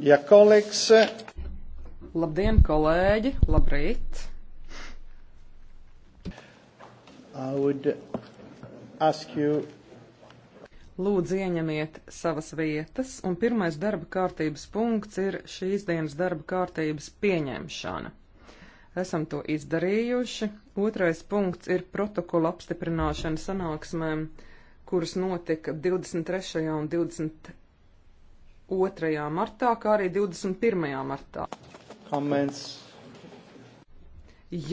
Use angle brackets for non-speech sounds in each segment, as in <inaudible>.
Ja kolēģis. Eh, Labdien, kolēģi! Labrīt! You... Lūdzu, ieņemiet savas vietas, un pirmais darba kārtības punkts ir šīs dienas darba kārtības pieņemšana. Esam to izdarījuši. Otrais punkts ir protokola apstiprināšana sanāksmēm, kuras notika 23. un 24 2. martā, kā arī 21. martā. Comments.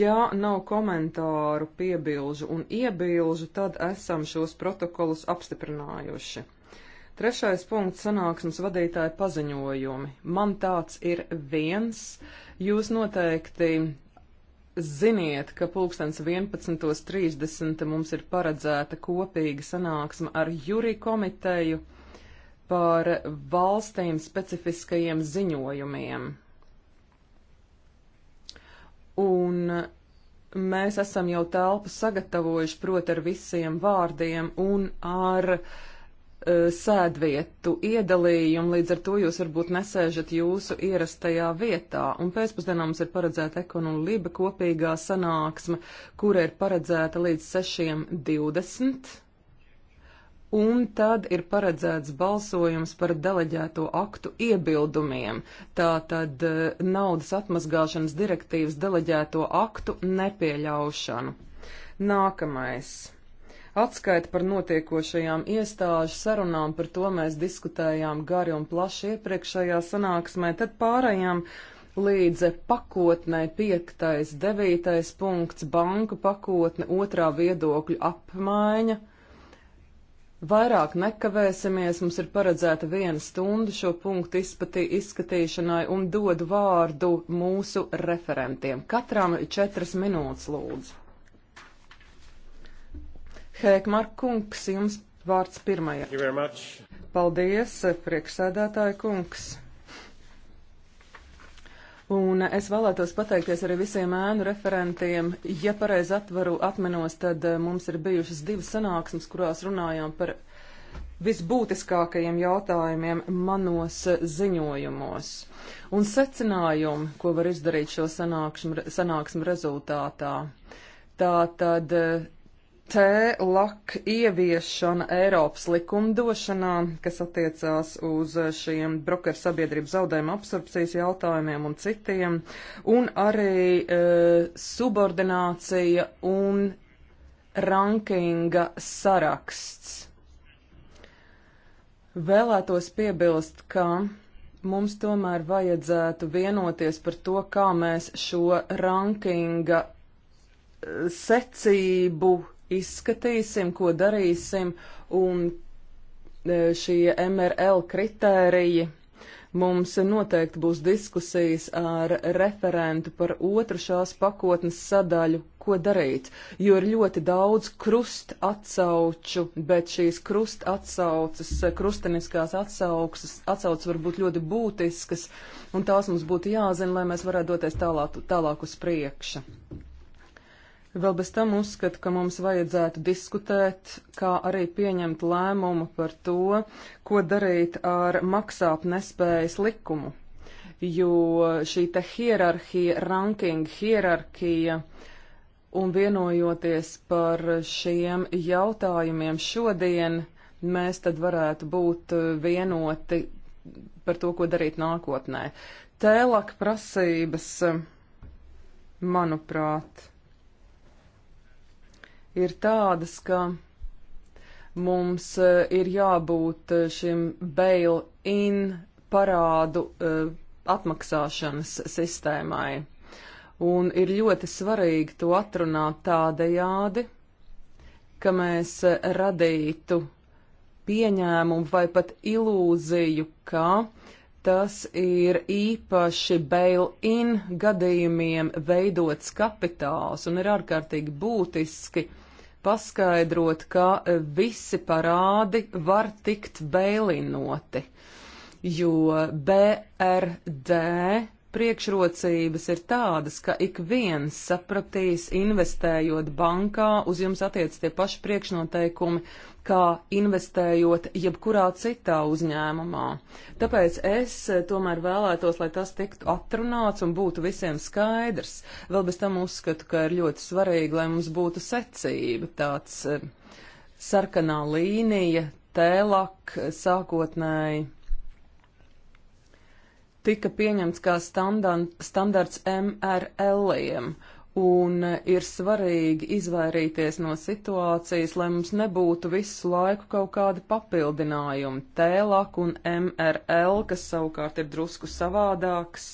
Ja nav komentāru, piebilžu un iebilžu, tad esam šos protokolus apstiprinājuši. Trešais punkts - sanāksmes vadītāja paziņojumi. Man tāds ir viens. Jūs noteikti ziniet, ka pulkstens 11.30 mums ir paredzēta kopīga sanāksme ar jūri komiteju par valstīm specifiskajiem ziņojumiem. Un mēs esam jau telpu sagatavojuši, proti, ar visiem vārdiem un ar uh, sēdvietu iedalījumu, līdz ar to jūs varbūt nesēžat jūsu ierastajā vietā. Un pēcpusdienā mums ir paredzēta ekonu un liba kopīgā sanāksme, kura ir paredzēta līdz 6.20 un tad ir paredzēts balsojums par deleģēto aktu iebildumiem. Tātad eh, naudas atmazgāšanas direktīvas deleģēto aktu nepieļaušanu. Nākamais. Atskaita par notiekošajām iestāžu sarunām, par to mēs diskutējām gari un plaši iepriekšējā sanāksmē, tad pārējām līdz pakotnē 5. 9. punkts, banku pakotne, otrā viedokļu apmaiņa. Vairāk nekavēsimies, mums ir paredzēta viena stunda šo punktu izpatī, izskatīšanai un dodu vārdu mūsu referentiem. Katram četras minūtes lūdzu. Hēkmark kungs, jums vārds pirmajā. Paldies, prieksēdētāja kungs. Un es vēlētos pateikties arī visiem ēnu referentiem. Ja pareizi atvaru atmenos, tad eh, mums ir bijušas divas sanāksmes, kurās runājām par visbūtiskākajiem jautājumiem manos eh, ziņojumos. Un secinājumi, ko var izdarīt šo sanāksmu, sanāksmu rezultātā. Tā tad eh, TLAK ieviešana Eiropas likumdošanā, kas attiecās uz šiem brokeru sabiedrību zaudējumu absorpcijas jautājumiem un citiem, un arī e, subordinācija un rankinga saraksts. Vēlētos piebilst, ka mums tomēr vajadzētu vienoties par to, kā mēs šo rankinga e, secību izskatīsim, ko darīsim, un e, šie MRL kritēriji. Mums noteikti būs diskusijas ar referentu par otru šās pakotnes sadaļu, ko darīt, jo ir ļoti daudz krust atsauču, bet šīs krust atsaucas, krusteniskās atsaucas, atsaucas var būt ļoti būtiskas, un tās mums būtu jāzina, lai mēs varētu doties tālāk, tālāk uz priekšu. Vēl bez tam uzskatu, ka mums vajadzētu diskutēt, kā arī pieņemt lēmumu par to, ko darīt ar maksātnespējas likumu. Jo šī te hierarhija, ranking hierarhija un vienojoties par šiem jautājumiem šodien, mēs tad varētu būt vienoti par to, ko darīt nākotnē. Tēlāk prasības, manuprāt, ir tādas, ka mums eh, ir jābūt eh, šim bail-in parādu eh, atmaksāšanas sistēmai. Un ir ļoti svarīgi to atrunāt tādējādi, ka mēs radītu pieņēmumu vai pat ilūziju, ka tas ir īpaši bail-in gadījumiem veidots kapitāls un ir ārkārtīgi būtiski uh, paskaidrot, ka e, visi parādi var tikt bēlinoti, jo BRD priekšrocības ir tādas, ka ik viens sapratīs, investējot bankā, uz jums attiec tie paši priekšnoteikumi, kā investējot jebkurā citā uzņēmumā. Tāpēc es eh, tomēr vēlētos, lai tas tiktu atrunāts un būtu visiem skaidrs. Vēl bez tam uzskatu, ka ir ļoti svarīgi, lai mums būtu secība, tāds eh, sarkanā līnija, tēlāk eh, sākotnēji tika pieņemts kā standant, standarts MRL-iem. Uh, un ir svarīgi izvairīties no situācijas, lai mums nebūtu visu laiku kaut kādi papildinājumi - tēlāk un MRL, kas savukārt ir drusku savādāks.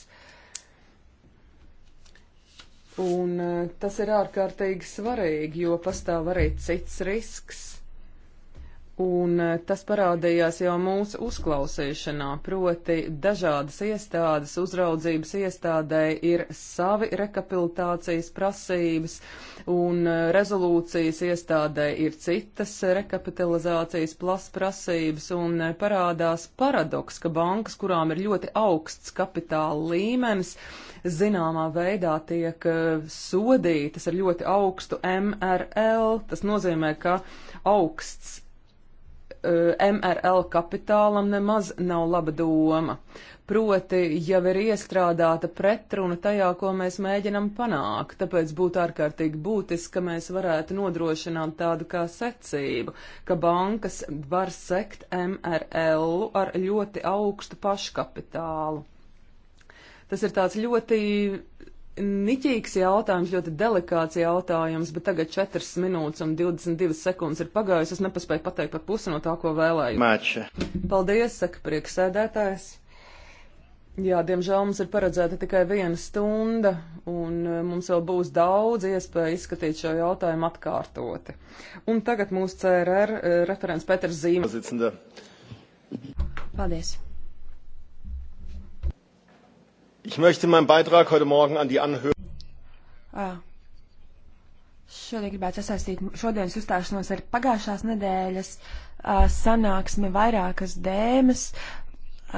Un eh, tas ir ārkārtīgi svarīgi, jo pastāv arī cits risks Un e, tas parādījās jau mūsu uzklausīšanā, proti dažādas iestādes, uzraudzības iestādē ir savi rekapitulācijas prasības, un e, rezolūcijas iestādē ir citas rekapitalizācijas plas prasības, un e, parādās paradoks, ka bankas, kurām ir ļoti augsts kapitāla līmenis, zināmā veidā tiek sodītas ar ļoti augstu MRL. Tas nozīmē, ka augsts MRL kapitālam nemaz nav laba doma. Proti, jau ir iestrādāta pretruna tajā, ko mēs mēģinam panākt, tāpēc būtu ārkārtīgi būtiski, ka mēs varētu nodrošināt tādu kā secību, ka bankas var sekt MRL ar ļoti augstu paškapitālu. Tas ir tāds ļoti niķīgs jautājums, ļoti delikāts jautājums, bet tagad 4 minūtes un 22 sekundes ir pagājusi. Es nepaspēju pateikt pat pusi no tā, ko vēlēju. Māča. Paldies, saka prieksēdētājs. Jā, diemžēl mums ir paredzēta tikai viena stunda, un e, mums vēl būs daudz iespēju izskatīt šo jautājumu atkārtoti. Un tagad mūsu CRR e, referents Peters Zīme. Paldies. Ich möchte meinen Beitrag heute Morgen an die Anhörung. Ah. Šodien gribētu sasaistīt šodienas uzstāšanos ar pagājušās nedēļas uh, sanāksmi vairākas dēmas,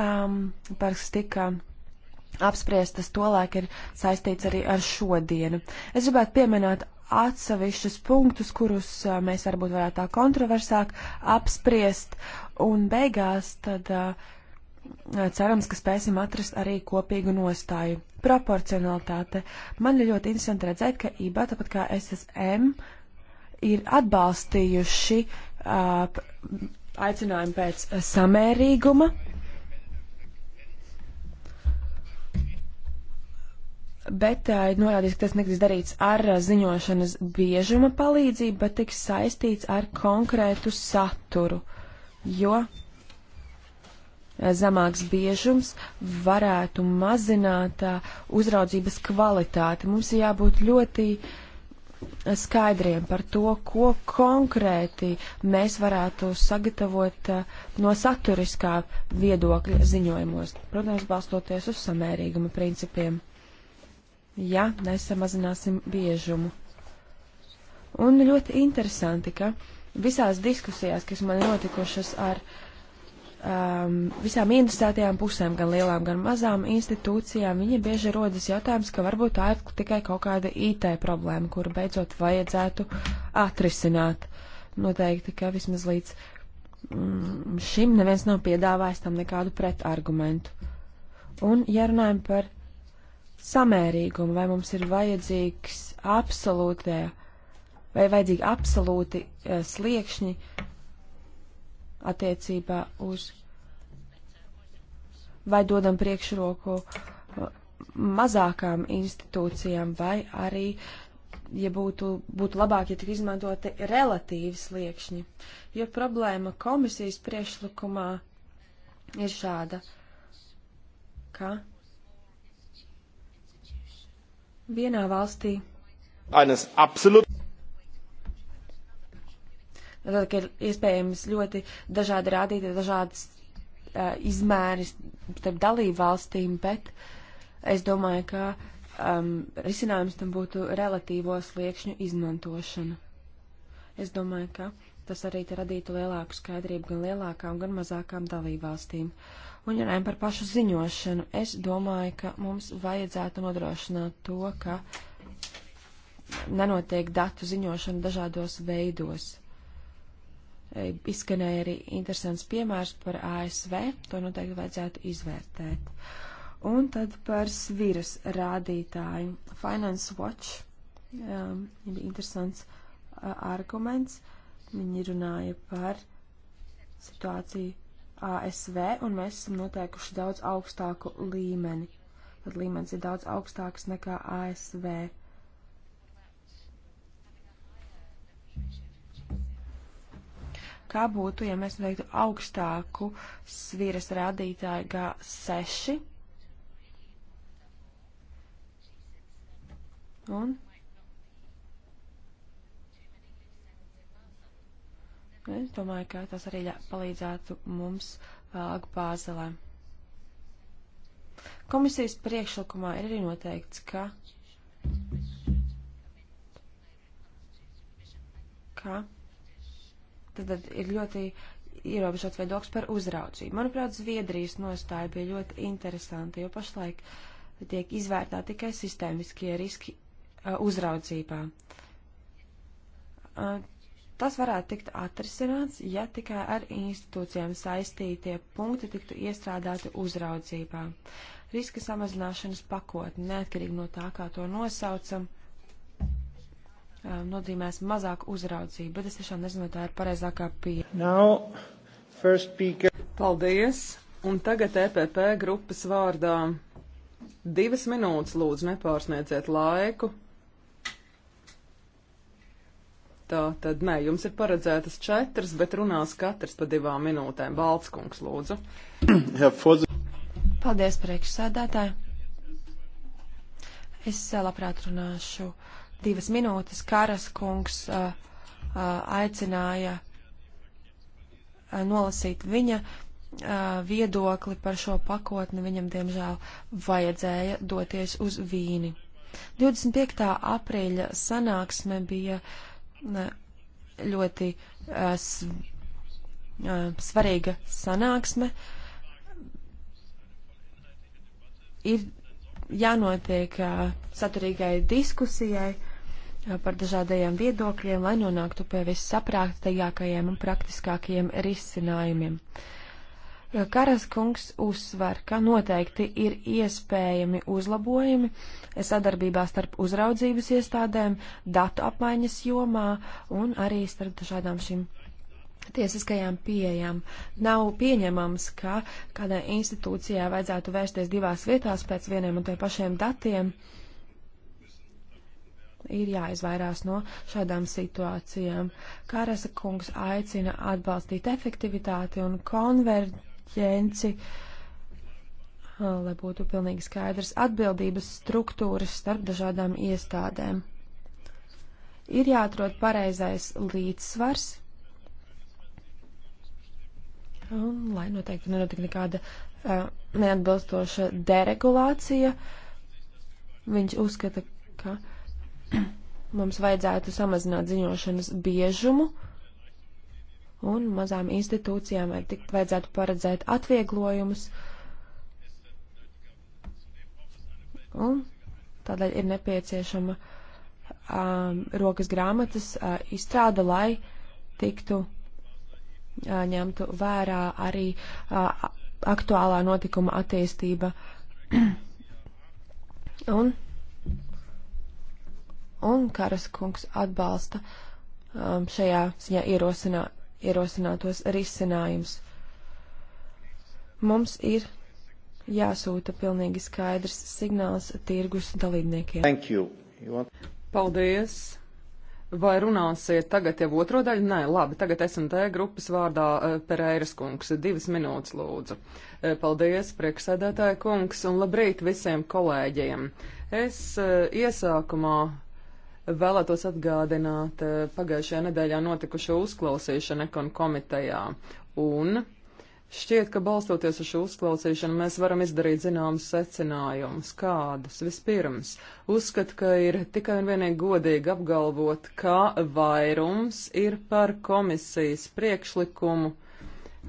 um, par kas tika apspriestas tolaik ir saistīts arī ar šodienu. Es gribētu pieminēt atsevišķus punktus, kurus uh, mēs varbūt varētu tā kontroversāk apspriest, un beigās tad uh, cerams, ka spēsim atrast arī kopīgu nostāju. Proporcionalitāte. Man ir ļoti interesanti redzēt, ka IBA, tāpat kā SSM, ir atbalstījuši uh, aicinājumu pēc samērīguma. Bet uh, ir norādīts, ka tas netiks darīts ar ziņošanas biežuma palīdzību, bet tiks saistīts ar konkrētu saturu, jo Eh, zemāks biežums varētu mazināt eh, uzraudzības kvalitāti. Mums ir jābūt ļoti eh, skaidriem par to, ko konkrēti mēs varētu sagatavot no saturiskā viedokļa ziņojumos, protams, balstoties uz samērīguma principiem, ja nesamazināsim biežumu. Un ļoti interesanti, ka visās diskusijās, kas man notikušas ar uh, um, visām interesētajām pusēm, gan lielām, gan mazām institūcijām, viņiem bieži rodas jautājums, ka varbūt tā ir tikai kaut kāda IT problēma, kuru beidzot vajadzētu atrisināt. Noteikti, ka vismaz līdz mm, šim neviens nav piedāvājis tam nekādu pretargumentu. Un, ja runājam par samērīgumu, vai mums ir vajadzīgs absolūtē, vai vajadzīgi absolūti uh, sliekšņi, attiecībā uz vai dodam priekšroku uh, mazākām institūcijām, vai arī, ja būtu, būtu labāk, ja tik izmantoti relatīvi sliekšņi. Jo problēma komisijas priekšlikumā ir šāda, ka vienā valstī. Eines absolūti Tad, ka ir iespējams ļoti dažādi rādītāji, dažādas uh, izmēris starp dalību valstīm, bet es domāju, ka um, risinājums tam būtu relatīvo sliekšņu izmantošana. Es domāju, ka tas arī radītu lielāku skaidrību gan lielākām, gan mazākām dalību valstīm. Un runājot par pašu ziņošanu, es domāju, ka mums vajadzētu nodrošināt to, ka nenotiek datu ziņošana dažādos veidos. E, izskanēja arī interesants piemērs par ASV, to noteikti vajadzētu izvērtēt. Un tad par sviras rādītāju. Finance Watch um, ir interesants uh, arguments. Viņi runāja par situāciju ASV, un mēs esam noteikuši daudz augstāku līmeni. Tad līmenis ir daudz augstāks nekā ASV. Uh, kā būtu, ja mēs veiktu augstāku sviras rādītāju G6. Un Es domāju, ka tas arī palīdzētu mums vēlāk bāzelē. Komisijas priekšlikumā ir arī noteikts, ka, ka tad ir ļoti ierobežots viedoklis par uzraudzību. Manuprāt, Zviedrijas nostāja bija ļoti interesanta, jo pašlaik tiek izvērtēti tikai sistēmiskie riski uh, uzraudzībā. Uh, tas varētu tikt atrisināts, ja tikai ar institūcijām saistītie punkti tiktu iestrādāti uzraudzībā. Riska samazināšanas pakotne, neatkarīgi no tā, kā to nosaucam, uh, Um, nozīmēs mazāk uzraudzību, bet es tiešām nezinu, vai tā ir pareizākā pieeja. Paldies! Un tagad EPP grupas vārdā divas minūtes lūdzu nepārsniedziet laiku. Tā tad nē, jums ir paredzētas četras, bet runās katrs pa divām minūtēm. Baltskungs, lūdzu. <clears throat> Paldies, priekšsēdētāji. Es eh, labprāt runāšu divas minūtes Kāras kungs uh, uh, aicināja uh, nolasīt viņa uh, viedokli par šo pakotni. Viņam, diemžēl, vajadzēja doties uz Vīni. 25. aprīļa sanāksme bija ne, uh, ļoti uh, svarīga sanāksme. Ir jānotiek saturīgai diskusijai par dažādajiem viedokļiem, lai nonāktu pie vissaprātīgākajiem un praktiskākajiem risinājumiem. Karas kungs uzsver, ka noteikti ir iespējami uzlabojumi sadarbībā starp uzraudzības iestādēm, datu apmaiņas jomā un arī starp dažādām šīm tiesiskajām pieejām. Nav pieņemams, ka kādai institūcijai vajadzētu vērsties divās vietās pēc vieniem un tie pašiem datiem. Uh, ir jāizvairās no šādām situācijām. Karasa kungs aicina atbalstīt efektivitāti un konverģenci, lai būtu pilnīgi skaidrs atbildības struktūras starp dažādām iestādēm. Ir jāatrod pareizais līdzsvars, un lai noteikti nenotika nekāda uh, neatbilstoša deregulācija. Viņš uzskata, ka uh, Mums vajadzētu samazināt ziņošanas biežumu, un mazām institūcijām tikt vajadzētu paredzēt atvieglojumus. Un tādēļ ir nepieciešama um, rokas grāmatas uh, izstrāde, lai tiktu uh, ņemtu vērā arī uh, aktuālā notikuma attīstība. <clears throat> un un Karas kungs atbalsta um, šajā ziņā ierosinā, ierosinātos risinājums. Mums ir jāsūta pilnīgi skaidrs signāls tirgus dalībniekiem. Thank you. You want... Paldies! Vai runāsiet tagad jau otro daļu? Nē, labi, tagad SMT grupas vārdā eh, Pereiras kungs. Divas minūtes lūdzu. Eh, paldies, prieksēdētāja kungs, un labrīt visiem kolēģiem. Es eh, iesākumā Vēlētos atgādināt eh, pagājušajā nedēļā notikušo uzklausīšanu ekon komitejā. Un šķiet, ka balstoties uz šo uzklausīšanu mēs varam izdarīt zināmas secinājumus. Kādus? Vispirms, uzskatu, ka ir tikai un vienīgi godīgi apgalvot, ka vairums ir par komisijas priekšlikumu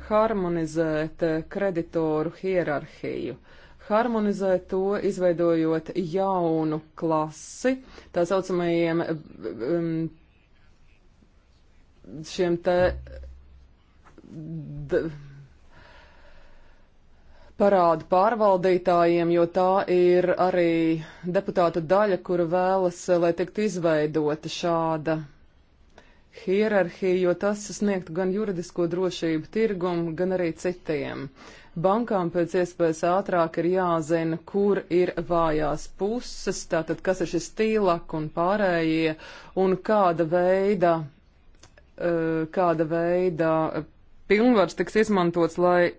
harmonizēt eh, kreditoru hierarhiju. Uh, harmonizēt to, izveidojot jaunu klasi, tā saucamajiem um, šiem te parādu pārvaldītājiem, jo tā ir arī deputāta daļa, kura vēlas, eh, lai tiktu izveidota šāda hierarhija, jo tas sniegtu gan juridisko drošību tirgumu, gan arī citiem. Bankām pēc iespējas ātrāk ir jāzina, kur ir vājās puses, tātad kas ir šis tīlak un pārējie, un kāda veida, eh, kāda veida eh, pilnvars tiks izmantots, lai,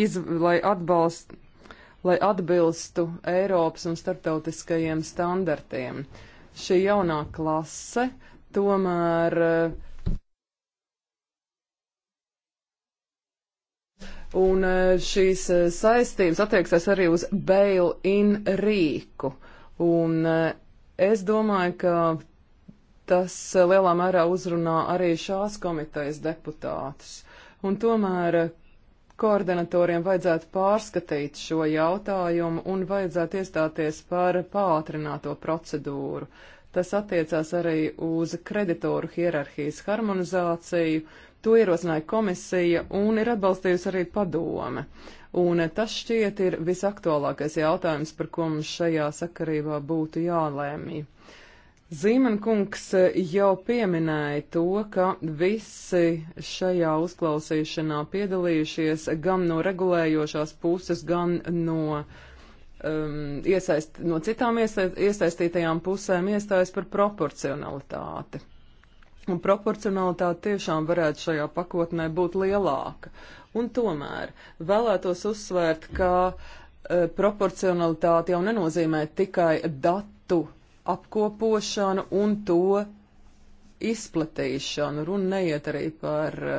iz, lai, atbalst, lai atbilstu Eiropas un starptautiskajiem standartiem. Šī jaunā klase tomēr uh, Un e, šīs e, saistības attieksies arī uz bail-in rīku. Un e, es domāju, ka tas lielā mērā uzrunā arī šās komitejas deputātus. Un tomēr koordinatoriem vajadzētu pārskatīt šo jautājumu un vajadzētu iestāties par pātrināto procedūru. Tas attiecās arī uz kreditoru hierarhijas harmonizāciju, To ierosināja komisija un ir atbalstījusi arī padome. Un tas šķiet ir visaktuālākais jautājums, par ko mums šajā sakarībā būtu jālēmī. Zīmenkungs jau pieminēja to, ka visi šajā uzklausīšanā piedalījušies gan no regulējošās puses, gan no, um, iesaist, no citām iesaist, iesaistītajām pusēm iestājas par proporcionalitāti un proporcionalitāte tiešām varētu šajā pakotnē būt lielāka. Un tomēr vēlētos uzsvērt, ka e, proporcionalitāte jau nenozīmē tikai datu apkopošanu un to izplatīšanu. Runa neiet arī par e,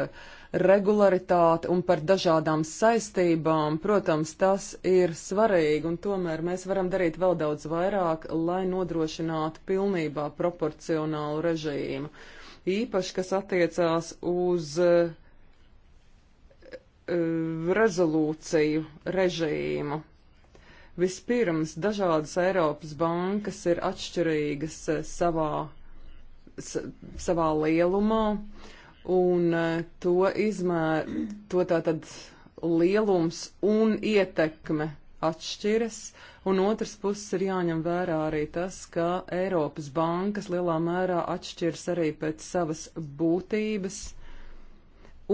regularitāti un par dažādām saistībām. Protams, tas ir svarīgi, un tomēr mēs varam darīt vēl daudz vairāk, lai nodrošinātu pilnībā proporcionālu režīmu. Uh, īpaši, kas attiecās uz uh, rezolūciju režīmu. Vispirms dažādas Eiropas bankas ir atšķirīgas eh, savā, sa, savā lielumā, un eh, to izmēr, to tātad lielums un ietekme atšķiras, un otrs puses ir jāņem vērā arī tas, ka Eiropas bankas lielā mērā atšķiras arī pēc savas būtības,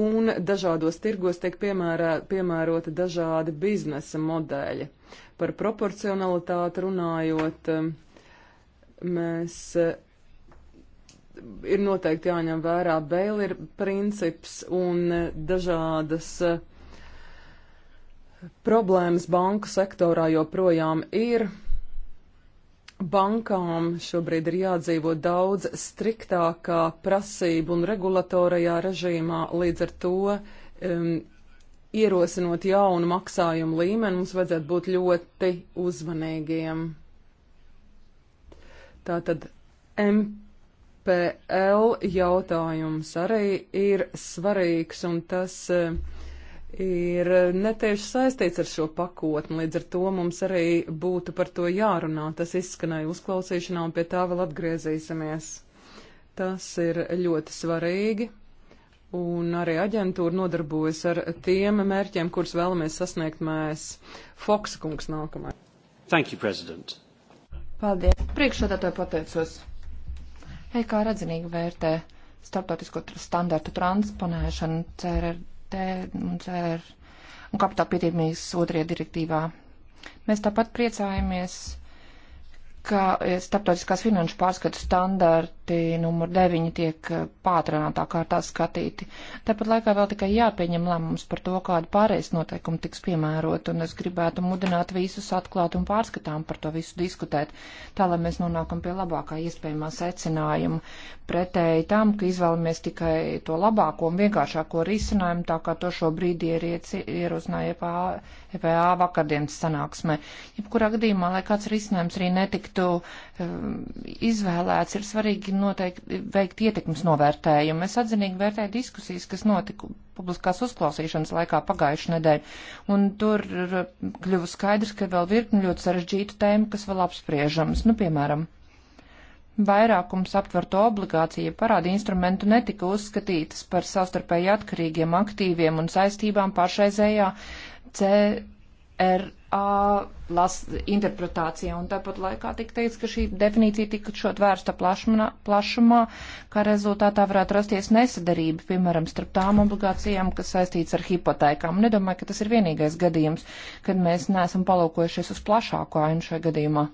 un dažādos tirgos tiek piemērā, piemēroti dažādi biznesa modeļi. Par proporcionalitāti runājot, mēs ir noteikti jāņem vērā Bēlīra princips un dažādas uh, Problēmas banku sektorā joprojām ir. Bankām šobrīd ir jādzīvo daudz striktākā prasību un regulatorajā režīmā, līdz ar to um, ierosinot jaunu maksājumu līmeni, mums vajadzētu būt ļoti uzmanīgiem. Tātad MPL jautājums arī ir svarīgs, un tas um, ir netieši saistīts ar šo pakotni, līdz ar to mums arī būtu par to jārunā. Tas izskanēja uzklausīšanā un pie tā vēl atgriezīsimies. Tas ir ļoti svarīgi. Un arī aģentūra nodarbojas ar tiem mērķiem, kurus vēlamies sasniegt mēs. Foksa kungs nākamais. Thank you, President. Paldies. Priekšsēdētāji pateicos. Ei, kā redzinīgi vērtē starptautisko standartu transponēšanu CRR un CR un kapitāla pietiekmības otrajā direktīvā. Mēs tāpat priecājamies, ka eh, starptautiskās finanšu pārskatu standārt punkti numur 9 tiek eh, pātrinātā kārtā skatīti. Tāpat laikā vēl tikai jāpieņem lēmums par to, kāda pārējais noteikuma tiks piemērot, un es gribētu mudināt visus atklāt un pārskatām par to visu diskutēt, tā lai mēs nonākam pie labākā iespējamā secinājuma, pretēji tam, ka izvēlamies tikai to labāko un vienkāršāko risinājumu, tā kā to šobrīd ierosināja EPA, EPA vakardienas sanāksmē. Jebkurā gadījumā, lai kāds risinājums arī netiktu um, izvēlēts, ir svarīgi noteikti veikt ietekmes novērtējumu. Es atzinīgi vērtēju diskusijas, kas notika publiskās uzklausīšanas laikā pagājušajā nedēļā, un tur kļuva skaidrs, ka vēl virkni ļoti sarežģītu tēmu, kas vēl apspriežams. Nu, piemēram, vairākums aptverto obligāciju parādi instrumentu netika uzskatītas par savstarpēji atkarīgiem aktīviem un saistībām pašreizējā C RA las, interpretācijā, un tāpat laikā tika teikts, ka šī definīcija tika šot vērsta plašumā, plašumā, kā rezultātā varētu rasties nesadarība, piemēram, starp tām obligācijām, kas saistīts ar hipotēkām. Nedomāju, ka tas ir vienīgais gadījums, kad mēs neesam palūkojušies uz plašāko ainu šajā gadījumā.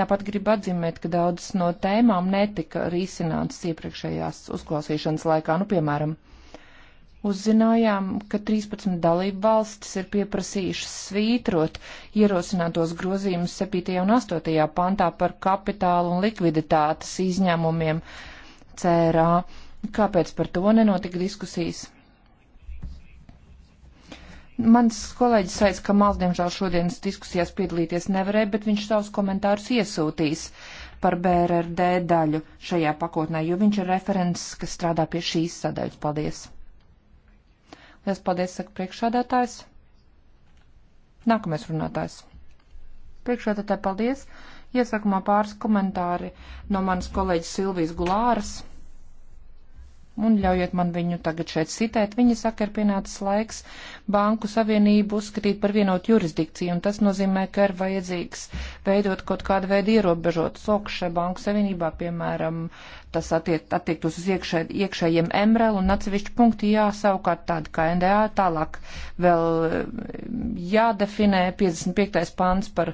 Tāpat gribu atzīmēt, ka daudzas no tēmām netika risinātas iepriekšējās uzklausīšanas laikā, nu, piemēram, uzzinājām, ka 13 dalību valstis ir pieprasījušas svītrot ierosinātos grozījumus 7. un 8. pantā par kapitālu un likviditātes izņēmumiem CRA. Kāpēc par to nenotika diskusijas? Mans kolēģis saic, ka Mals, diemžēl, šodienas diskusijās piedalīties nevarēja, bet viņš savus komentārus iesūtīs par BRD daļu šajā pakotnē, jo viņš ir referents, kas strādā pie šīs sadaļas. Paldies! Liels paldies, saka priekšādātājs. Nākamais runātājs. Priekšādātāji, paldies. Iesākumā pāris komentāri no manas kolēģis Silvijas Gulāras. Un ļaujiet man viņu tagad šeit citēt, viņa saka, ir pienācis laiks Banku Savienību uzskatīt par vienotu jurisdikciju, un tas nozīmē, ka ir vajadzīgs veidot kaut kādu veidu ierobežotu soku šai Banku Savienībā, piemēram, tas attiekt, attiektos uz iekšē, iekšējiem MRL un atsevišķi punkti jāsavukārt tādi kā NDA, tālāk vēl eh, jādefinē 55. pāns par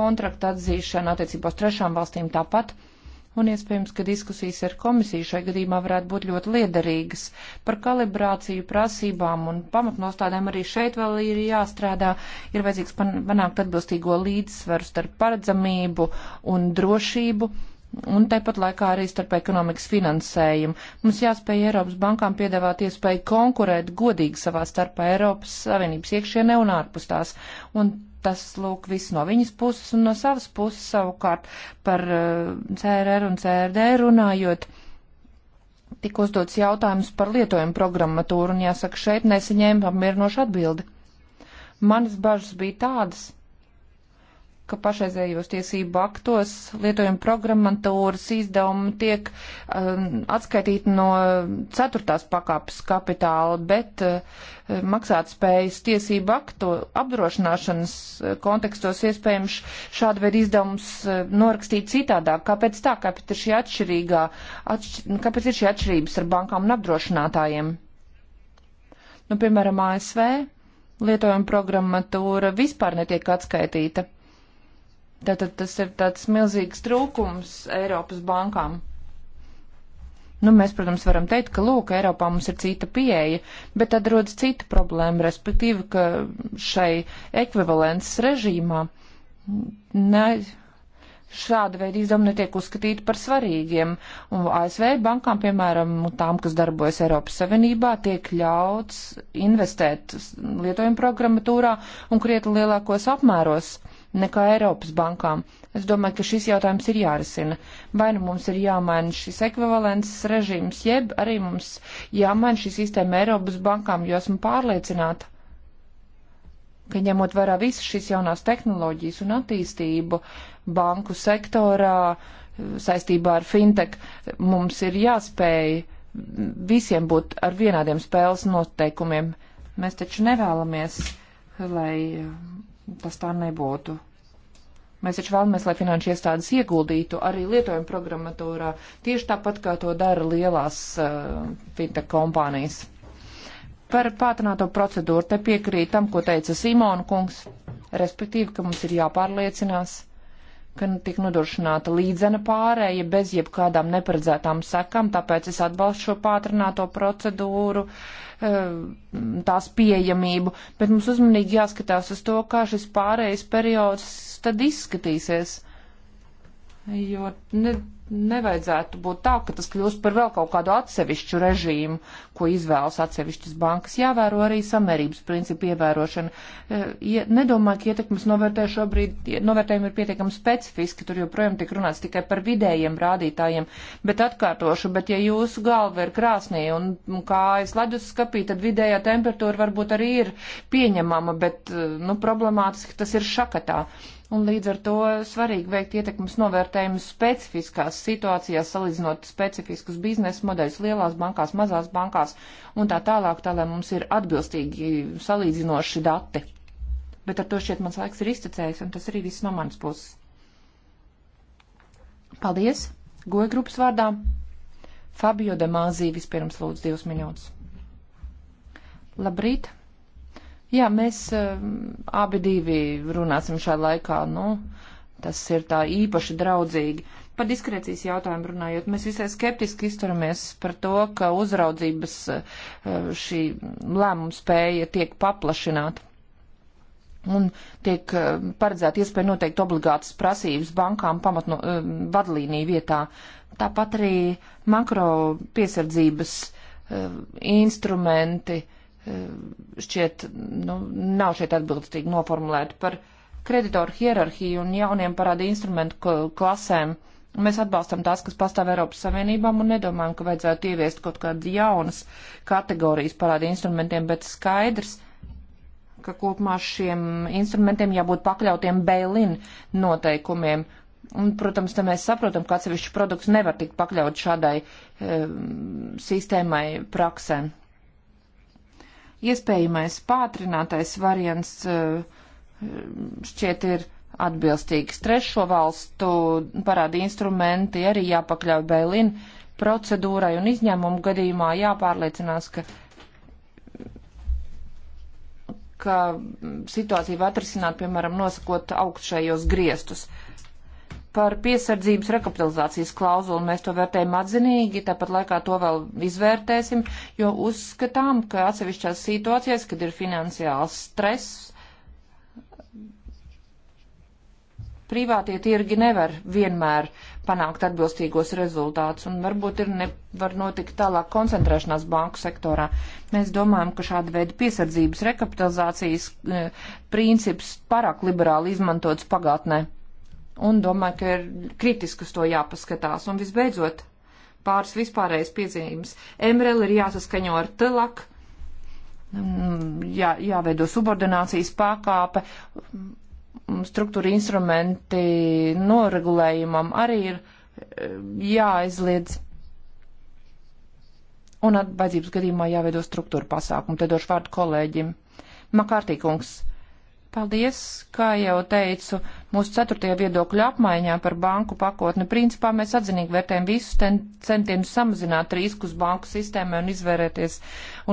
kontraktu atzīšanu attiecībā uz trešām valstīm tāpat un iespējams, ka diskusijas ar komisiju šai gadījumā varētu būt ļoti liederīgas. Par kalibrāciju prasībām un pamatnostādēm arī šeit vēl ir jāstrādā. Ir vajadzīgs panākt atbilstīgo līdzsvaru starp paredzamību un drošību. Un tāpat laikā arī starp ekonomikas finansējumu. Mums jāspēj Eiropas bankām piedāvāt iespēju konkurēt godīgi savā starpā Eiropas Savienības iekšienē un ārpus tās. Un tas lūk viss no viņas puses un no savas puses savukārt par uh, eh, CRR un CRD runājot. Tik uzdots jautājums par lietojumu programmatūru un jāsaka, šeit nesaņēma apmierinošu atbildi. Manas bažas bija tādas, ka pašreizējos tiesību aktos lietojuma programmatūras izdevumi tiek um, atskaitīti no ceturtās pakāpes kapitāla, bet uh, maksātspējas tiesību aktu apdrošināšanas uh, kontekstos iespējams šāda veida izdevums uh, norakstīt citādāk. Kāpēc tā? Kāpēc ir šī atšķirīgā, atšķir, kāpēc ir šī atšķirības ar bankām un apdrošinātājiem? Nu, piemēram, ASV lietojuma programmatūra vispār netiek atskaitīta Tātad tas ir tāds milzīgs trūkums Eiropas bankām. Nu, mēs, protams, varam teikt, ka, lūk, Eiropā mums ir cita pieeja, bet tad rodas cita problēma, respektīvi, ka šai ekvivalences režīmā ne, šāda veida izdevumi netiek uzskatīti par svarīgiem. Un ASV bankām, piemēram, tām, kas darbojas Eiropas Savienībā, tiek ļauts investēt lietojuma programmatūrā un krietni lielākos apmēros. Uh, nekā Eiropas bankām. Es domāju, ka šis jautājums ir jārisina. Vai nu mums ir jāmaina šis ekvivalences režīms, jeb arī mums jāmaina šī sistēma Eiropas bankām, jo esmu pārliecināta, ka ņemot vērā visas šīs jaunās tehnoloģijas un attīstību banku sektorā saistībā ar fintech, mums ir jāspēj visiem būt ar vienādiem spēles noteikumiem. Mēs taču nevēlamies, lai Tas tā nebūtu. Mēs taču vēlamies, lai finanšu iestādes ieguldītu arī lietojuma programmatūrā, tieši tāpat kā to dara lielās uh, fintech kompānijas. Par pātrināto procedūru te piekrīt tam, ko teica Simona kungs, respektīvi, ka mums ir jāpārliecinās, ka tiek nodrošināta līdzena pārēja bez jebkādām neparedzētām sekām, tāpēc es atbalstu šo pātrināto procedūru, eh, tās pieejamību, bet mums uzmanīgi jāskatās uz to, kā šis pārējais periods tad izskatīsies jo ne, nevajadzētu būt tā, ka tas kļūst par vēl kaut kādu atsevišķu režīmu, ko izvēlas atsevišķas bankas. Jāvēro arī samērības principu ievērošana. E, ja nedomāju, ka ietekmes novērtē šobrīd, novērtējumi ir pietiekami specifiski, tur joprojām tiek runāts tikai par vidējiem rādītājiem, bet atkārtošu, bet ja jūsu galva ir krāsnī un kājas ledus skapī, tad vidējā temperatūra varbūt arī ir pieņemama, bet, e, nu, problemātiski tas ir šakatā. Uh, Un līdz ar to svarīgi veikt ietekmes novērtējumus specifiskās situācijās, salīdzinot specifiskus biznesa modeļus lielās bankās, mazās bankās un tā tālāk, tā lai mums ir atbilstīgi salīdzinoši dati. Bet ar to šķiet mans laiks ir iztecējis, un tas arī viss no manas puses. Paldies! Goja grupas vārdā Fabio de Māzī vispirms lūdzu divas minūtes. Labrīt! Jā, mēs eh, abi divi runāsim šajā laikā, nu, tas ir tā īpaši draudzīgi. Par diskrēcijas jautājumu runājot, mēs visai skeptiski izturamies par to, ka uzraudzības eh, šī lēmuma spēja tiek paplašināta. Un tiek eh, paredzēta iespēja noteikt obligātas prasības bankām pamatno vadlīniju vietā. Tāpat arī makro piesardzības instrumenti uh, Ehm, šķiet, nu, nav šeit atbilstīgi noformulēti par kreditoru hierarhiju un jauniem parāda instrumentu klasēm. Mēs atbalstam tās, kas pastāv Eiropas Savienībām un nedomājam, ka vajadzētu ieviest kaut kādas jaunas kategorijas parāda instrumentiem, bet skaidrs, ka kopumā šiem instrumentiem jābūt pakļautiem bailin noteikumiem. Un, protams, te mēs saprotam, ka atsevišķi produkts nevar tikt pakļaut šādai e, sistēmai praksēm iespējamais pātrinātais variants eh, šķiet ir atbilstīgs. Trešo valstu parādi instrumenti arī jāpakļauj Bēlin procedūrai un izņēmumu gadījumā jāpārliecinās, ka, ka situācija var atrisināt, piemēram, nosakot augšējos griestus. Uh, par piesardzības rekapitalizācijas klauzulu. Mēs to vērtējam atzinīgi, tāpat laikā to vēl izvērtēsim, jo uzskatām, ka atsevišķās situācijās, kad ir finansiāls stress, privātie tirgi nevar vienmēr panākt atbilstīgos rezultātus, un varbūt ir nevar notikt tālāk koncentrēšanās banku sektorā. Mēs domājam, ka šāda veida piesardzības rekapitalizācijas e, princips pārāk liberāli izmantots pagātnē un domāju, ka ir kritiski uz to jāpaskatās. Un visbeidzot, pāris vispārējais piezīmes. MRL ir jāsaskaņo ar TLAK, mm, jā, jāveido subordinācijas pakāpe, mm, struktūra instrumenti noregulējumam arī ir eh, jāaizliedz. Un atbaidzības gadījumā jāveido struktūra pasākumu. Te došu vārdu kolēģim. Makārtīkungs. Paldies, kā jau teicu, mūsu ceturtajā viedokļa apmaiņā par banku pakotni. Principā mēs atzinīgi vērtējam visus centienus samazināt riskus banku sistēmē un,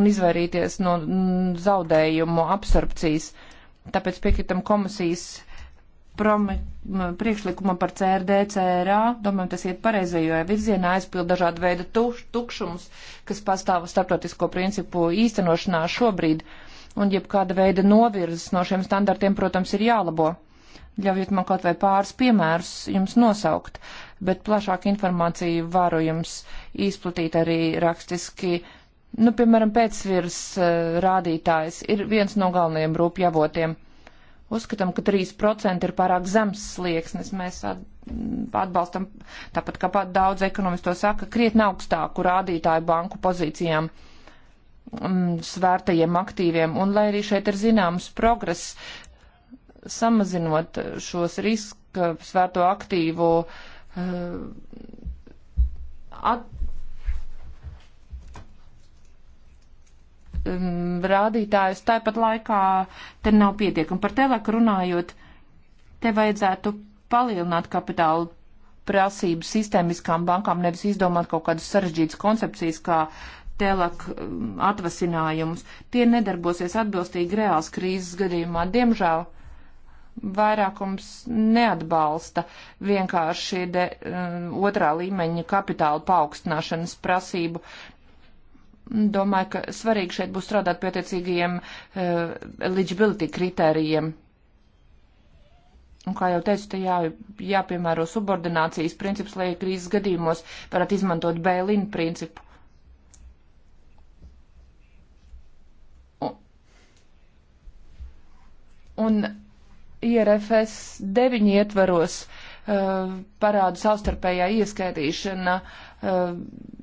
un izvairīties no mm, zaudējumu absorpcijas. Tāpēc piekritam komisijas promi, priekšlikuma par CRD, CRA. Domājam, tas iet pareizajā virzienā, aizpild dažādu veidu tukšumus, kas pastāv starptautisko principu īstenošanā šobrīd. Uh, un jebkāda veida novirzes no šiem standartiem, protams, ir jālabo. Ļaujiet man kaut vai pāris piemērus jums nosaukt, bet plašāku informāciju varu jums izplatīt arī rakstiski. Nu, piemēram, pēcvirs uh, rādītājs ir viens no galvenajiem rūpjavotiem. Uzskatām, ka 3% ir pārāk zems slieksnis. Mēs atbalstam, tāpat kā pat daudz ekonomistu to saka, krietni augstāku rādītāju banku pozīcijām. Uh, svērtajiem aktīviem, un lai arī šeit ir zināms progress, samazinot šos riska svērto aktīvu eh, at, rādītājus, tāpat laikā te nav pietiekami. Par teleku runājot, te vajadzētu palielināt kapitālu prasību sistēmiskām bankām, nevis izdomāt kaut kādas sarežģītas koncepcijas, kā telak um, atvasinājumus. Tie nedarbosies atbilstīgi reāls krīzes gadījumā. Diemžēl vairākums neatbalsta vienkārši de, um, otrā līmeņa kapitāla paaugstināšanas prasību. Domāju, ka svarīgi šeit būs strādāt pie attiecīgajiem uh, eligibility kritērijiem. Un, kā jau teicu, te jā, jāpiemēro subordinācijas princips, lai krīzes gadījumos varētu izmantot bailīnu principu. un IRFS 9 ietvaros uh, parādu savstarpējā ieskaitīšana uh,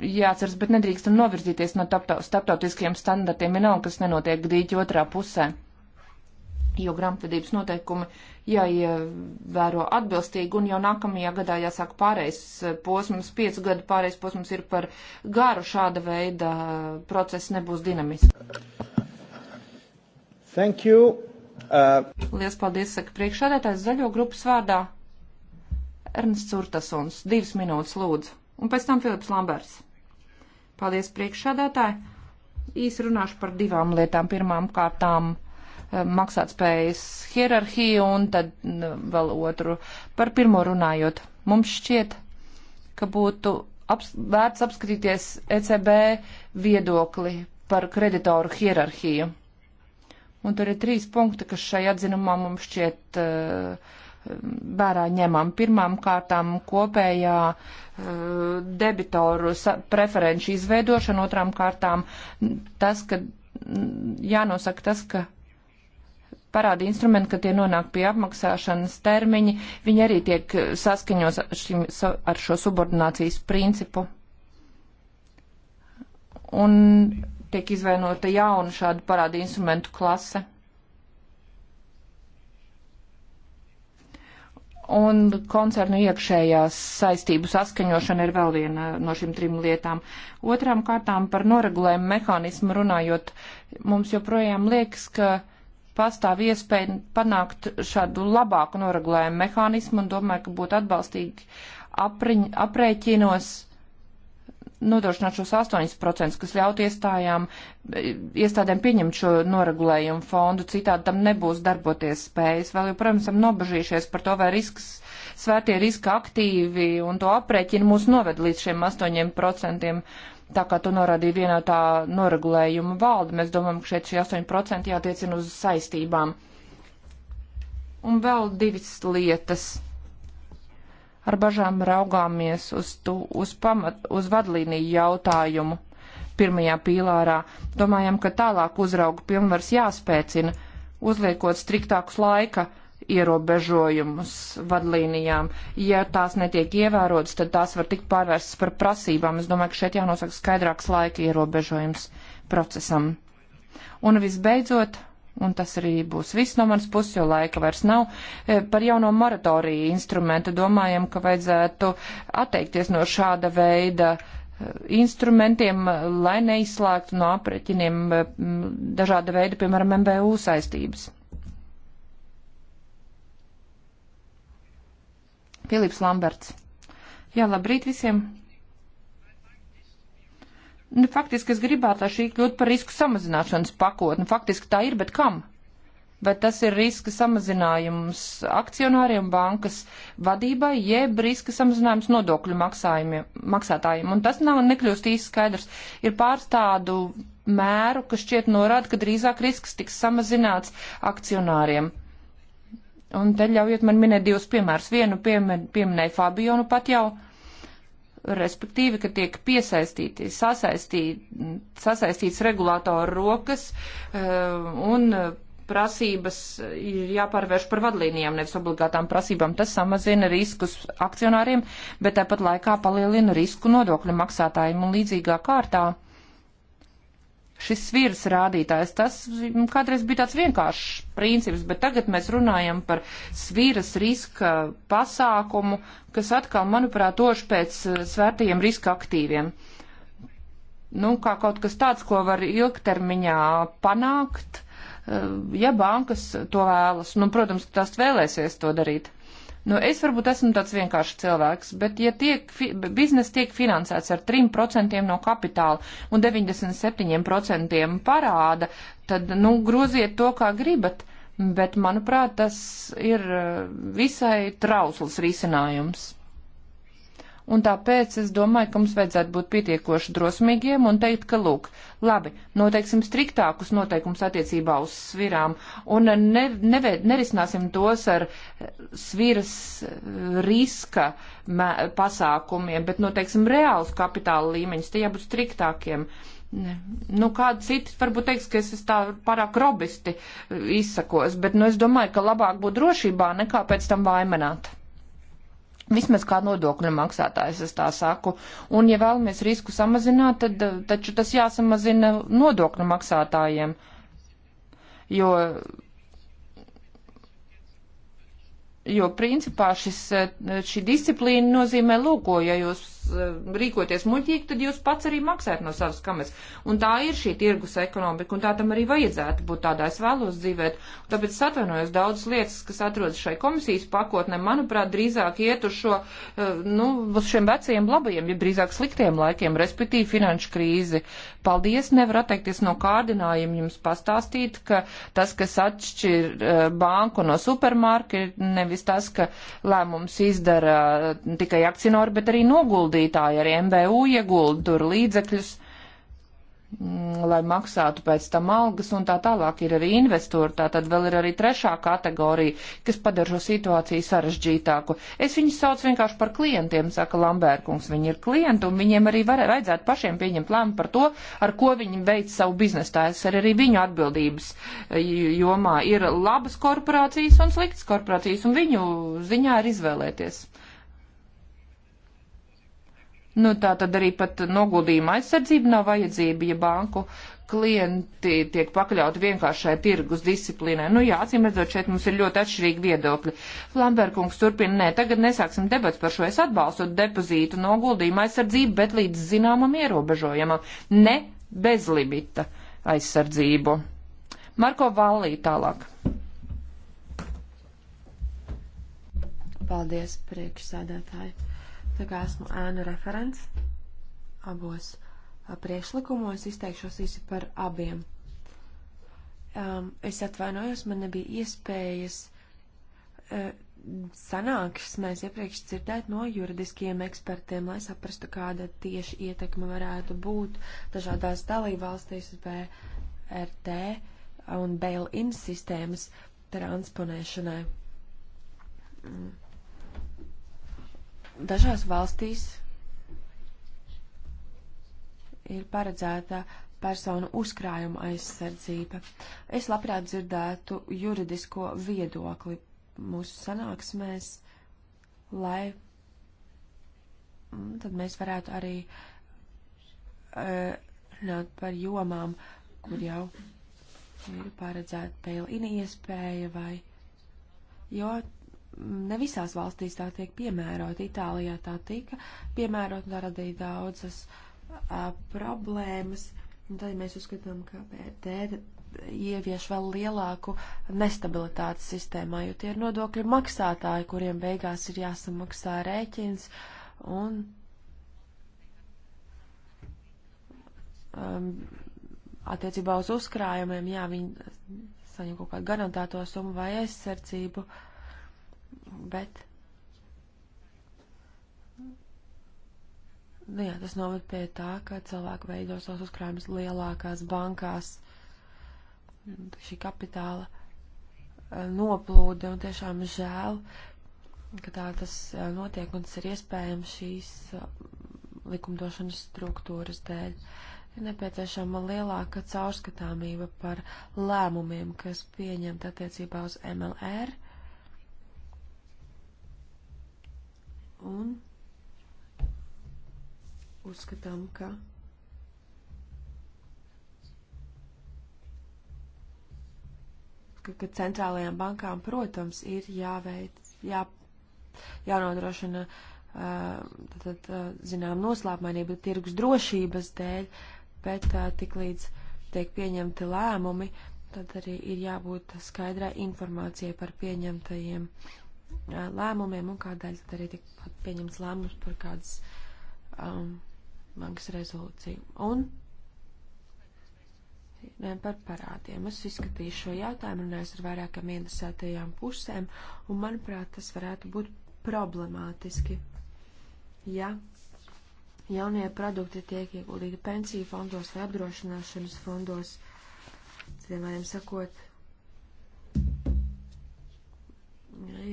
jāatceras, bet nedrīkstam novirzīties no starptautiskiem standartiem, ja nav, kas nenotiek dīķi otrā pusē jo grāmatvedības noteikumi jāievēro atbilstīgi, un jau nākamajā gadā jāsāk pārējais uh, posms, piecu gadu pārējais posms ir par garu, šāda veida uh, process nebūs dinamisks. Thank you. Uh... Lielas paldies, saka priekšādētājs zaļo grupas vārdā. Ernsts Urtasons, divas minūtes lūdzu, un pēc tam Filips Lamberts. Paldies, priekšādētāji. Īsi runāšu par divām lietām. Pirmām kārtām eh, maksātspējas hierarhiju un tad vēl otru. Par pirmo runājot, mums šķiet, ka būtu aps, vērts apskatīties ECB viedokli par kreditoru hierarhiju. Un tur ir trīs punkti, kas šai atzinumā mums šķiet uh, vērā ņemam. Pirmām kārtām kopējā uh, debitoru preferenču izveidošana, otrām kārtām tas, ka mm, jānosaka tas, ka parāda instrumenti, ka tie nonāk pie apmaksāšanas termiņi, viņi arī tiek saskaņos ar, šim, ar šo subordinācijas principu. Un tiek izveidota jauna šāda parāda instrumentu klase. Un koncernu iekšējās saistību saskaņošana ir vēl viena no šīm trim lietām. Otrām kārtām par noregulējumu mehānismu runājot, mums joprojām liekas, ka pastāv iespēja panākt šādu labāku noregulējumu mehānismu un domāju, ka būtu atbalstīgi apriņ, aprēķinos nodrošināt šos 8%, kas ļaut iestājām, e, iestādēm pieņemt šo noregulējumu fondu, citādi tam nebūs darboties spējas. Vēl joprojām esam nobežījušies par to, vai risks, svērtie riska aktīvi un to aprēķini mūs noved līdz šiem 8%. Tā kā to norādīja vienā tā noregulējuma valde, mēs domājam, ka šeit šie 8% jātiecina uz saistībām. Un vēl divas lietas ar bažām raugāmies uz, tu, uz, pamat, uz vadlīniju jautājumu pirmajā pīlārā. Domājam, ka tālāk uzraugu pilnvars jāspēcina, uzliekot striktākus laika ierobežojumus vadlīnijām. Ja tās netiek ievērotas, tad tās var tikt pārvērstas par prasībām. Es domāju, ka šeit jānosaka skaidrāks laika ierobežojums procesam. Un visbeidzot, un tas arī būs viss no manas puses, jo laika vairs nav. E, par jauno moratoriju instrumentu domājam, ka vajadzētu atteikties no šāda veida e, instrumentiem, e, lai neizslēgtu no apreķiniem dažāda veida, piemēram, MBU saistības. Filips Lamberts. Jā, labrīt visiem! Nu, faktiski es gribētu, lai šī kļūtu par risku samazināšanas pakotni. Faktiski tā ir, bet kam? Vai tas ir riska samazinājums akcionāriem, bankas vadībai, jeb riska samazinājums nodokļu maksātājiem? Un tas nav nekļūst īsti skaidrs. Ir pāris tādu mēru, kas šķiet norāda, ka drīzāk risks tiks samazināts akcionāriem. Un te ļaujiet man minēt divus piemērus. Vienu piemin, pieminēja Fabio nu pat jau. Uh, respektīvi, ka tiek piesaistīti, sasaistīt, sasaistīts regulātoru rokas eh, un prasības ir jāpārvērš par vadlīnijām, nevis obligātām prasībām. Tas samazina riskus akcionāriem, bet tāpat laikā palielina risku nodokļu maksātājiem un līdzīgā kārtā. Uh, šis virs rādītājs, tas kādreiz bija tāds vienkāršs princips, bet tagad mēs runājam par sviras riska pasākumu, kas atkal, manuprāt, tož pēc eh, svērtajiem riska aktīviem. Nu, kā kaut kas tāds, ko var ilgtermiņā panākt, eh, ja bankas to vēlas. Nu, protams, tās vēlēsies to darīt. Nu, es varbūt esmu tāds vienkāršs cilvēks, bet ja tiek, fi, biznes tiek finansēts ar 3% no kapitāla un 97% parāda, tad, nu, groziet to, kā gribat. Bet, manuprāt, tas ir eh, visai trausls risinājums. Un tāpēc es domāju, ka mums vajadzētu būt pietiekoši drosmīgiem un teikt, ka, lūk, labi, noteiksim striktākus noteikumus attiecībā uz svirām un ne, neve, nerisināsim tos ar sviras riska pasākumiem, bet noteiksim reālus kapitāla līmeņus, tie jābūt striktākiem. Ne. Nu, kāds cits varbūt teiks, ka es tā pārāk robisti izsakos, bet, nu, es domāju, ka labāk būt drošībā nekā pēc tam vaimanāt. Vismaz kā nodokļu maksātājs es tā saku. Un, ja vēlamies risku samazināt, tad taču tas jāsamazina nodokļu maksātājiem. Jo Jo principā šis, eh, šī disciplīna nozīmē, lūko, ja jūs eh, rīkoties muļķīgi, tad jūs pats arī maksājat no savas kamas. Un tā ir šī tirgus ekonomika, un tā tam arī vajadzētu būt tādā es vēlos dzīvēt. Un tāpēc atvainojos daudzas lietas, kas atrodas šai komisijas pakotnē, manuprāt, drīzāk iet uz šo, eh, nu, uz šiem vecajiem labajiem, ja drīzāk sliktiem laikiem, respektīvi finanšu krīzi. Paldies, nevar atteikties no kārdinājuma jums pastāstīt, ka tas, kas atšķir banku no supermarketu, nevis nevis tas, ka lēmums izdara tikai akcionāri, bet arī noguldītāji ar MBU ieguldu tur līdzekļus. Mm, lai maksātu pēc tam algas un tā tālāk ir arī investori, tā tad vēl ir arī trešā kategorija, kas padara šo situāciju sarežģītāku. Es viņus sauc vienkārši par klientiem, saka Lambērkungs, viņi ir klienti un viņiem arī var, vajadzētu pašiem pieņemt lēmu par to, ar ko viņi veic savu biznesu. Tā es arī viņu atbildības eh, jomā ir labas korporācijas un sliktas korporācijas un viņu ziņā ir izvēlēties. Nu, tā tad arī pat noguldījuma aizsardzība nav vajadzība, ja banku klienti tiek pakļauti vienkāršai tirgus disciplīnai. Nu jā, acīm redzot, šeit mums ir ļoti atšķirīgi viedokļi. Flamberkungs turpina, nē, tagad nesāksim debats par šo, es atbalstu depozītu noguldījumu aizsardzību, bet līdz zināmam ierobežojumam, ne bezlimita aizsardzību. Marko Vallī tālāk. Paldies, priekšsēdētāji. Tā kā esmu ēnu referents abos priekšlikumos, izteikšos īsi par abiem. Um, es atvainojos, man nebija iespējas uh, e, sanāksmēs iepriekš dzirdēt no juridiskiem ekspertiem, lai saprastu, kāda tieši ietekme varētu būt dažādās dalībvalstīs BRT un bail-in sistēmas transponēšanai. Mm Dažās valstīs ir paredzēta personu uzkrājuma aizsardzība. Es labprāt dzirdētu juridisko viedokli mūsu sanāksmēs, lai mm, tad mēs varētu arī e, runāt uh, par jomām, kur jau ir paredzēta pēļi iespēja vai, jo ne visās valstīs tā tiek piemērota. Itālijā tā tika piemērota un tā radīja daudzas uh, problēmas. Un tad, ja mēs uzskatām, ka PRT ievieš vēl lielāku nestabilitātes sistēmā, jo tie ir nodokļu maksātāji, kuriem beigās ir jāsamaksā rēķins un um, attiecībā uz uzkrājumiem, jā, viņi saņem kaut kādu garantēto summu vai aizsardzību. Uh, Bet. Nu jā, tas noved pie tā, ka cilvēki veido savus uzkrājumus lielākās bankās, šī kapitāla e, noplūde, un tiešām žēl, ka tā tas e, notiek, un tas ir iespējams šīs e, likumdošanas struktūras dēļ. Ir nepieciešama lielāka caurskatāmība par lēmumiem, kas pieņemta attiecībā uz MLR. Uh, un uzskatām, ka ka, ka centrālajām bankām, protams, ir jāveic, jā, jānodrošina, tad, tad, zinām, noslēpmainība tirgus drošības dēļ, bet tik līdz tiek pieņemti lēmumi, tad arī ir jābūt skaidrai informācijai par pieņemtajiem lēmumiem lēmumiem un kādēļ tad arī tika pieņemts lēmums par kādas um, bankas rezolūciju. Un ne, par parādiem. Es izskatīju šo jautājumu, runājos ar vairākām interesētajām pusēm, un manuprāt, tas varētu būt problemātiski, ja jaunie produkti tiek ieguldīti pensiju fondos vai apdrošināšanas fondos. Citiem vārdiem sakot,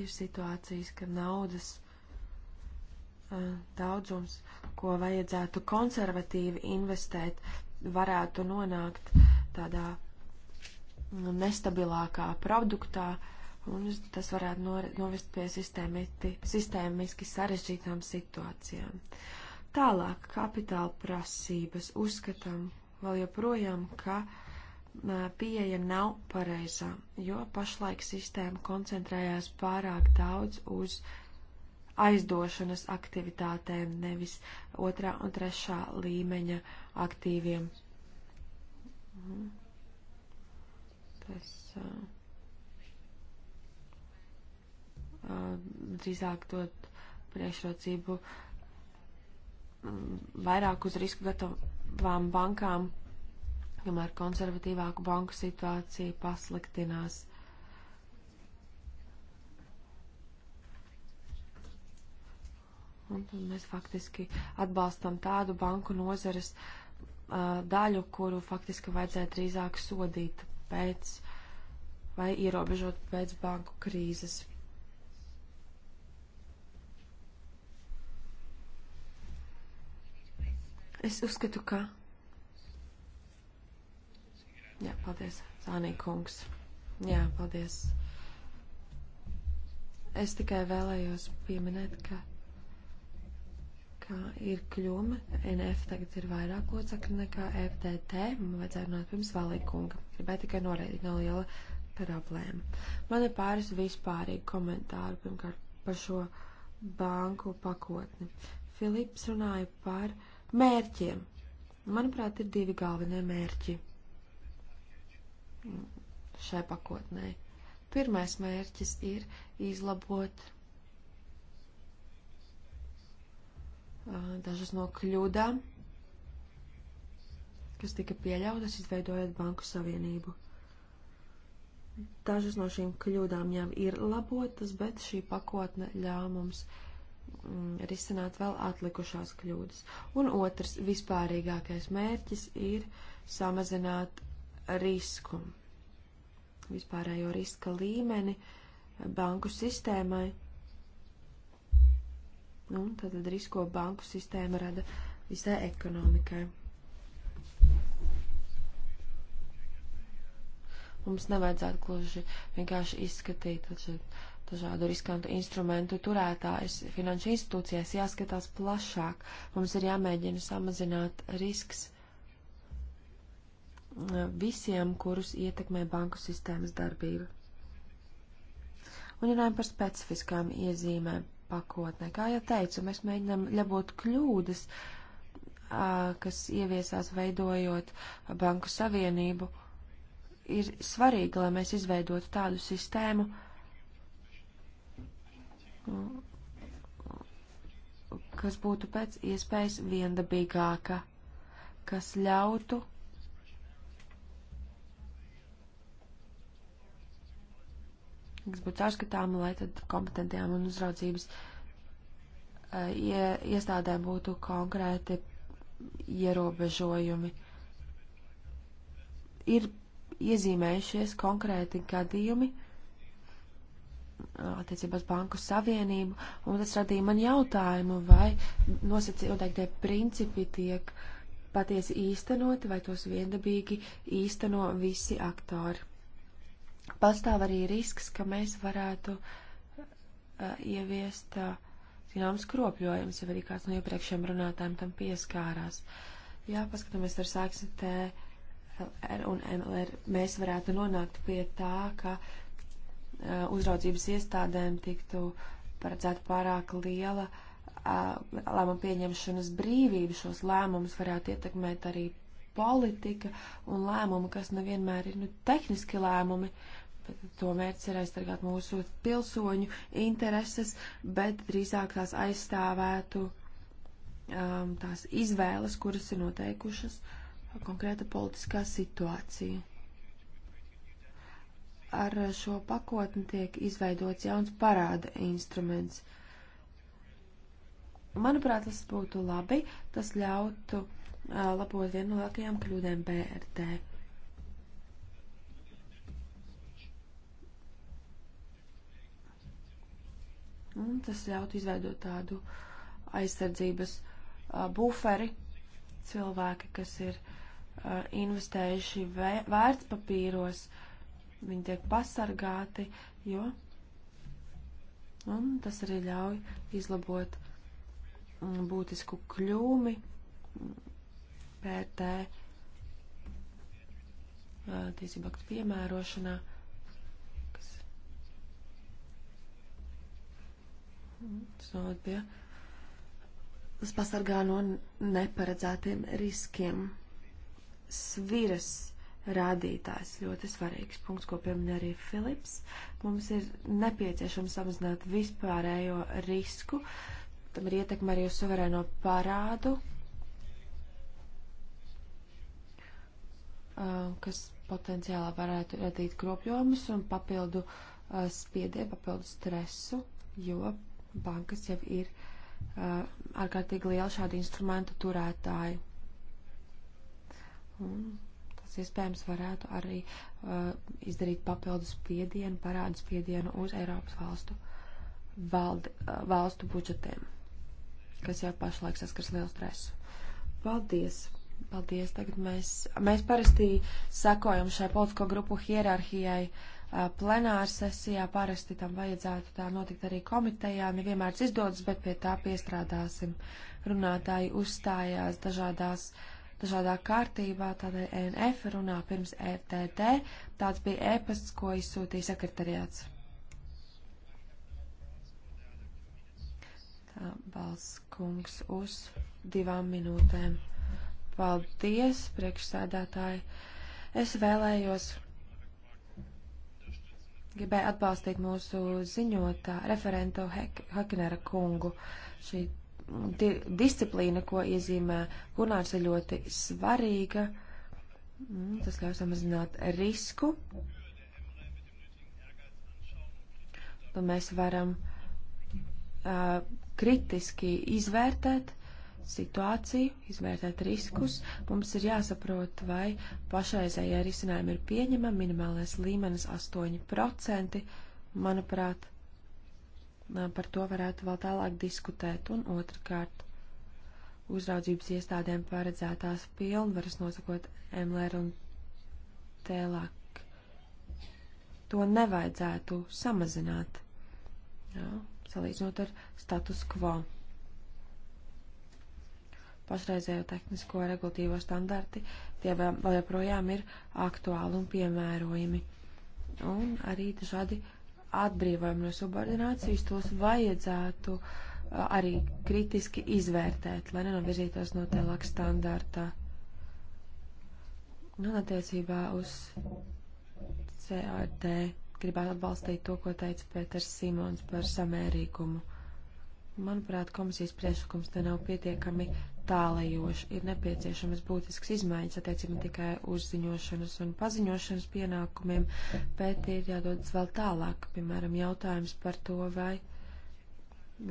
ir situācijas, kad naudas eh, daudzums, ko vajadzētu konservatīvi investēt, varētu nonākt tādā nu, nestabilākā produktā, un tas varētu nor, novest pie sistēmiski sarežģītām situācijām. Tālāk, kapitāla prasības uzskatām vēl joprojām, ka uh, pieeja nav pareizā, jo pašlaik sistēma koncentrējās pārāk daudz uz aizdošanas aktivitātēm, nevis otrā un trešā līmeņa aktīviem. Mhm. Tas drīzāk dot priekšrocību vairāk uz risku gatavām bankām kamēr konservatīvāku banku situācija pasliktinās. Un tad mēs faktiski atbalstam tādu banku nozares uh, daļu, kuru faktiski vajadzēja drīzāk sodīt pēc vai ierobežot pēc banku krīzes. Es uzskatu, ka Jā, paldies, Zānī kungs. Jā, paldies. Es tikai vēlējos pieminēt, ka, ka ir kļūme. NF tagad ir vairāk locekļi nekā FTT. Man vajadzēja runāt pirms valīkunga. Gribēju tikai norēdīt no liela problēma. Man ir pāris vispārīgi komentāri, pirmkārt, par šo banku pakotni. Filips runāja par mērķiem. Manuprāt, ir divi galvenie mērķi šai pakotnē. Pirmais mērķis ir izlabot dažas no kļūdām, kas tika pieļautas, izveidojot Banku Savienību. Dažas no šīm kļūdām jau ir labotas, bet šī pakotne ļāva mums mm, risināt vēl atlikušās kļūdas. Un otrs vispārīgākais mērķis ir samazināt risku, vispārējo riska līmeni banku sistēmai. Nu, tad risko banku sistēma rada visai ekonomikai. Mums nevajadzētu gluži vienkārši izskatīt dažādu riskantu instrumentu turētājs finanšu institūcijās jāskatās plašāk. Mums ir jāmēģina samazināt risks visiem, kurus ietekmē banku sistēmas darbība. Un runājam par specifiskām iezīmēm pakotnē. Kā jau teicu, mēs mēģinām ļabot kļūdas, kas ieviesās veidojot banku savienību. Ir svarīgi, lai mēs izveidotu tādu sistēmu, kas būtu pēc iespējas viendabīgāka, kas ļautu kas būtu caurskatāma, lai tad kompetentajām un uzraudzības eh, ie, iestādēm būtu konkrēti ierobežojumi. Ir iezīmējušies konkrēti gadījumi eh, attiecībās Banku Savienību, un tas radīja man jautājumu, vai nosacītie principi tiek patiesi īstenoti, vai tos viendabīgi īsteno visi aktori pastāv arī risks, ka mēs varētu uh, ieviest uh, zināms kropļojums, ja arī kāds no iepriekšējiem runātājiem tam pieskārās. Jā, paskatāmies ar sāksni T LR un MLR. Mēs varētu nonākt pie tā, ka uh, uzraudzības iestādēm tiktu paredzēta pārāk liela uh, lēmumu pieņemšanas brīvība. Šos lēmumus varētu ietekmēt arī politika un lēmumi, kas nevienmēr ir nu, tehniski lēmumi. Uh, to mērķis ir aizsargāt mūsu pilsoņu intereses, bet drīzāk tās aizstāvētu um, tās izvēles, kuras ir noteikušas konkrēta politiskā situācija. Ar šo pakotni tiek izveidots jauns parāda instruments. Manuprāt, tas būtu labi, tas ļautu uh, labot vienu no lielākajām kļūdēm BRT. Un tas ļautu izveidot tādu aizsardzības uh, buferi cilvēki, kas ir uh, investējuši vē, vērtspapīros, viņi tiek pasargāti, jo un tas arī ļauj izlabot um, būtisku kļūmi pērtē uh, tiesībāktu piemērošanā. zonot bija pasargā no neparedzētiem riskiem. Sviras rādītājs ļoti svarīgs punkts, ko pieminēja arī Filips. Mums ir nepieciešams samazināt vispārējo risku. Tam ir ietekme arī uz suverēno parādu, kas potenciāli varētu radīt kropļojumus un papildu spiedienu, papildu stresu, jo bankas jau ir uh, ārkārtīgi liela šādu instrumentu turētāji. Un tas iespējams varētu arī uh, izdarīt papildus spiedienu, parādu spiedienu uz Eiropas valstu, valdi, uh, valstu budžetiem, kas jau pašlaik saskars lielu stresu. Paldies! Paldies! Tagad mēs, mēs parasti sakojam šai politisko grupu hierarhijai. Uh, Eh, plenāra sesijā. Parasti tam vajadzētu tā notikt arī komitejā. Nevienmēr tas izdodas, bet pie tā piestrādāsim. Runātāji uzstājās dažādās. Dažādā kārtībā tādēļ e NF runā pirms FTT. E Tāds bija ēpasts, ko izsūtīja sekretariāts. Tā, balss kungs uz divām minūtēm. Paldies, priekšsēdētāji. Es vēlējos gribēju atbalstīt mūsu ziņotā referentu Hek Hakinera kungu. Šī disciplīna, ko iezīmē Gunārs, ir ļoti svarīga. Mm, tas ļauj samazināt risku. Un mēs varam uh, kritiski izvērtēt situāciju, izvērtēt riskus. Mums ir jāsaprot, vai pašreizējie risinājumi ir pieņemami. Minimālais līmenis 8%. Manuprāt, par to varētu vēl tālāk diskutēt. Un otrkārt, uzraudzības iestādēm paredzētās pilnvaras nosakot MLR un tēlāk to nevajadzētu samazināt, jā, salīdzinot ar status quo pašreizējo tehnisko regulatīvo standarti, tie vēl, vēl joprojām ir aktuāli un piemērojami. Un arī dažādi atbrīvojumi no subordinācijas tos vajadzētu arī kritiski izvērtēt, lai nenovirzītos no telak standartā. Un attiecībā uz CRD gribētu atbalstīt to, ko teica Pēters Simons par samērīgumu Manuprāt, komisijas priekšlikums te nav pietiekami tālajoši. Ir nepieciešamas būtisks izmaiņas attiecībā tikai uz ziņošanas un paziņošanas pienākumiem, bet ir jādodas vēl tālāk, piemēram, jautājums par to, vai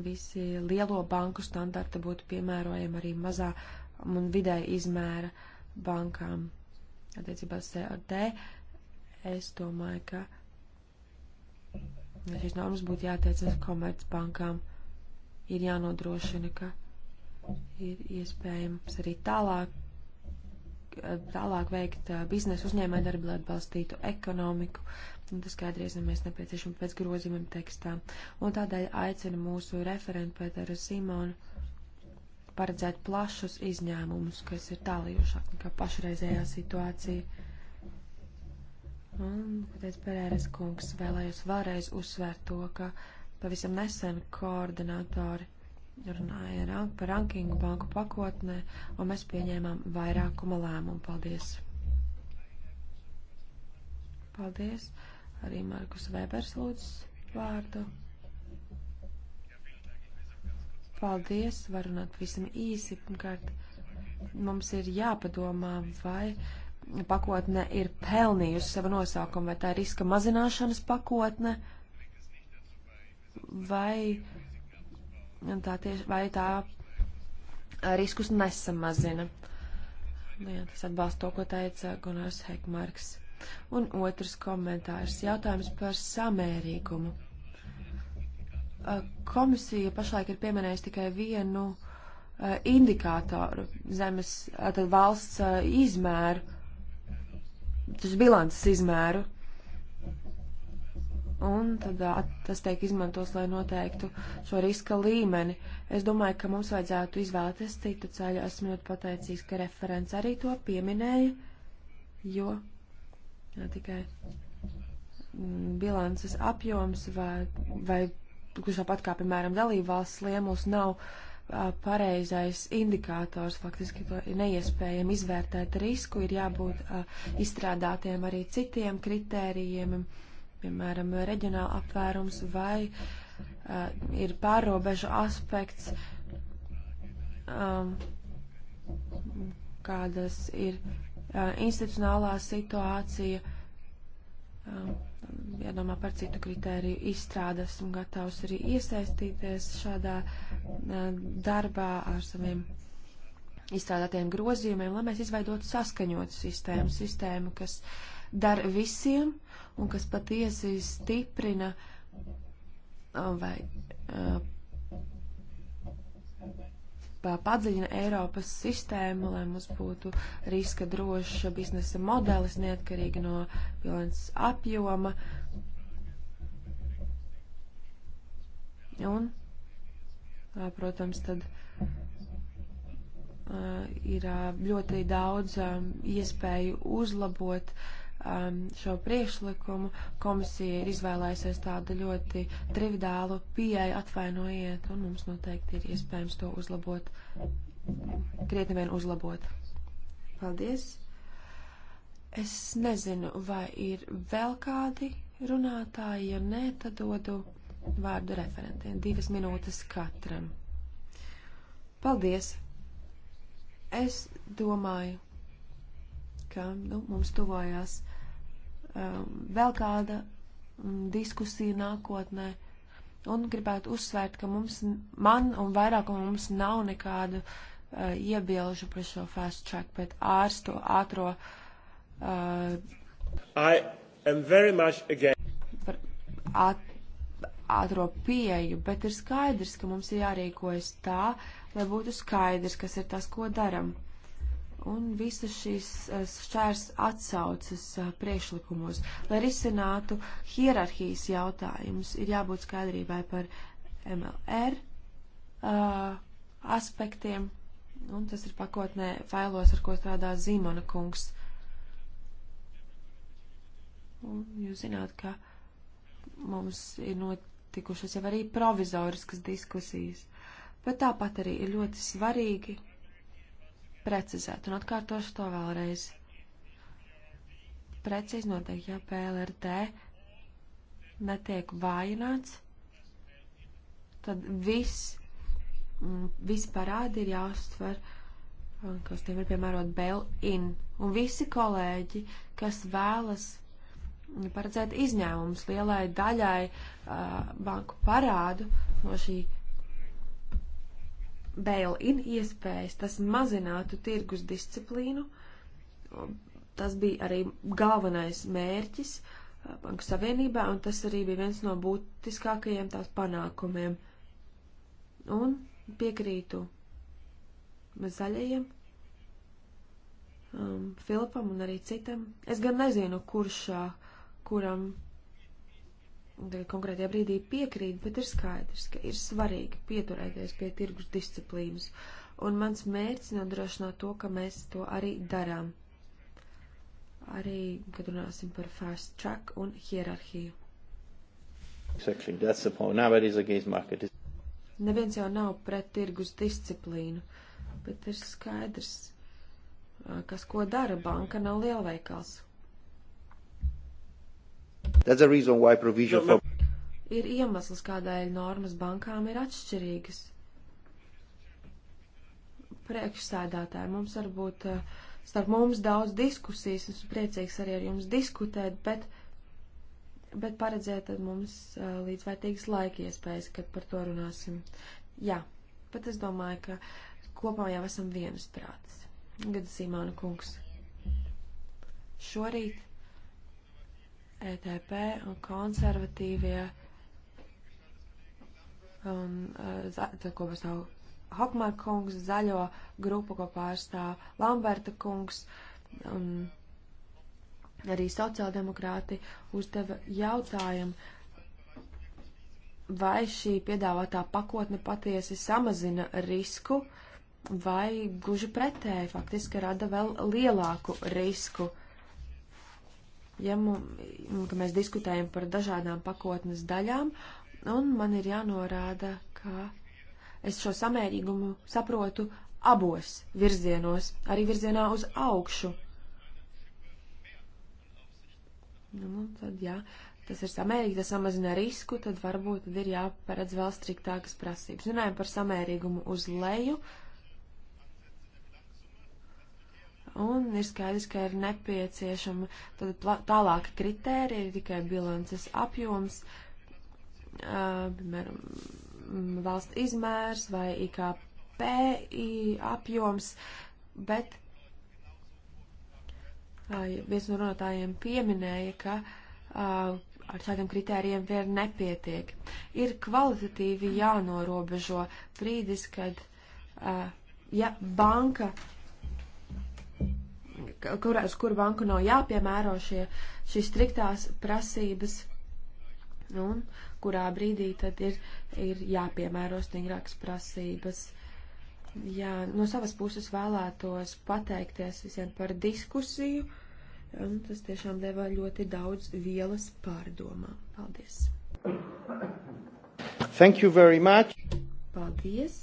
visi lielo banku standarta būtu piemērojami arī mazā un vidēja izmēra bankām. Attiecībā CRD es domāju, ka šīs normas būtu jātiecas komercbankām. bankām ir jānodrošina, ka ir iespējams arī tālāk, tālāk veikt biznesu uzņēmē darbu, lai atbalstītu ekonomiku. Un tas skaidri iezīmēs nepieciešams pēc grozījumiem tekstā. Un tādēļ aicinu mūsu referentu Pēteru Simonu paredzēt plašus izņēmumus, kas ir tālījušāk nekā pašreizējā situācija. Un, pēc Pērēras kungs vēlējos vēlreiz uzsvērt to, ka uh, Pavisam nesen koordinātori runāja par rankingu banku pakotnē, un mēs pieņēmām vairākuma lēmumu. Paldies! Paldies! Arī Markus Vēbers lūdz vārdu. Paldies! Var runāt visam īsi. Pirmkārt, mums ir jāpadomā, vai pakotne ir pelnījusi savu nosaukumu, vai tā ir riska mazināšanas pakotne. Uh, vai tā, tieši, vai tā riskus nesamazina. Jā, tas atbalsta to, ko teica Gunārs Hekmarks. Un otrs komentārs - jautājums par samērīgumu. Komisija pašlaik ir pieminējusi tikai vienu indikātoru zemes valsts izmēru, tas bilances izmēru, un tad tas tiek izmantos, lai noteiktu šo riska līmeni. Es domāju, ka mums vajadzētu izvēlēties citu ceļu. Esmu ļoti pateicīgs, ka referents arī to pieminēja, jo ne tikai mm, bilances apjoms vai, vai kurš tāpat kā, piemēram, dalībvalsts liemus nav a, pareizais indikators, faktiski to ir neiespējami izvērtēt risku, ir jābūt a, izstrādātiem arī citiem kritērijiem. A, piemēram, reģionāla apvērums vai uh, ir pārobežu aspekts, um, kādas ir uh, institucionālā situācija, um, jādomā par citu kritēriju izstrādes, esmu gatavs arī iesaistīties šādā uh, darbā ar saviem izstrādātiem grozījumiem, lai mēs izveidotu saskaņotu sistēmu, sistēmu, kas uh, dara visiem un kas patiesi stiprina vai padziļina Eiropas sistēmu, lai mums būtu riska droša biznesa modelis, neatkarīgi no bilances apjoma. Un, protams, tad ir ļoti daudz iespēju uzlabot uh, Um, šo priekšlikumu. Komisija ir izvēlējusies tādu ļoti triviālu pieeju, atvainojiet, un mums noteikti ir iespējams to uzlabot, krietni vien uzlabot. Paldies! Es nezinu, vai ir vēl kādi runātāji, ja nē, tad dodu vārdu referentiem. Divas minūtes katram. Paldies! Es domāju, ka nu, mums tuvojās Um, vēl kāda um, diskusija nākotnē. Un gribētu uzsvērt, ka mums, man un vairākam mums nav nekādu uh, iebilžu par šo fast track, bet ārstu ātro. Uh, I am very much against. Par at, ātro pieeju, bet ir skaidrs, ka mums ir jārīkojas tā, lai būtu skaidrs, kas ir tas, ko daram. Uh, un visas šīs eh, šķērs atsaucas eh, priekšlikumos. Lai risinātu hierarhijas jautājumus, ir jābūt skaidrībai par MLR a, eh, aspektiem, un tas ir pakotnē failos, ar ko strādā Zīmona kungs. Un jūs zināt, ka mums ir notikušas jau arī provizoriskas diskusijas, bet tāpat arī ir ļoti svarīgi precizēt, un atkārtošu to vēlreiz. Precīzi noteikti, ja PLRD netiek vājināts, tad viss, mm, visi parādi ir jāuztver, kas tiem ir piemērot bail-in. Un visi kolēģi, kas vēlas paredzēt izņēmumus lielai daļai uh, banku parādu no šī bail-in iespējas, tas mazinātu tirgus disciplīnu. Tas bija arī galvenais mērķis uh, Banku Savienībā, un tas arī bija viens no būtiskākajiem tās panākumiem. Un piekrītu zaļajiem, um, Filipam un arī citam. Es gan nezinu, kurš, uh, kuram konkrētajā brīdī piekrīt, bet ir skaidrs, ka ir svarīgi pieturēties pie tirgus disciplīnas. Un mans mērķis ir nodrošināt to, ka mēs to arī darām. Arī, kad runāsim par fast track un hierarhiju. Exactly, that's the point. Nobody is against market. Neviens jau nav pret tirgus disciplīnu, bet ir skaidrs, kas ko dara banka, nav lielveikals. For... Ir iemesls, kādēļ normas bankām ir atšķirīgas. Priekšsēdētāji, mums varbūt eh, starp mums daudz diskusijas, esmu priecīgs arī ar jums diskutēt, bet, bet paredzēt mums eh, līdzvērtīgas laika iespējas, kad par to runāsim. Jā, bet es domāju, ka kopā jau esam vienas prātas. Gada Simāna kungs. Šorīt ETP un konservatīvie un eh, tad, ko pārstāv Hokmar kungs, zaļo grupu, ko pārstāv Lamberta kungs un arī sociāldemokrāti uzdeva jautājumu, vai šī piedāvātā pakotne patiesi samazina risku vai gluži pretēji faktiski rada vēl lielāku risku. Uh, ja mums, mēs diskutējam par dažādām pakotnes daļām, un man ir jānorāda, ka es šo samērīgumu saprotu abos virzienos, arī virzienā uz augšu. Nu, nu tad, jā, tas ir samērīgi, tas samazina risku, tad varbūt tad ir jāparedz vēl striktākas prasības. Runājam par samērīgumu uz leju. Uh, Un ir skaidrs, ka ir nepieciešama tālāka kritērija, ir tikai bilances apjoms, uh, piemēram, valsts izmērs vai IKP apjoms, bet uh, viens no runātājiem pieminēja, ka uh, ar šādiem kritērijiem vien nepietiek. Ir kvalitatīvi jānorobežo brīdis, kad, ja banka kurā, uz kuru banku nav jāpiemēro šie, šīs striktās prasības, un kurā brīdī tad ir, ir jāpiemēro stingrākas prasības. Jā, no savas puses vēlētos pateikties visiem par diskusiju, un tas tiešām deva ļoti daudz vielas pārdomām. Paldies! Thank you very much! Paldies!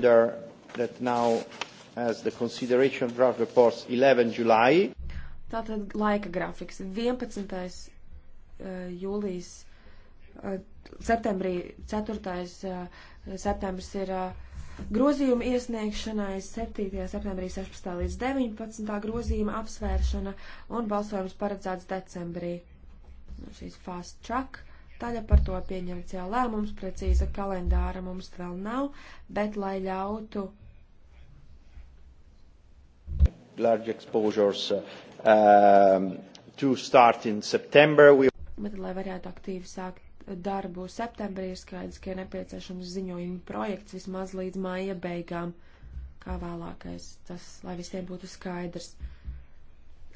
Tātad laika grafiks 11. Eh, jūlijas, eh, septembrī 4. Eh, septembris ir grozījuma iesniegšanai 7. septembrī 16. līdz 19. grozījuma apsvēršana un balsojums paredzēts decembrī. Šīs fast track Tāda par to pieņemts jau lēmums, precīza kalendāra mums vēl nav, bet lai ļautu. Large exposures um, to start in September. We... Bet, lai varētu aktīvi sākt darbu septembrī, ir skaidrs, ka ir nepieciešams ziņojuma projekts vismaz līdz māja beigām, kā vēlākais, tas, lai visiem būtu skaidrs.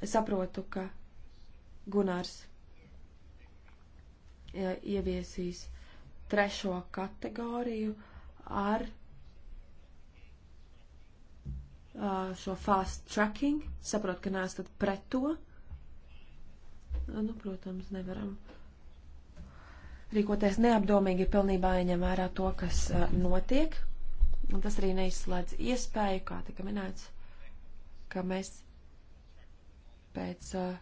Es saprotu, ka Gunārs ieviesīs trešo kategoriju ar šo fast tracking. Saprotu, ka neesat pret to. Nu, protams, nevaram rīkoties neapdomīgi, pilnībā ieņem vērā to, kas notiek. Un tas arī neizslēdz iespēju, kā tika minēts, ka mēs pēc uh,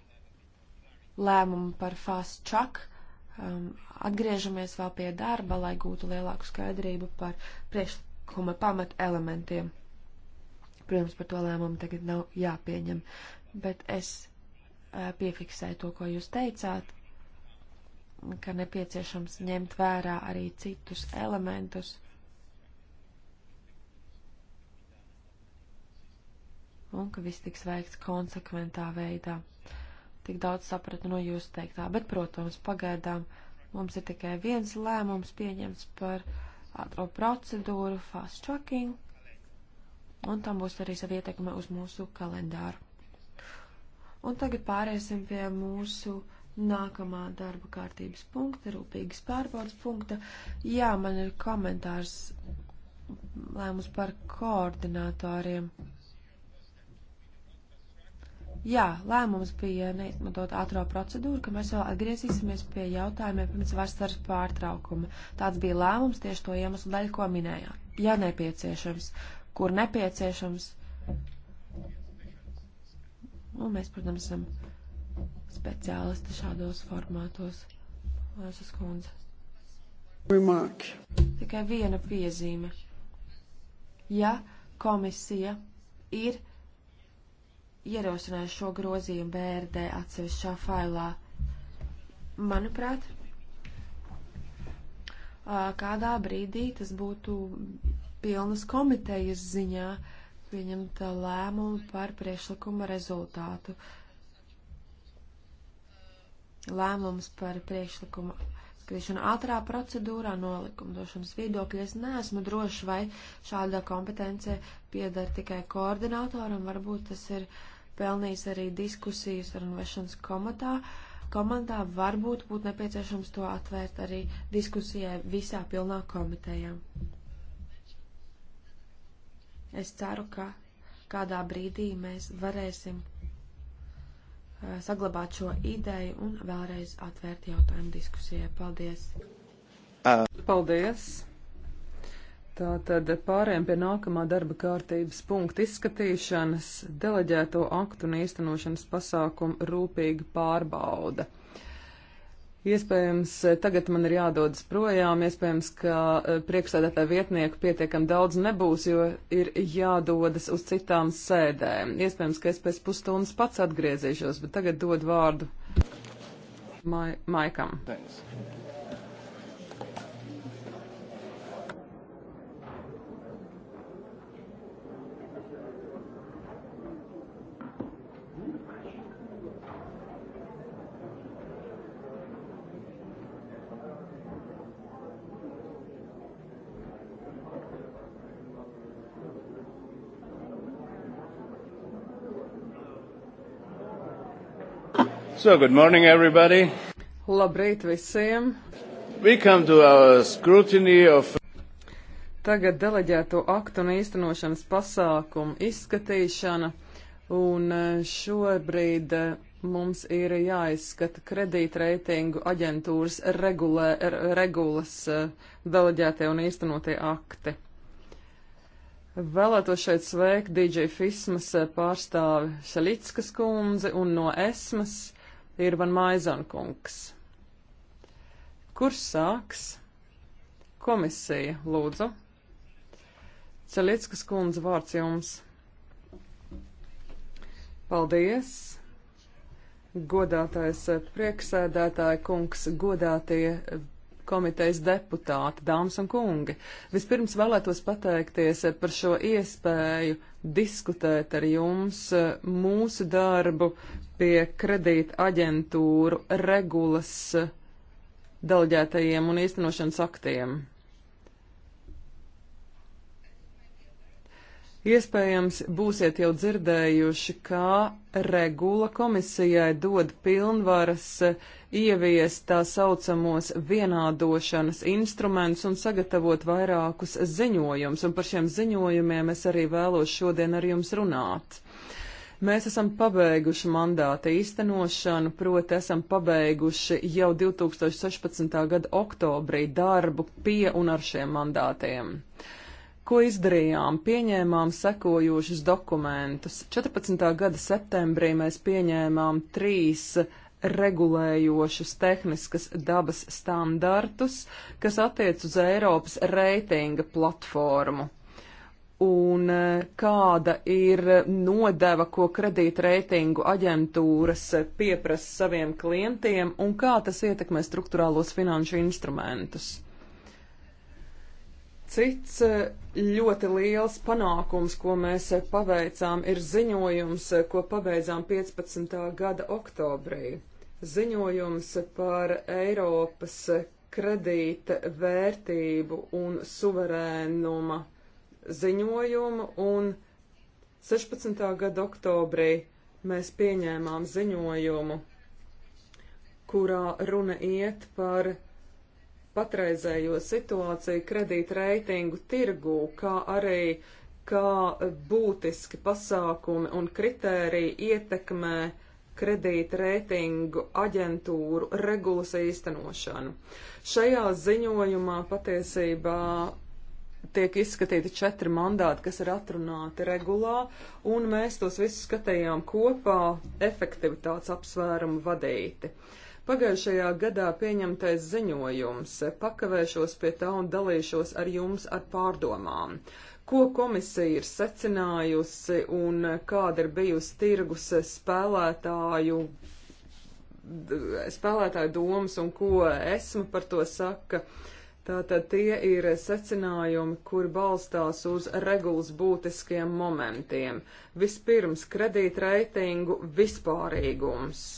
lēmumu par fast track um, atgriežamies vēl pie darba, lai gūtu lielāku skaidrību par priekšlikuma pamat elementiem. Protams, par to lēmumu tagad nav jāpieņem, bet es uh, piefiksēju to, ko jūs teicāt, ka nepieciešams ņemt vērā arī citus elementus. Un ka viss tiks veikts konsekventā veidā. Uh, tik daudz sapratu no jūsu teiktā, bet, protams, pagaidām mums ir tikai viens lēmums pieņemts par ātro procedūru, fast tracking, un tam būs arī savi ietekme uz mūsu kalendāru. Un tagad pāriesim pie mūsu nākamā darba kārtības punkta, rūpīgas pārbaudas punkta. Jā, man ir komentārs lēmums par koordinatoriem. Jā, lēmums bija neizmantot ātrā procedūru, ka mēs vēl atgriezīsimies pie jautājumiem pirms vasaras pārtraukuma. Tāds bija lēmums tieši to iemeslu daļu, ko minējāt. Ja nepieciešams, kur nepieciešams. Un nu, mēs, protams, esam speciālisti šādos formātos. Lēsas kundze. Remark. Tikai viena piezīme. Ja komisija ir ierosināju šo grozījumu BRD atsevišķā failā. Manuprāt, kādā brīdī tas būtu pilnas komitejas ziņā pieņemt lēmumu par priekšlikuma rezultātu. Lēmums par priekšlikuma skatīšanu ātrā procedūrā no likumdošanas viedokļa. Es neesmu droši, vai šāda kompetence piedara tikai koordinātoram, varbūt tas ir uh, pelnījis arī diskusiju sarunvešanas komatā. Komandā varbūt būtu nepieciešams to atvērt arī diskusijai visā pilnā komitejā. Es ceru, ka kādā brīdī mēs varēsim uh, saglabāt šo ideju un vēlreiz atvērt jautājumu diskusijai. Paldies! Paldies! Tātad pārējām pie nākamā darba kārtības punkta izskatīšanas, deleģēto aktu un īstenošanas pasākumu rūpīga pārbauda. Iespējams, tagad man ir jādodas projām, iespējams, ka eh, priekšsēdētāja vietnieku pietiekam daudz nebūs, jo ir jādodas uz citām sēdēm. Iespējams, ka es pēc pusstundas pats atgriezīšos, bet tagad dod vārdu Mai Maikam. Thanks. So, good morning, everybody. Labrīt visiem. We come to our scrutiny of. Tagad deleģēto aktu un īstenošanas pasākumu izskatīšana, un e, šobrīd e, mums ir jāizskata kredītreitingu aģentūras regulē, regulas e, deleģētie un īstenotie akti. Vēlētos šeit sveikt DJ Fismas pārstāvi Šaļickas kundzi un no Esmas ir Van Maizankungs. Kurš sāks? Komisija, lūdzu. Ceļickas kundze, vārds jums. Paldies! Godātais eh, prieksēdētāja kungs, godātie komitejas deputāti, dāmas un kungi. Vispirms vēlētos pateikties par šo iespēju diskutēt ar jums eh, mūsu darbu pie kredīta aģentūru regulas eh, delģētajiem un īstenošanas aktiem. Iespējams, būsiet jau dzirdējuši, kā regula komisijai dod pilnvaras eh, ieviest tā saucamos vienādošanas instrumentus un sagatavot vairākus ziņojumus, un par šiem ziņojumiem es arī vēlos šodien ar jums runāt. Mēs esam pabeiguši mandāta īstenošanu, proti esam pabeiguši jau 2016. gada oktobrī darbu pie un ar šiem mandātiem. Uh, Ko izdarījām? Pieņēmām sekojošus dokumentus. 14. gada septembrī mēs pieņēmām trīs regulējošus tehniskas dabas standartus, kas attiec uz Eiropas reitinga platformu. Un e, kāda ir nodeva, ko kredītreitingu aģentūras pieprasa saviem klientiem, un kā tas ietekmē struktūrālos finanšu instrumentus? Cits eh, ļoti liels panākums, ko mēs eh, paveicām, ir ziņojums, eh, ko pabeidzām 15. gada oktobrī. Ziņojums par Eiropas kredīta vērtību un suverēnuma ziņojumu, un 16. gada oktobrī mēs pieņēmām ziņojumu, kurā runa iet par patreizējo situāciju kredītreitingu tirgū, kā arī kā būtiski pasākumi un kritēriji ietekmē kredītreitingu aģentūru regulas īstenošanu. Šajā ziņojumā patiesībā tiek izskatīti četri mandāti, kas ir atrunāti regulā, un mēs tos visus skatījām kopā efektivitātes apsvērumu vadīti. Uh, Pagājušajā gadā pieņemtais ziņojums pakavēšos pie tā un dalīšos ar jums ar pārdomām. Ko komisija ir secinājusi un kāda ir bijusi tirgus spēlētāju, spēlētāju domas un ko esmu par to saka? Tātad tie ir secinājumi, kur balstās uz regulas būtiskiem momentiem. Vispirms kredītreitingu vispārīgums.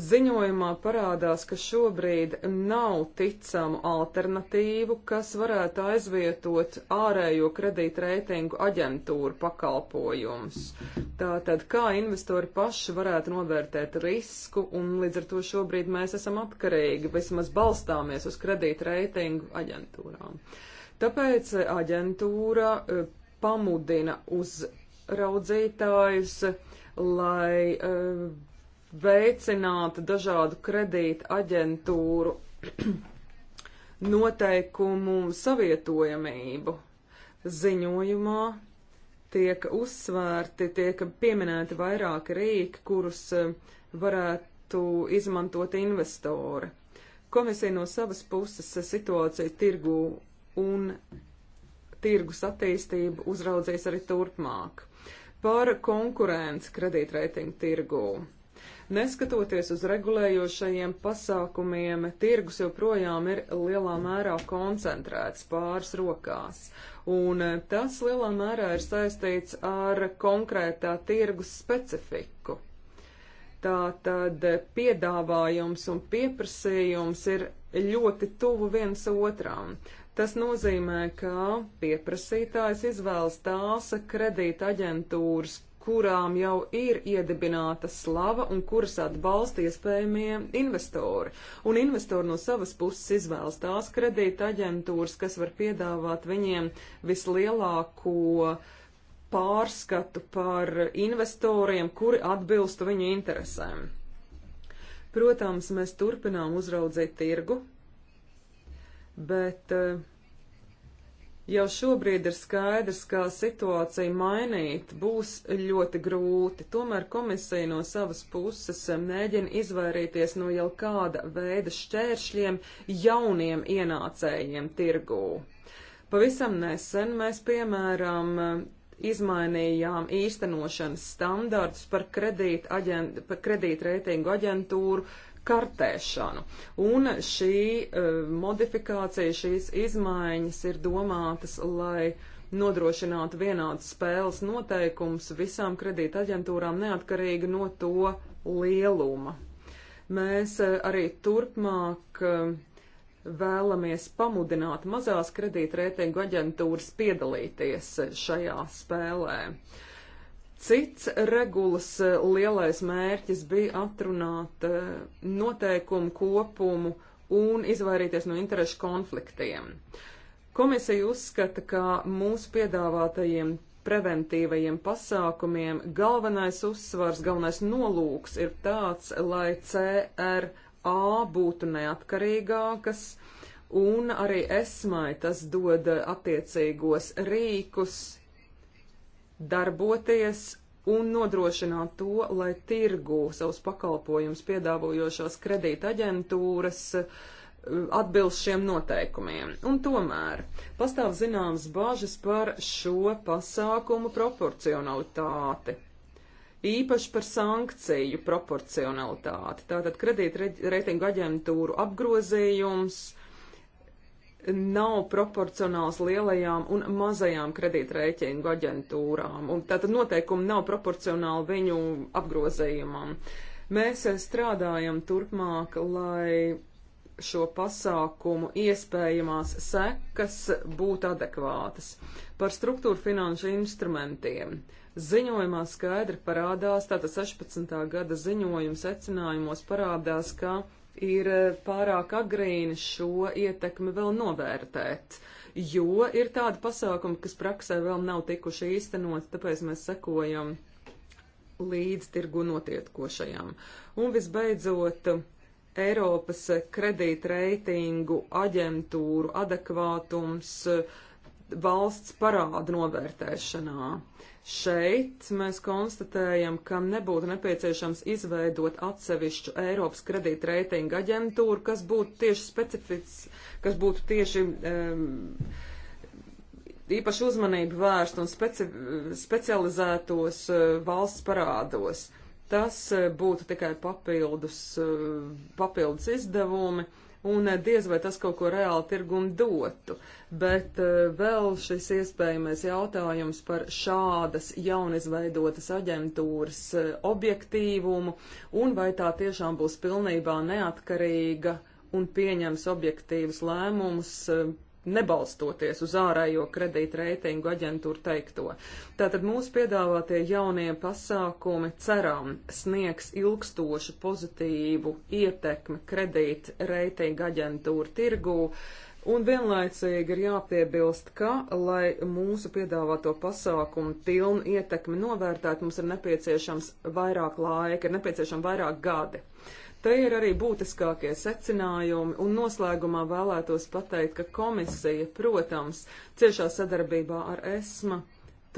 Ziņojumā parādās, ka šobrīd nav ticamu alternatīvu, kas varētu aizvietot ārējo kredītreitingu aģentūru pakalpojumus. Tātad, kā investori paši varētu novērtēt risku, un līdz ar to šobrīd mēs esam atkarīgi, vismaz balstāmies uz kredītreitingu aģentūrām. Tāpēc eh, aģentūra eh, pamudina uzraudzītājus, lai uh, veicināt dažādu kredīta aģentūru <clears throat> noteikumu savietojamību. Ziņojumā tiek uzsvērti, tiek pieminēti vairāki rīki, kurus eh, varētu izmantot investori. Komisija no savas puses situāciju tirgu un tirgus attīstību uzraudzīs arī turpmāk. Par konkurenci kredītreitingu tirgū. Neskatoties uz regulējošajiem pasākumiem, tirgus joprojām ir lielā mērā koncentrēts pāris rokās, un eh, tas lielā mērā ir saistīts ar konkrētā tirgus specifiku. Tātad eh, piedāvājums un pieprasījums ir ļoti tuvu viens otram. Tas nozīmē, ka pieprasītājs izvēlas tās kredīta aģentūras kurām jau ir iedibināta slava un kuras atbalsta iespējamie investori. Un investori no savas puses izvēlas tās kredīta aģentūras, kas var piedāvāt viņiem vislielāko pārskatu par investoriem, kuri atbilstu viņu interesēm. Protams, mēs turpinām uzraudzīt tirgu, bet uh, Jau šobrīd ir skaidrs, ka situācija mainīt būs ļoti grūti, tomēr komisija no savas puses mēģina izvairīties no jau kāda veida šķēršļiem jauniem ienācējiem tirgū. Pavisam nesen mēs, piemēram, izmainījām īstenošanas standartus par kredītreitingu aģent, kredīt aģentūru, kartēšanu. Un šī uh, modifikācija, šīs izmaiņas ir domātas, lai nodrošinātu vienādas spēles noteikums visām kredītaģentūrām neatkarīgi no to lieluma. Mēs uh, arī turpmāk uh, vēlamies pamudināt mazās kredītreitingu aģentūras piedalīties šajā spēlē. Uh, Cits regulas eh, lielais mērķis bija atrunāt eh, noteikumu kopumu un izvairīties no interešu konfliktiem. Komisija uzskata, ka mūsu piedāvātajiem preventīvajiem pasākumiem galvenais uzsvars, galvenais nolūks ir tāds, lai CRA būtu neatkarīgākas, un arī esmai tas dod eh, attiecīgos rīkus, darboties un nodrošināt to, lai tirgu savus pakalpojumus piedāvojošās kredīta aģentūras uh, atbilst šiem noteikumiem. Un tomēr pastāv zināmas bāžas par šo pasākumu proporcionalitāti. Īpaši par sankciju proporcionalitāti. Tātad kredīta reitingu aģentūru apgrozījums nav proporcionāls lielajām un mazajām kredītrēķinu aģentūrām, un tātad noteikumi nav proporcionāli viņu apgrozējumam. Mēs strādājam turpmāk, lai šo pasākumu iespējamās sekas būtu adekvātas. Par struktūru finanšu instrumentiem. Ziņojumā skaidri parādās, tātad 16. gada ziņojuma secinājumos parādās, ka ir eh, pārāk agrīni šo ietekmi vēl novērtēt, jo ir tādi pasākumi, kas praksē vēl nav tikuši īstenot, tāpēc mēs sekojam līdz tirgu notiekošajam. Un visbeidzot, Eiropas kredītreitingu aģentūru adekvātums uh, valsts parāda novērtēšanā. Šeit mēs konstatējam, ka nebūtu nepieciešams izveidot atsevišķu Eiropas kredītreitinga aģentūru, kas būtu tieši specifiks, kas būtu tieši um, īpaši uzmanību vērst un speci specializētos uh, valsts parādos. Tas uh, būtu tikai papildus, uh, papildus izdevumi. Uh, un eh, diez vai tas kaut ko reāli tirgumu dotu. Bet eh, vēl šis iespējamais jautājums par šādas jaunizveidotas aģentūras eh, objektīvumu un vai tā tiešām būs pilnībā neatkarīga un pieņems objektīvus lēmumus nebalstoties uz ārējo kredītreitingu aģentūru teikto. Tātad mūsu piedāvātie jaunie pasākumi ceram sniegs ilgstošu pozitīvu ietekmi kredītreitingu aģentūru tirgū. Un vienlaicīgi ir jāpiebilst, ka, lai mūsu piedāvāto pasākumu pilnu ietekmi novērtētu, mums ir nepieciešams vairāk laika, ir nepieciešami vairāk gadi. Te ir arī būtiskākie secinājumi, un noslēgumā vēlētos pateikt, ka komisija, protams, ciešā sadarbībā ar ESMA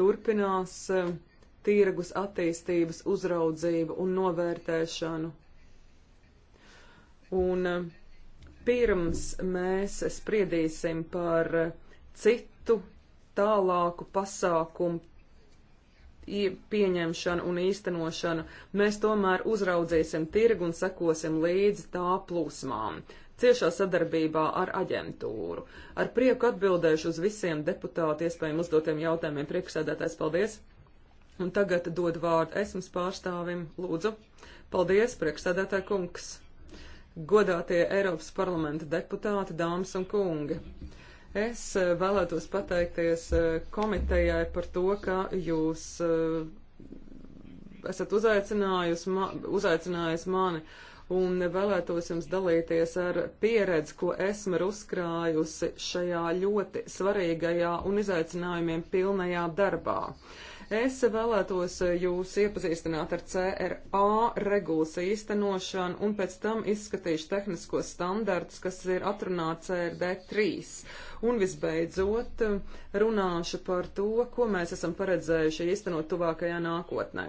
turpinās eh, tirgus attīstības uzraudzību un novērtēšanu. Un eh, pirms mēs spriedīsim par eh, citu tālāku pasākumu pieņemšanu un īstenošanu, mēs tomēr uzraudzīsim tirgu un sekosim līdzi tā plūsmām, ciešā sadarbībā ar aģentūru. Ar prieku atbildēšu uz visiem deputāti iespējami uzdotiem jautājumiem. Priekšsēdētājs, paldies! Un tagad dod vārdu esmas pārstāvim, lūdzu. Paldies, priekšsēdētāj kungs! Godātie Eiropas parlamenta deputāti, dāmas un kungi! Es eh, vēlētos pateikties eh, komitejai par to, ka jūs eh, esat uzaicinājusi, ma uzaicinājusi mani un vēlētos jums dalīties ar pieredzi, ko esmu uzkrājusi šajā ļoti svarīgajā un izaicinājumiem pilnajā darbā. Uh, Es vēlētos jūs iepazīstināt ar CRA regulas īstenošanu un pēc tam izskatīšu tehniskos standartus, kas ir atrunāti CRD3. Un visbeidzot runāšu par to, ko mēs esam paredzējuši īstenot tuvākajā nākotnē.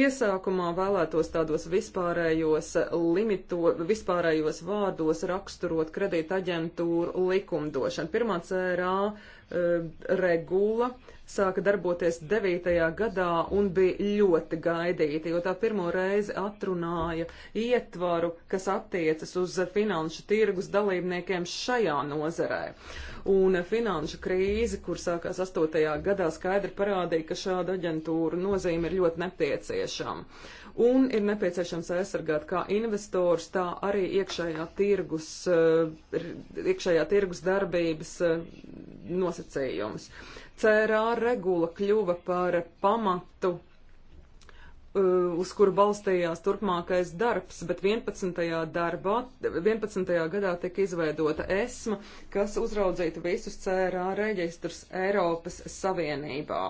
Iesākumā vēlētos tādos vispārējos limito, vispārējos vārdos raksturot kredīta aģentūru likumdošanu. Pirmā CRA e, eh, regula sāka darboties 9. gadā un bija ļoti gaidīta, jo tā pirmo reizi atrunāja ietvaru, kas attiecas uz finanšu tirgus dalībniekiem šajā nozarē. Un finanšu krīze, kur sākās 8. gadā, skaidri parādīja, ka šāda aģentūra nozīme ir ļoti nepieciešama. Un ir nepieciešams aizsargāt kā investors, tā arī iekšējā tirgus, eh, iekšējā tirgus darbības eh, nosacījumus. CRA regula kļuva par pamatu uh, uz kuru balstījās turpmākais darbs, bet 11. Darbā, 11. gadā tika izveidota ESMA, kas uzraudzītu visus CRA reģistrus Eiropas Savienībā.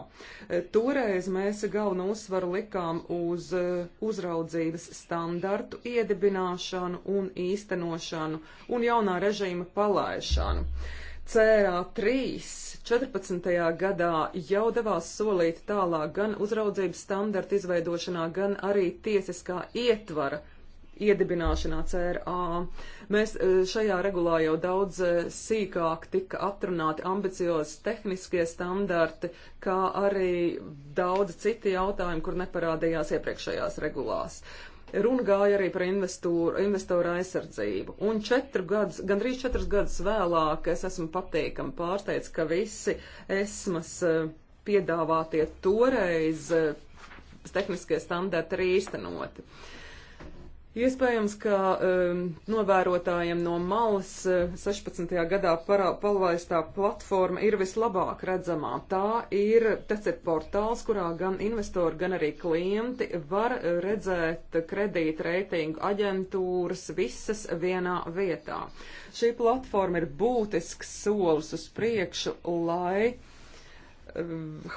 Uh, toreiz mēs galvenu uzsvaru likām uz uh, uzraudzības standartu iedibināšanu un īstenošanu un jaunā režīma palaišanu. CRA3 14. gadā jau devās solīt tālāk gan uzraudzības standarta izveidošanā, gan arī tiesiskā ietvara iedibināšanā CRA. Mēs e, šajā regulā jau daudz e, sīkāk tika atrunāti ambiciozi tehniskie standarti, kā arī daudz citi jautājumi, kur neparādījās iepriekšējās regulās. Uh, Runa gāja arī par investoru, investoru aizsardzību. Un četru gadus, gandrīz četrus gadus vēlāk es esmu patīkami pārsteigts, ka visi esmas e, piedāvātie toreiz e, tehniskie standarti ir īstenoti. Uh, Iespējams, ka um, novērotājiem no malas 16. Eh, gadā palvaistā platforma ir vislabāk redzamā. Tā ir tecet portāls, kurā gan investori, gan arī klienti var eh, redzēt kredīta reitingu aģentūras visas vienā vietā. Šī platforma ir būtisks solis uz priekšu, lai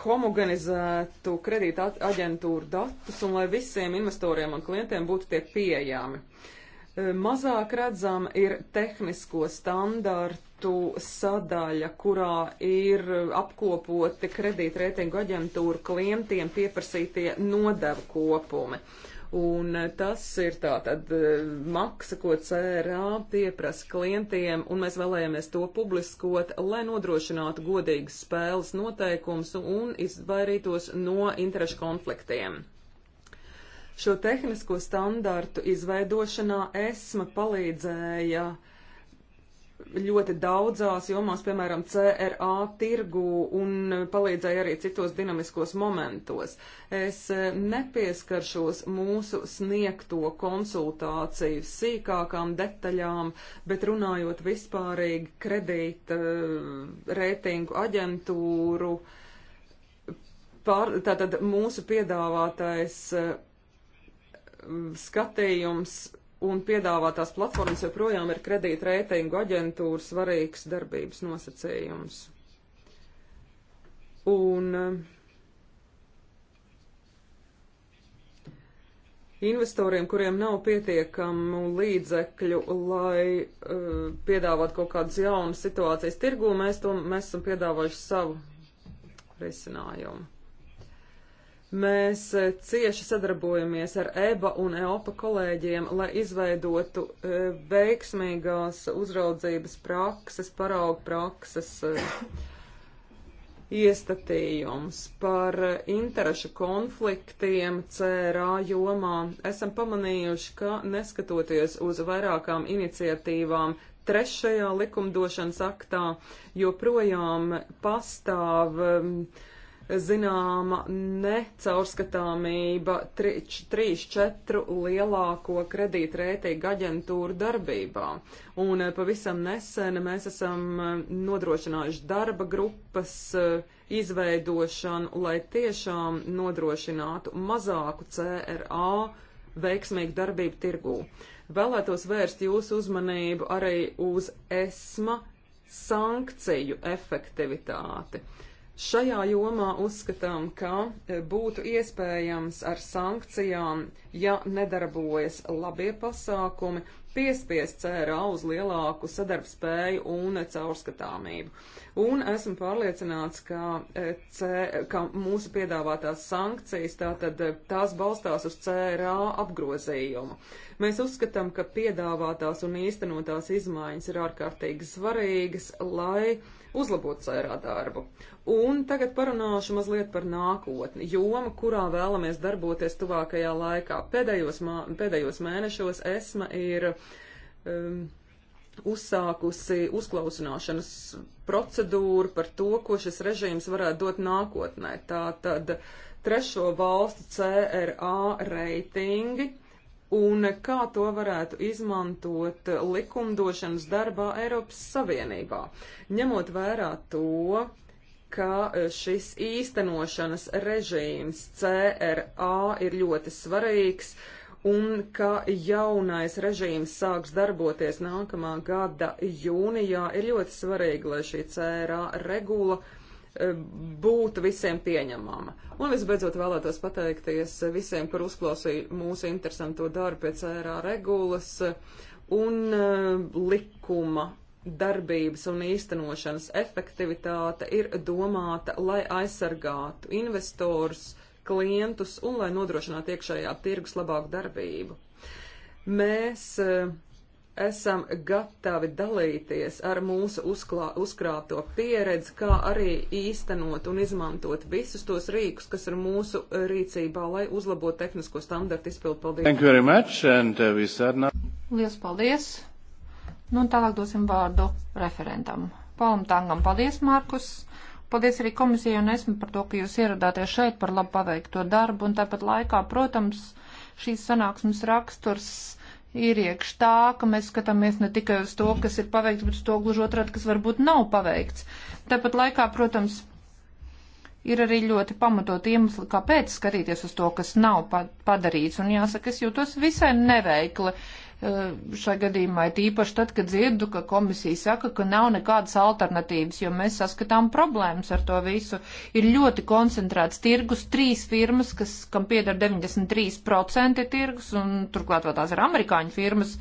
homogenizētu kredīta aģentūru datus un lai visiem investoriem un klientiem būtu tie pieejami. E, mazāk redzama ir tehnisko standartu sadaļa, kurā ir apkopoti kredītreitingu aģentūru klientiem pieprasītie nodevu kopumi. Un tas ir tātad e, maksa, ko CRA pieprasa klientiem, un mēs vēlējāmies to publiskot, lai nodrošinātu godīgas spēles noteikums un izvairītos no interešu konfliktiem. Šo tehnisko standartu izveidošanā ESMA palīdzēja uh, ļoti daudzās jomās, piemēram, CRA tirgu un palīdzēja arī citos dinamiskos momentos. Es e, nepieskaršos mūsu sniegto konsultāciju sīkākām detaļām, bet runājot vispārīgi kredīta e, reitingu aģentūru, pār, tātad mūsu piedāvātais e, skatījums un piedāvātās platformas joprojām ir kredītreitingu aģentūra svarīgs darbības nosacījums. Un eh, investoriem, kuriem nav pietiekamu līdzekļu, lai uh, piedāvātu kaut kādas jaunas situācijas tirgū, mēs, to, mēs esam piedāvājuši savu risinājumu. Mēs e, cieši sadarbojamies ar EBA un EOPA kolēģiem, lai izveidotu e, veiksmīgās uzraudzības prakses, paraugu prakses e, iestatījums par interešu konfliktiem CRA jomā. Esam pamanījuši, ka neskatoties uz vairākām iniciatīvām, trešajā likumdošanas aktā joprojām pastāv um, zināma necaurskatāmība trīs, četru lielāko kredītreitīgu aģentūru darbībā. Un eh, pavisam nesen mēs esam eh, nodrošinājuši darba grupas eh, izveidošanu, lai tiešām nodrošinātu mazāku CRA veiksmīgu darbību tirgū. Vēlētos vērst jūsu uzmanību arī uz ESMA sankciju efektivitāti. Uh, Šajā jomā uzskatām, ka e, būtu iespējams ar sankcijām, ja nedarbojas labie pasākumi, piespiest CRA uz lielāku sadarbspēju un caurskatāmību. Un esmu pārliecināts, ka, e, C, ka mūsu piedāvātās sankcijas tātad e, tās balstās uz CRA apgrozījumu. Mēs uzskatām, ka piedāvātās un īstenotās izmaiņas ir ārkārtīgi svarīgas, lai uzlabot sērā darbu. Un tagad parunāšu mazliet par nākotni, jomu, kurā vēlamies darboties tuvākajā laikā. Pēdējos, mā, pēdējos mēnešos ESMA ir um, uzsākusi uzklausināšanas procedūru par to, ko šis režīms varētu dot nākotnē. Tā tad trešo valstu CRA reitingi un kā to varētu izmantot likumdošanas darbā Eiropas Savienībā, ņemot vērā to, ka e, šis īstenošanas režīms CRA ir ļoti svarīgs un ka jaunais režīms sāks darboties nākamā gada jūnijā, ir ļoti svarīgi, lai šī CRA regula uh, būtu visiem pieņemama. Un visbeidzot vēlētos pateikties visiem, kur uzklausīja mūsu interesanto darbu pēc ērā regulas un eh, likuma darbības un īstenošanas efektivitāte ir domāta, lai aizsargātu investors, klientus un lai nodrošinātu iekšējā tirgus labāku darbību. Mēs eh, esam gatavi dalīties ar mūsu uzklā, uzkrāto pieredzi, kā arī īstenot un izmantot visus tos rīkus, kas ir mūsu rīcībā, lai uzlabotu tehnisko standartu izpildu. Paldies! Thank you very much and uh, we start now. Lielas paldies! Nu un tālāk dosim vārdu referentam. Palm Tangam, paldies, Markus! Paldies arī komisijai un esmu par to, ka jūs ieradāties šeit par labu paveikto darbu un tāpat laikā, protams, šīs sanāksmes raksturs ir iekš tā, ka mēs skatāmies ne tikai uz to, kas ir paveikts, bet uz to gluži otrādi, kas varbūt nav paveikts. Tāpat laikā, protams, ir arī ļoti pamatot iemesli, kāpēc skatīties uz to, kas nav padarīts. Un jāsaka, es jūtos visai neveikli Eh, šai gadījumā, tīpaši tad, kad dzirdu, ka komisija saka, ka nav nekādas alternatīvas, jo mēs saskatām problēmas ar to visu. Ir ļoti koncentrēts tirgus, trīs firmas, kas, kam pieder 93% tirgus, un turklāt vēl tās ir amerikāņu firmas.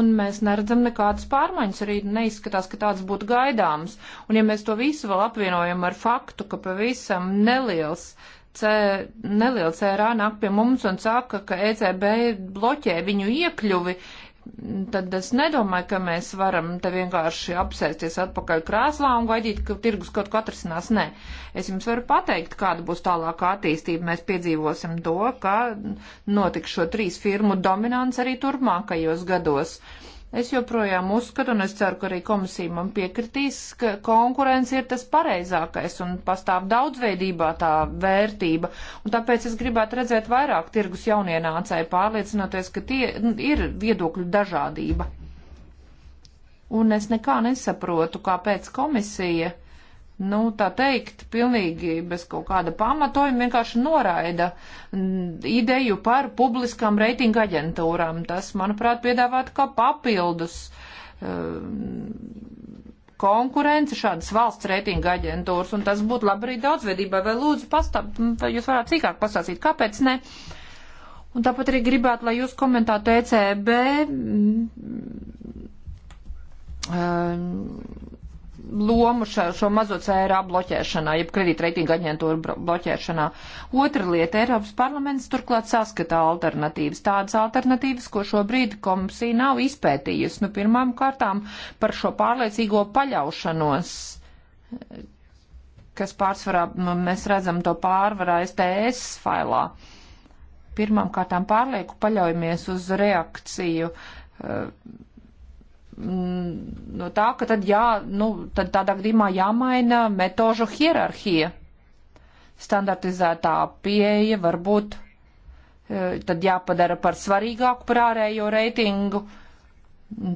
Un mēs neredzam nekādas pārmaiņas, arī neizskatās, ka tāds būtu gaidāms. Un ja mēs to visu vēl apvienojam ar faktu, ka pavisam neliels uh, C, neliela CRA nāk pie mums un saka, ka ECB bloķē viņu iekļuvi, tad es nedomāju, ka mēs varam te vienkārši apsēsties atpakaļ krēslā un gaidīt, ka tirgus kaut ko atrisinās. Nē, es jums varu pateikt, kāda būs tālākā attīstība. Mēs piedzīvosim to, ka notiks šo trīs firmu dominants arī turpmākajos gados. Uh, Es joprojām uzskatu, un es ceru, ka arī komisija man piekritīs, ka konkurence ir tas pareizākais un pastāv daudzveidībā tā vērtība. Un tāpēc es gribētu redzēt vairāk tirgus jaunienācēju, pārliecinoties, ka tie ir viedokļu dažādība. Un es nekā nesaprotu, kāpēc komisija nu, tā teikt, pilnīgi bez kaut kāda pamatojuma vienkārši noraida mm, ideju par publiskām reitinga aģentūrām. Tas, manuprāt, piedāvātu kā papildus mm, konkurence šādas valsts reitinga aģentūras, un tas būtu labi arī daudzveidībai. Vai lūdzu, pastāv, mm, vai jūs varētu sīkāk pastāstīt, kāpēc ne? Un tāpat arī gribētu, lai jūs komentētu ECB. Um, lomu šo, šo mazo CRA bloķēšanā, jeb kredītreitinga aģentūra bloķēšanā. Otra lieta - Eiropas parlaments turklāt saskatā alternatīvas, tādas alternatīvas, ko šobrīd komisija nav izpētījusi. Nu, pirmām kārtām par šo pārliecīgo paļaušanos kas pārsvarā nu, mēs redzam to pārvarā STS failā. Pirmām kārtām pārlieku paļaujamies uz reakciju uh, Mm, no tā, ka tad jā, nu, tad tādā gadījumā jāmaina metožu hierarhija. Standartizētā pieeja varbūt e, tad jāpadara par svarīgāku par ārējo reitingu.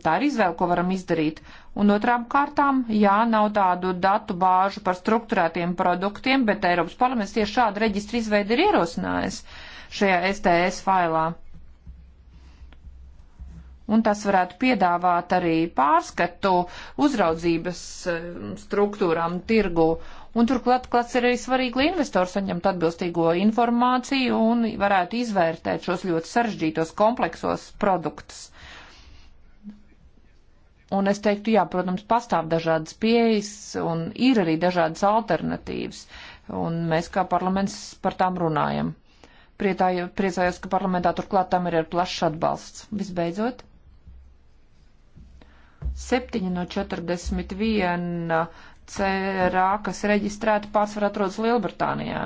Tā ir izvēle, ko varam izdarīt. Un otrām kārtām, jā, nav tādu datu bāžu par strukturētiem produktiem, bet Eiropas parlaments tieši šādu reģistru izveidi ir ierosinājis šajā STS failā un tas varētu piedāvāt arī pārskatu uzraudzības eh, struktūrām tirgu. Un turklāt klāts ir arī svarīgi, lai investori saņemtu atbilstīgo informāciju un varētu izvērtēt šos ļoti sarežģītos kompleksos produktus. Un es teiktu, jā, protams, pastāv dažādas pieejas un ir arī dažādas alternatīvas, un mēs kā parlaments par tām runājam. Priecājos, ka parlamentā turklāt tam ir plašs atbalsts. Visbeidzot, 7 no 41 CRA, kas reģistrēta pārsvarā atrodas Lielbritānijā.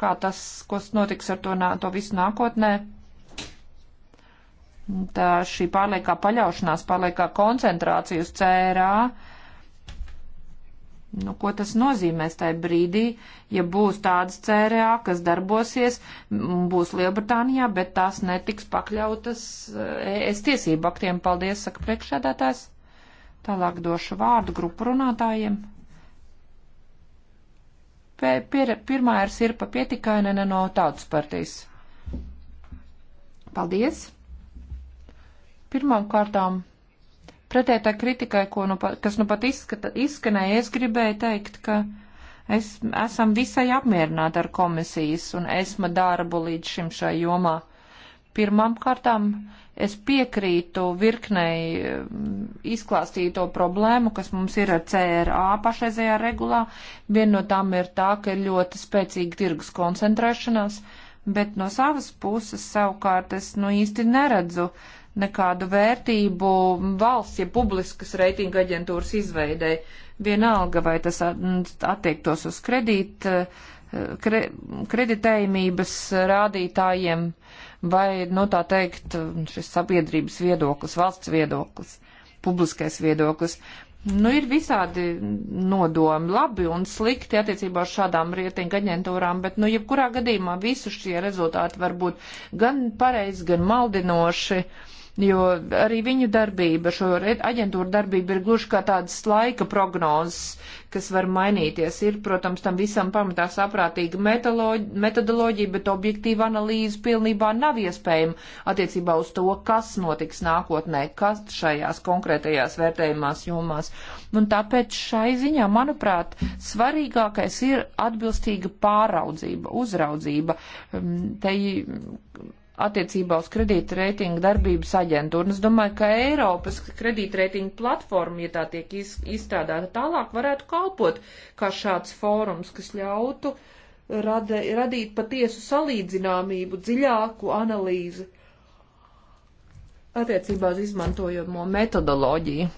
Kā tas, kas notiks ar to, to visu nākotnē? Tā šī pārliekā paļaušanās, pārliekā koncentrācija uz CRA Nu, ko tas nozīmēs tajā brīdī, ja būs tādas CRA, kas darbosies, būs Lielbritānijā, bet tās netiks pakļautas ES eh, e tiesību aktiem. Paldies, saka priekšsēdētājs. Tālāk došu vārdu grupu runātājiem. Pir, pirmā ir Sirpa Pietikainene no Tautas partijas. Paldies! Pirmām kārtām Pretēji tā kritikai, nu, kas nu pat izskata, izskanēja, es gribēju teikt, ka es, esam visai apmierināti ar komisijas un esma darbu līdz šim šai jomā. Pirmām kārtām es piekrītu virknei mm, izklāstīto problēmu, kas mums ir ar CRA pašreizējā regulā. Viena no tām ir tā, ka ir ļoti spēcīga tirgus koncentrēšanās, bet no savas puses savukārt es nu īsti neredzu uh, nekādu vērtību valsts, ja publiskas reitinga aģentūras izveidei. Vienalga, vai tas attiektos uz kredīt, eh, kre, kreditējumības rādītājiem, vai, nu tā teikt, šis sabiedrības viedoklis, valsts viedoklis, publiskais viedoklis. Nu, ir visādi nodomi, labi un slikti attiecībā uz šādām rietinga aģentūrām, bet, nu, jebkurā gadījumā visu šie rezultāti var būt gan pareizi, gan maldinoši. Uh, jo arī viņu darbība, šo aģentūru darbība ir gluži kā tādas laika prognozes, kas var mainīties. Ir, protams, tam visam pamatā saprātīga metodoloģija, bet objektīva analīze pilnībā nav iespējama attiecībā uz to, kas notiks nākotnē, kas šajās konkrētajās vērtējumās jomās. Un tāpēc šai ziņā, manuprāt, svarīgākais ir atbilstīga pāraudzība, uzraudzība. Um, te attiecībā uz kredītreitingu darbības aģentūru. Un es domāju, ka Eiropas kredītreitingu platforma, ja tā tiek iz, izstrādāta tālāk, varētu kalpot kā šāds fórums, kas ļautu rada, radīt patiesu salīdzināmību, dziļāku analīzi attiecībā uz izmantojamo metodoloģiju.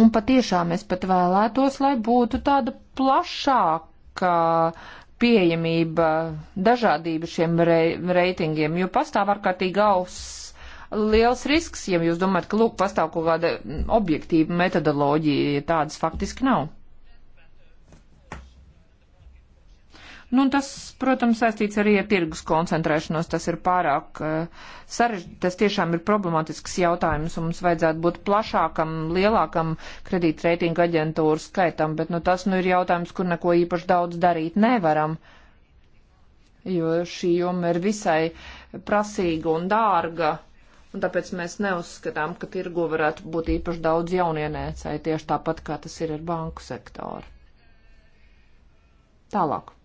Un patiešām es pat vēlētos, lai būtu tāda plašāka uh, pieejamība, dažādība šiem rei, reitingiem, jo pastāv ārkārtīgi auss liels risks, ja jūs domājat, ka lūk pastāv kaut kāda objektīva metodoloģija, tādas faktiski nav. Nu, tas, protams, saistīts arī ar tirgus koncentrēšanos. Tas ir pārāk uh, eh, sarežģīts, tas tiešām ir problemātisks jautājums, un mums vajadzētu būt plašākam, lielākam kredītreitinga aģentūru skaitam, bet nu, tas nu, ir jautājums, kur neko īpaši daudz darīt nevaram, jo šī joma ir visai prasīga un dārga. Un tāpēc mēs neuzskatām, ka tirgo varētu būt īpaši daudz jaunienēcēji, tieši tāpat kā tas ir ar banku sektoru. Tālāk.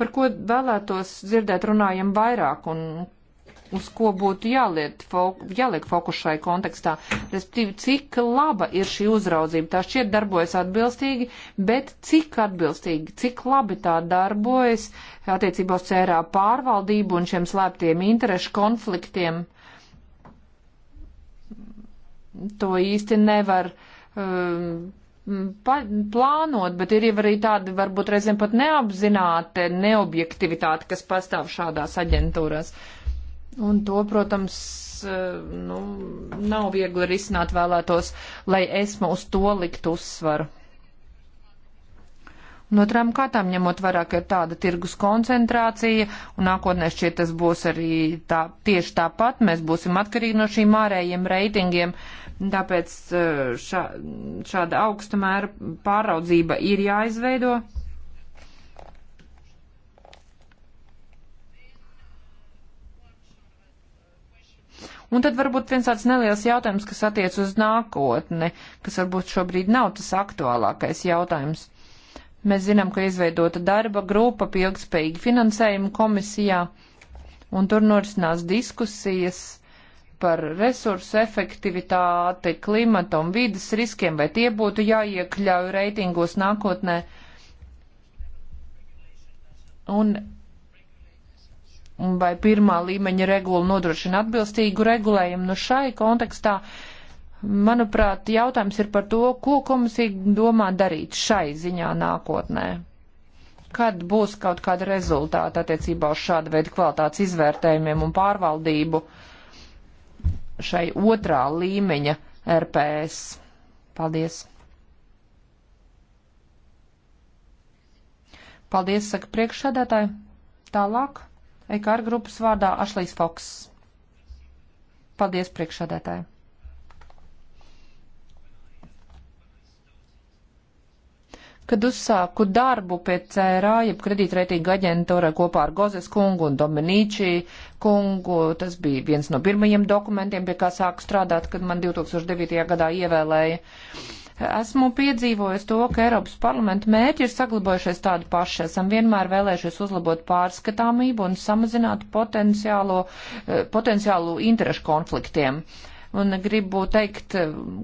par ko vēlētos dzirdēt runājam vairāk un uz ko būtu jāliet, fok, jāliek fokus šai kontekstā. Respektīvi, cik laba ir šī uzraudzība. Tā šķiet darbojas atbilstīgi, bet cik atbilstīgi, cik labi tā darbojas attiecībā uz cērā pārvaldību un šiem slēptiem interešu konfliktiem. To īsti nevar um, plānot, bet ir jau arī tāda varbūt reizēm pat neapzināta neobjektivitāte, kas pastāv šādās aģentūrās. Un to, protams, e, nu, nav viegli risināt vēlētos, lai esmu uz to likt uzsvaru. No otrām kārtām, ņemot vērā, ka ir tāda tirgus koncentrācija, un nākotnē šķiet tas būs arī tā, tieši tāpat, mēs būsim atkarīgi no šīm ārējiem reitingiem, Tāpēc eh, šā, šāda augsta mēra pāraudzība ir jāizveido. Un tad varbūt viens tāds neliels jautājums, kas attiec uz nākotni, kas varbūt šobrīd nav tas aktuālākais jautājums. Mēs zinām, ka izveidota darba grupa pie ilgspējīga finansējuma komisijā, un tur norisinās diskusijas par resursu efektivitāti, klimata un vidas riskiem, vai tie būtu jāiekļauj reitingos nākotnē. Un, un vai pirmā līmeņa regula nodrošina atbilstīgu regulējumu? Nu šai kontekstā, manuprāt, jautājums ir par to, ko komisija domā darīt šai ziņā nākotnē. Kad būs kaut kāda rezultāta attiecībā uz šādu veidu kvalitātes izvērtējumiem un pārvaldību? Uh, šai otrā līmeņa RPS. Paldies! Paldies, saka priekšsēdētāji. Tālāk, EKR grupas vārdā Ašlīs Foks. Paldies, priekšsēdētāji. kad uzsāku darbu pie CRA, jeb kredītreitinga aģentūra kopā ar Gozes kungu un Dominīčī kungu. Tas bija viens no pirmajiem dokumentiem, pie kā sāku strādāt, kad man 2009. gadā ievēlēja. Esmu piedzīvojis to, ka Eiropas parlamenta mērķi ir saglabājušies tādi paši. Esam vienmēr vēlējušies uzlabot pārskatāmību un samazināt potenciālo, eh, potenciālu interešu konfliktiem. Uh, un gribu teikt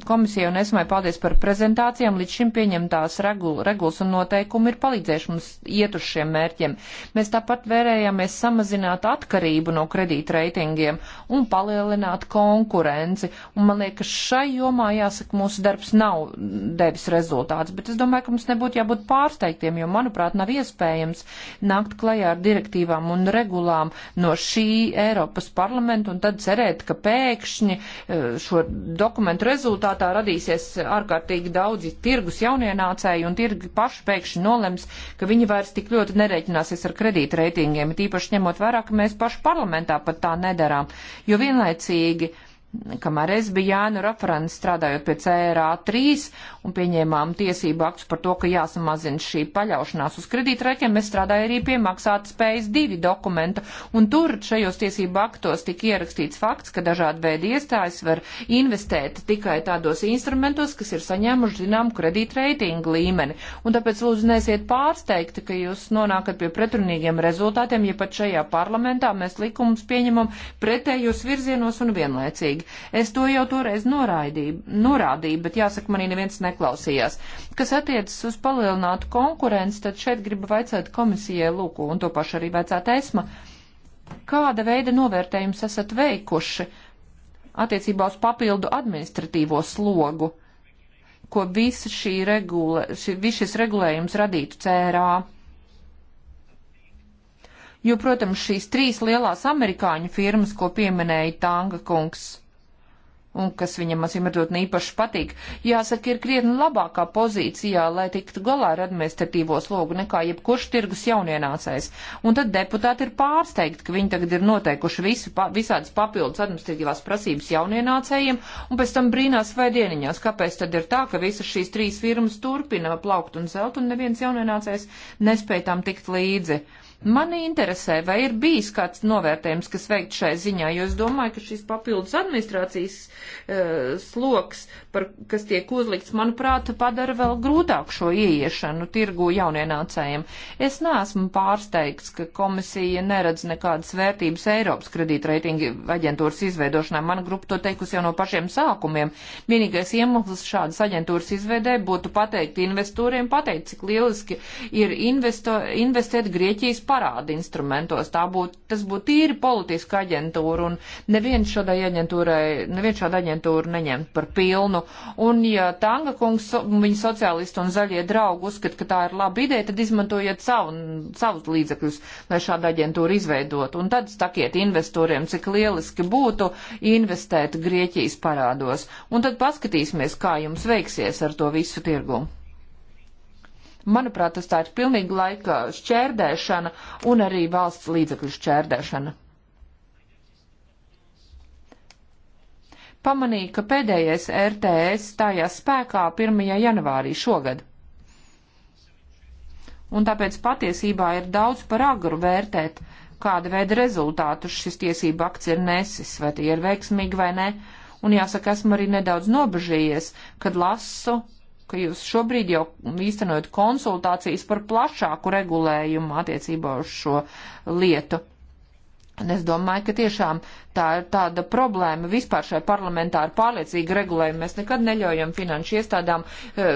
komisijai un esmai paldies par prezentācijām. Līdz šim pieņemtās regul, regulas un noteikumi ir palīdzējuši mums iet uz šiem mērķiem. Mēs tāpat vērējāmies samazināt atkarību no kredītreitingiem un palielināt konkurenci. Un man liekas, šai jomā jāsaka, mūsu darbs nav devis rezultāts, bet es domāju, ka mums nebūtu jābūt pārsteigtiem, jo, manuprāt, nav iespējams nākt klajā ar direktīvām un regulām no šī Eiropas parlamenta un tad cerēt, ka pēkšņi Eh, šo dokumentu rezultātā radīsies ārkārtīgi daudzi tirgus jaunienācēji, un tirgi paši pēkšņi nolems, ka viņi vairs tik ļoti nereiķināsies ar kredītreitingiem, tīpaši ņemot vērā, ka mēs paši parlamentā pat tā nedarām, jo vienlaicīgi kamēr es biju Jāna referents strādājot pie CRA3 un pieņēmām tiesību aktu par to, ka jāsamazina šī paļaušanās uz kredītreķiem, es strādāju arī pie maksātspējas divi dokumenta, un tur šajos tiesību aktos tika ierakstīts fakts, ka dažādi veidi iestājas var investēt tikai tādos instrumentos, kas ir saņēmuši zinām kredītreitingu līmeni, un tāpēc lūdzu nesiet pārsteigti, ka jūs nonākat pie pretrunīgiem rezultātiem, ja pat šajā parlamentā mēs likumus pieņemam pretējos virzienos un vienlaicīgi svarīgi. Es to jau toreiz noraidīju, norādīju, bet jāsaka, manī neviens neklausījās. Kas attiecas uz palielinātu konkurenci, tad šeit gribu vaicāt komisijai lūku, un to pašu arī vaicāt esma. Kāda veida novērtējums esat veikuši attiecībā uz papildu administratīvo slogu, ko visa šī regula, šī, viss šis regulējums radītu cērā? jo, protams, šīs trīs lielās amerikāņu firmas, ko pieminēja Tanga kungs, un kas viņam acīm redzot īpaši patīk, jāsaka, ir krietni labākā pozīcijā, lai tiktu galā ar administratīvo slogu nekā jebkurš tirgus jaunienācais. Un tad deputāti ir pārsteigti, ka viņi tagad ir noteikuši visu, pa, visādas papildus administratīvās prasības jaunienācējiem, un pēc tam brīnās vai dieniņās, kāpēc tad ir tā, ka visas šīs trīs firmas turpina plaukt un zelt, un neviens jaunienācējs nespēja tam tikt līdzi. Uh, Mani interesē, vai ir bijis kāds novērtējums, kas veikt šai ziņā, jo es domāju, ka šis papildus administrācijas uh, sloks, par, kas tiek uzlikts, manuprāt, padara vēl grūtāk šo ieiešanu tirgu jaunienācējiem. Es neesmu pārsteigts, ka komisija neredz nekādas vērtības Eiropas kredītreitinga aģentūras izveidošanā. Mana grupa to teikusi jau no pašiem sākumiem. Vienīgais iemesls šādas aģentūras izveidē būtu pateikt investoriem, pateikt, cik lieliski ir investo, investēt Grieķijas parāda instrumentos. Tā būtu, tas būtu tīri politiska aģentūra un neviens šādai aģentūrai, neviens šādu aģentūru neņemt par pilnu. Un ja Tanga kungs, viņa sociālisti un zaļie draugi uzskata, ka tā ir laba ideja, tad izmantojiet savu, savus līdzekļus, lai šādu aģentūru izveidot. Un tad stakiet investoriem, cik lieliski būtu investēt Grieķijas parādos. Un tad paskatīsimies, kā jums veiksies ar to visu tirgumu. Manuprāt, tas tā ir pilnīgi laika šķērdēšana un arī valsts līdzekļu šķērdēšana. Pamanīja, ka pēdējais RTS stājās spēkā 1. janvārī šogad. Un tāpēc patiesībā ir daudz par agru vērtēt, kāda veida rezultātus šis tiesība akts ir nesis, vai tie ir veiksmīgi vai nē. Un jāsaka, esmu arī nedaudz nobežījies, kad lasu ka jūs šobrīd jau īstenojat konsultācijas par plašāku regulējumu attiecībā uz šo lietu. Un es domāju, ka tiešām tā ir tāda problēma vispār šai parlamentā ar pārliecīgu regulējumu. Mēs nekad neļaujam finanšu iestādām e,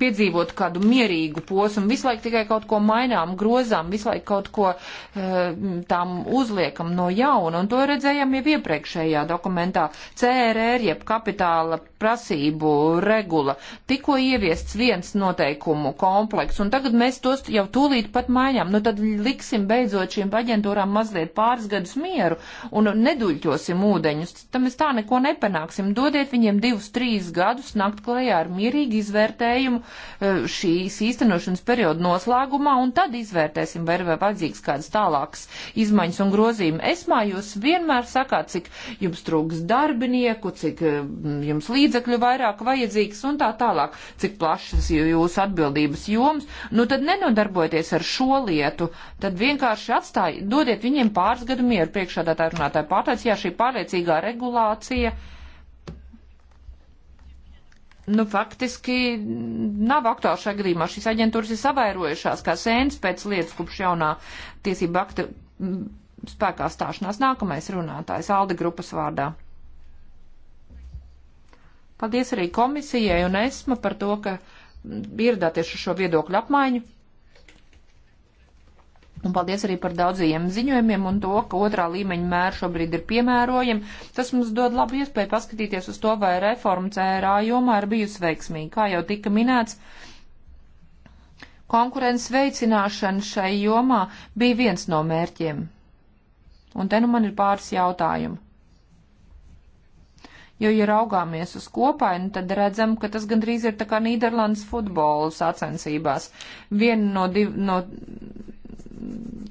piedzīvot kādu mierīgu posmu, visu laiku tikai kaut ko mainām, grozām, visu laiku kaut ko e, tām uzliekam no jauna. Un to redzējām jau iepriekšējā dokumentā. CRR, jeb kapitāla prasību regula, tikko ieviests viens noteikumu kompleks, un tagad mēs tos jau tūlīt pat mainām. Nu tad liksim beidzot šīm aģentūrām mazliet pāris daudz gadus mieru un neduļķosim ūdeņus, tad mēs tā neko nepanāksim. Dodiet viņiem divus, trīs gadus nakt klajā ar mierīgu izvērtējumu eh, šīs īstenošanas perioda noslēgumā, un tad izvērtēsim, vai ir vajadzīgs kādas tālākas izmaiņas un grozījumi. Esmā jūs vienmēr sakāt, cik jums trūks darbinieku, cik eh, jums līdzekļu vairāk vajadzīgs un tā tālāk, cik plašas jūsu atbildības joms, nu tad nenodarbojieties ar šo lietu, tad vienkārši atstāj, dodiet viņiem pāris gadus citu mieru priekšādātāju runātāju pārteic, ja šī pārliecīgā regulācija nu, faktiski nav aktuāli šajā gadījumā. Šīs aģentūras ir savairojušās kā sēns pēc lietas, kopš jaunā tiesība akta spēkā stāšanās. Nākamais runātājs Alde grupas vārdā. Paldies arī komisijai un esmu par to, ka ieradāties uz šo viedokļu apmaiņu. Un paldies arī par daudzajiem ziņojumiem un to, ka otrā līmeņa mēra šobrīd ir piemērojama. Tas mums dod labu iespēju paskatīties uz to, vai reforma CRA jomā ir bijusi veiksmīga. Kā jau tika minēts, konkurences veicināšana šai jomā bija viens no mērķiem. Un te nu man ir pāris jautājumu. Jo, ja raugāmies uz kopainu, tad redzam, ka tas gandrīz ir tā kā Nīderlandes futbola sacensībās. Viena no, div, no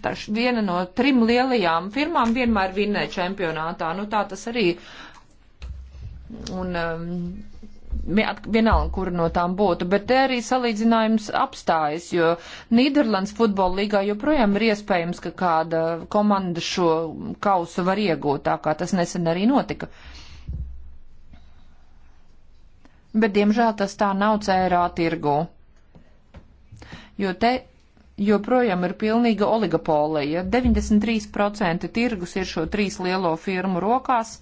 taš, viena no trim lielajām firmām vienmēr vinnē čempionātā. Nu, tā tas arī. Un, um, vienalga, kura no tām būtu, bet te arī salīdzinājums apstājas, jo Nīderlandes futbola līgā joprojām ir iespējams, ka kāda komanda šo kausu var iegūt, tā kā tas nesen arī notika. Bet, diemžēl, tas tā nav cērā tirgu. Jo te joprojām ir pilnīga oligopolija. 93% tirgus ir šo trīs lielo firmu rokās.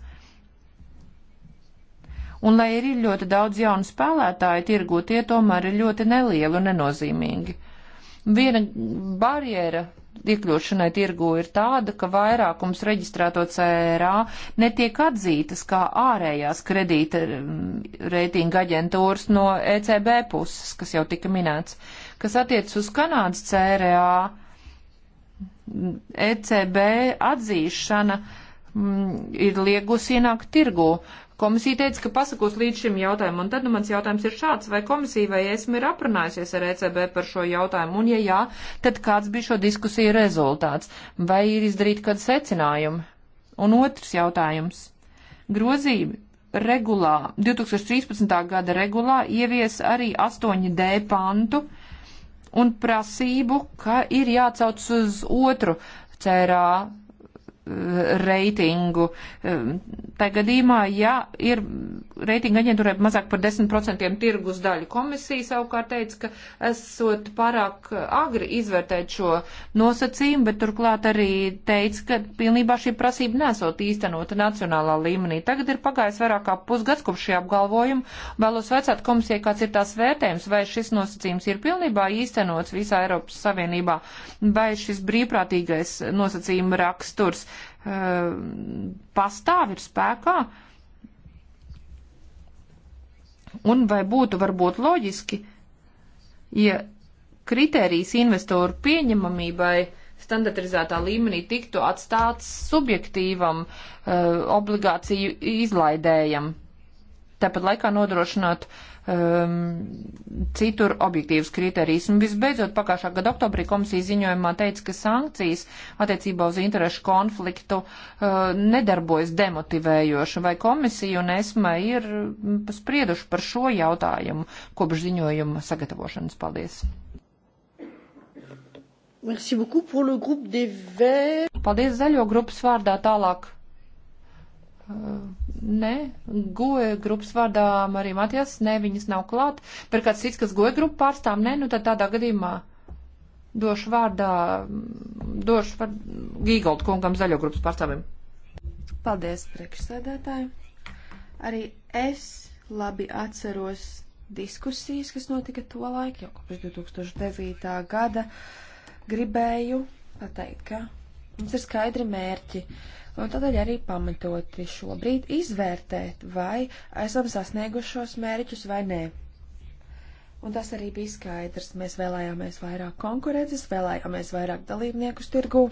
Un, lai ir ļoti daudz jaunu spēlētāju tirgu, tie tomēr ir ļoti nelieli un nenozīmīgi. Viena barjera iekļūšanai tirgu ir tāda, ka vairākums reģistrēto CRA netiek atzītas kā ārējās kredīta mm, reitinga aģentūras no ECB puses, kas jau tika minēts. Uh, Kas attiec uz Kanādas CRA, ECB atzīšana m, mm, ir liegus ienākt tirgu. Komisija teica, ka pasakos līdz šim jautājumam, un tad nu, mans jautājums ir šāds, vai komisija vai esmu ir aprunājusies ar ECB par šo jautājumu, un ja jā, tad kāds bija šo diskusiju rezultāts, vai ir izdarīti kādi secinājumi? Un otrs jautājums. Grozība regulā, 2013. gada regulā ievies arī 8D pantu, uh, un prasību, ka ir jācauc uz otru CRA reitingu. Ehm, tā gadījumā, ja ir reitinga aģentūrai mazāk par 10% tirgus daļu, komisija savukārt teica, ka esot pārāk agri izvērtēt šo nosacījumu, bet turklāt arī teica, ka pilnībā šī prasība nesot īstenota nacionālā līmenī. Tagad ir pagājis vairāk kā pusgads kopš šī apgalvojuma. Vēlos vecāt komisijai, kāds ir tās vērtējums, vai šis nosacījums ir pilnībā īstenots visā Eiropas Savienībā, vai šis brīvprātīgais nosacījuma raksturs Uh, pastāv, ir spēkā. Un vai būtu varbūt loģiski, ja kritērijs investoru pieņemamībai standartizētā līmenī tiktu atstāts subjektīvam uh, obligāciju izlaidējam, tāpat laikā nodrošinot uh, um, citur objektīvas kriterijas. Un visbeidzot, pagājušā gada oktobrī komisija ziņojumā teica, ka sankcijas attiecībā uz interešu konfliktu uh, nedarbojas demotivējoši. Vai komisija un ESMA ir mm, sprieduši par šo jautājumu kopš ziņojuma sagatavošanas? Paldies! Merci beaucoup pour le groupe des Verts. Paldies zaļo grupas vārdā tālāk Nē, goja grupas vārdā arī Matijas, nē, viņas nav klāt. Par kāds cits, kas goja grupu pārstāv, nē, nu tad tādā gadījumā došu vārdā, došu par Gīgold kungam zaļo grupas pārstāvim. Paldies, priekšsēdētāji. Arī es labi atceros diskusijas, kas notika to laiku, jau kopš 2009. gada, gribēju pateikt, ka mums ir skaidri mērķi. Uh, un tādēļ arī pamatoti šobrīd izvērtēt, vai esam sasnieguši šos mērķus vai nē. Un tas arī bija skaidrs. Mēs vēlējāmies vairāk konkurences, vēlējāmies vairāk dalībnieku tirgū.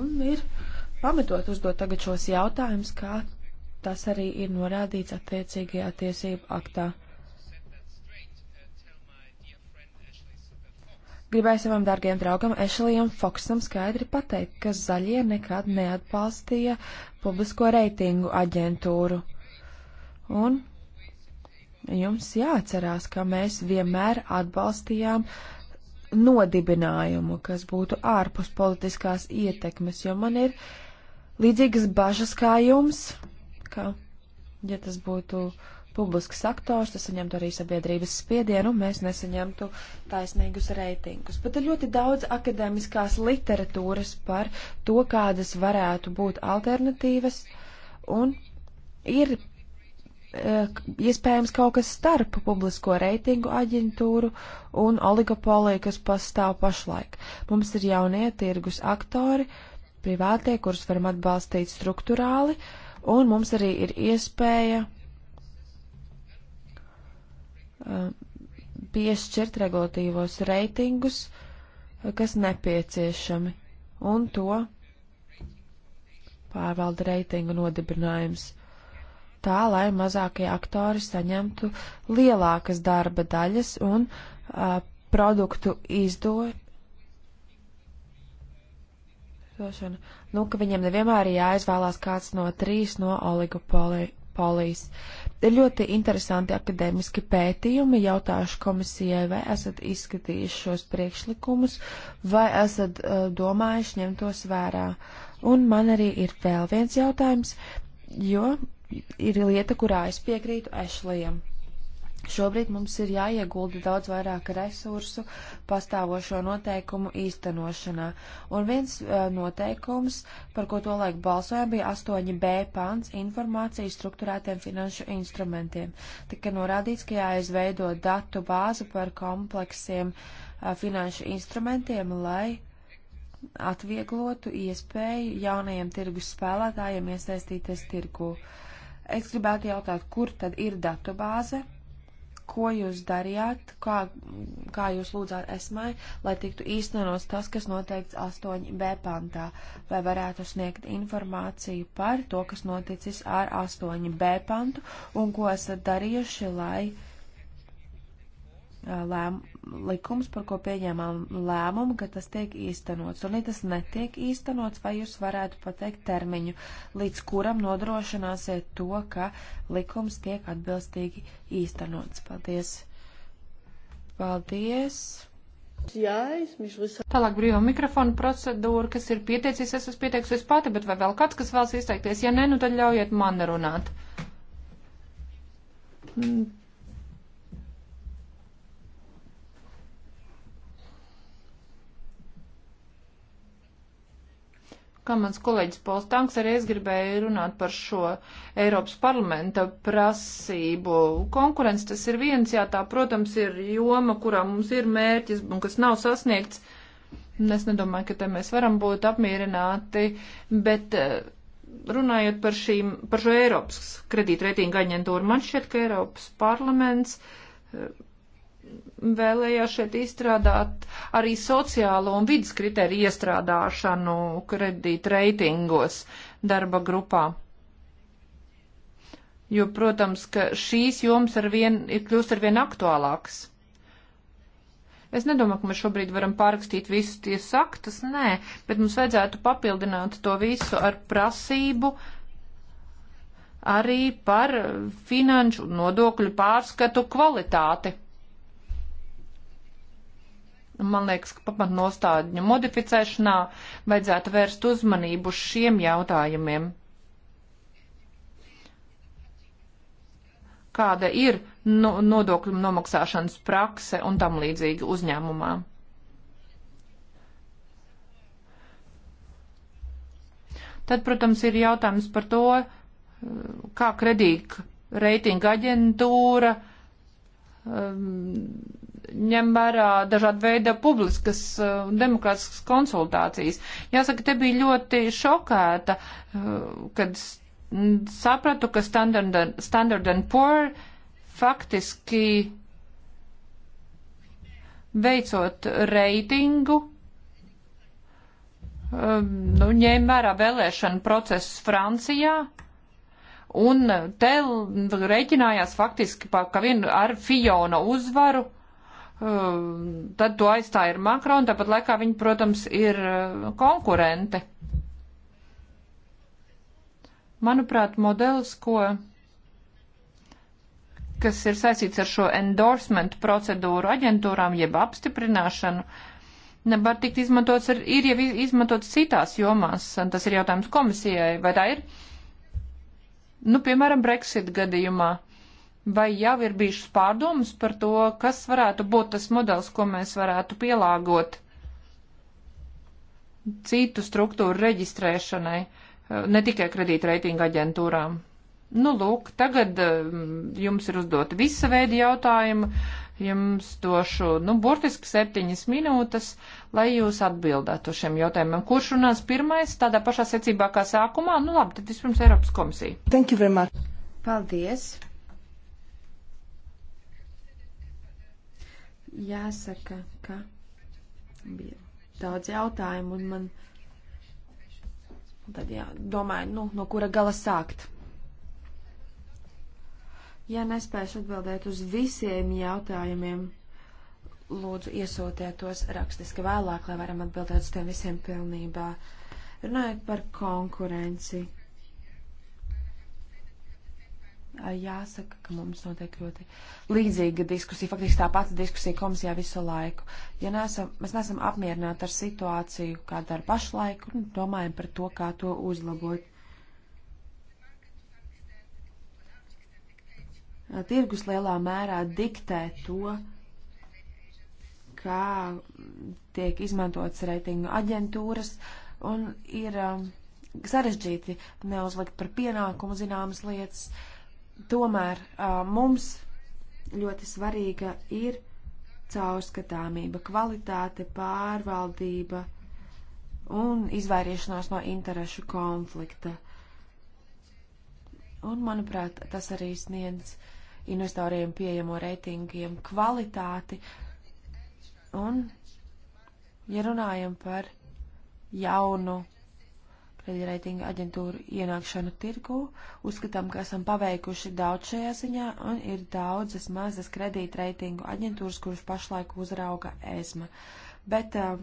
Un ir pamatot uzdot tagad šos jautājumus, kā tas arī ir norādīts attiecīgajā tiesību aktā. Gribēju savam dargiem draugam Ešelijam Foksam skaidri pateikt, ka zaļie nekad neatbalstīja publisko reitingu aģentūru. Un jums jāatcerās, ka mēs vienmēr atbalstījām nodibinājumu, kas būtu ārpus politiskās ietekmes, jo man ir līdzīgas bažas kā jums, ka, ja tas būtu uh, publisks aktors, tas saņemtu arī sabiedrības spiedienu, un mēs nesaņemtu taisnīgus reitingus. Bet ir ļoti daudz akadēmiskās literatūras par to, kādas varētu būt alternatīvas, un ir e, iespējams kaut kas starp publisko reitingu aģentūru un oligopoliju, kas pastāv pašlaik. Mums ir jaunie tirgus aktori, privātie, kurus varam atbalstīt struktūrāli, un mums arī ir iespēja Uh, piešķirt regulatīvos reitingus, uh, kas nepieciešami, un to pārvalda reitingu nodibinājums. Tā, lai mazākie aktori saņemtu lielākas darba daļas un a, uh, produktu izdo... izdošanu. Nu, ka viņiem nevienmēr ir jāizvēlās kāds no trīs no oligopolijas. Ir ļoti interesanti akadēmiski pētījumi. Jautāšu komisijai, vai esat izskatījuši šos priekšlikumus, vai esat uh, domājuši ņemt tos vērā. Un man arī ir vēl viens jautājums, jo ir lieta, kurā es piekrītu Ešlijam. Šobrīd mums ir jāiegulda daudz vairāk resursu pastāvošo noteikumu īstenošanā. Un viens uh, noteikums, par ko to laiku balsojām, bija 8b pants - informācija struktūrētiem finanšu instrumentiem. Tika norādīts, ka jāizveido datu bāzi par kompleksiem uh, finanšu instrumentiem, lai atvieglotu iespēju jaunajiem tirgus spēlētājiem iesaistīties tirgu. Es gribētu jautāt, kur tad ir datu bāze? ko jūs darījāt, kā, kā jūs lūdzāt esmai, lai tiktu īstenots tas, kas noteikts 8b pantā, vai varētu sniegt informāciju par to, kas noticis ar 8b pantu un ko esat darījuši, lai uh, lēm, likums, par ko pieņēmām lēmumu, ka tas tiek īstenots. Un, ja tas netiek īstenots, vai jūs varētu pateikt termiņu, līdz kuram nodrošināsiet to, ka likums tiek atbilstīgi īstenots? Paldies! Paldies! Tālāk brīvā mikrofona procedūra, kas ir pieteicis, es esmu pieteikusies pati, bet vai vēl kāds, kas vēlas izteikties? Ja nē, nu tad ļaujiet man runāt. Mm, kā mans kolēģis Pols Tanks, arī es gribēju runāt par šo Eiropas parlamenta prasību. Konkurence tas ir viens, jā, tā, protams, ir joma, kurā mums ir mērķis un kas nav sasniegts. Es nedomāju, ka te mēs varam būt apmierināti, bet eh, runājot par, šīm, par šo Eiropas kredītreitinga aģentūru, man šķiet, ka Eiropas parlaments eh, vēlējās šeit izstrādāt arī sociālo un vidas kriteriju iestrādāšanu kredīt reitingos darba grupā. Jo, protams, ka šīs jomas ar vien, ir kļūst ar vien aktuālākas. Es nedomāju, ka mēs šobrīd varam pārrakstīt visus tiesas aktus, nē, bet mums vajadzētu papildināt to visu ar prasību arī par finanšu nodokļu pārskatu kvalitāti. Man liekas, ka pamatnostādņu modificēšanā vajadzētu vērst uzmanību uz šiem jautājumiem. Kāda ir no, nodokļu nomaksāšanas prakse un tam līdzīgi uzņēmumā? Tad, protams, ir jautājums par to, kā kredīt reitinga aģentūra um, ņem vērā dažāda veida publiskas uh, un demokrātiskas konsultācijas. Jāsaka, te bija ļoti šokēta, uh, kad sapratu, ka Standard, Standard and Poor faktiski veicot reitingu, um, nu, ņēma vērā vēlēšanu procesu Francijā, un te reiķinājās faktiski kā vien ar Fiona uzvaru Ehm, tad to aizstāja ir Makrona, tāpat laikā viņi, protams, ir eh, konkurente. Manuprāt, modelis, ko, kas ir saistīts ar šo endorsement procedūru aģentūrām, jeb apstiprināšanu, nevar tikt izmantots, ar, ir jau izmantots citās jomās, un tas ir jautājums komisijai, vai tā ir? Nu, piemēram, Brexit gadījumā Vai jau ir bijušas pārdomas par to, kas varētu būt tas modelis, ko mēs varētu pielāgot citu struktūru reģistrēšanai, ne tikai kredītreitinga aģentūrām? Nu, lūk, tagad um, jums ir uzdoti visa veida jautājumi. Jums došu, nu, burtiski septiņas minūtes, lai jūs atbildētu uz šiem jautājumiem. Kurš runās pirmais tādā pašā secībā kā sākumā? Nu, labi, tad vispirms Eiropas komisija. Thank you very much. Paldies. Jāsaka, ka bija daudz jautājumu, un man tad jādomāja, nu, no kura gala sākt. Ja nespēšu atbildēt uz visiem jautājumiem, lūdzu iesūtiet tos rakstiski vēlāk, lai varam atbildēt uz tiem visiem pilnībā. Runājot par konkurenci jāsaka, ka mums notiek ļoti līdzīga diskusija, faktiski tā pati diskusija komisijā visu laiku. Ja neesam, mēs neesam apmierināti ar situāciju, kāda ir pašlaik, un domājam par to, kā to uzlabot. Tirgus lielā mērā diktē to, kā tiek izmantotas reitingu aģentūras, un ir um, sarežģīti neuzlikt par pienākumu zināmas lietas. Uh, tomēr uh, mums ļoti svarīga ir caurskatāmība, kvalitāte, pārvaldība un izvairīšanās no interešu konflikta. Un, manuprāt, tas arī sniedz investoriem pieejamo reitingiem kvalitāti. Un, ja runājam par jaunu reitinga aģentūru ienākšanu tirgu. Uzskatām, ka esam paveikuši daudz šajā ziņā, un ir daudzas mazas kredītreitingu aģentūras, kuras pašlaik uzrauga ESMA. Bet uh,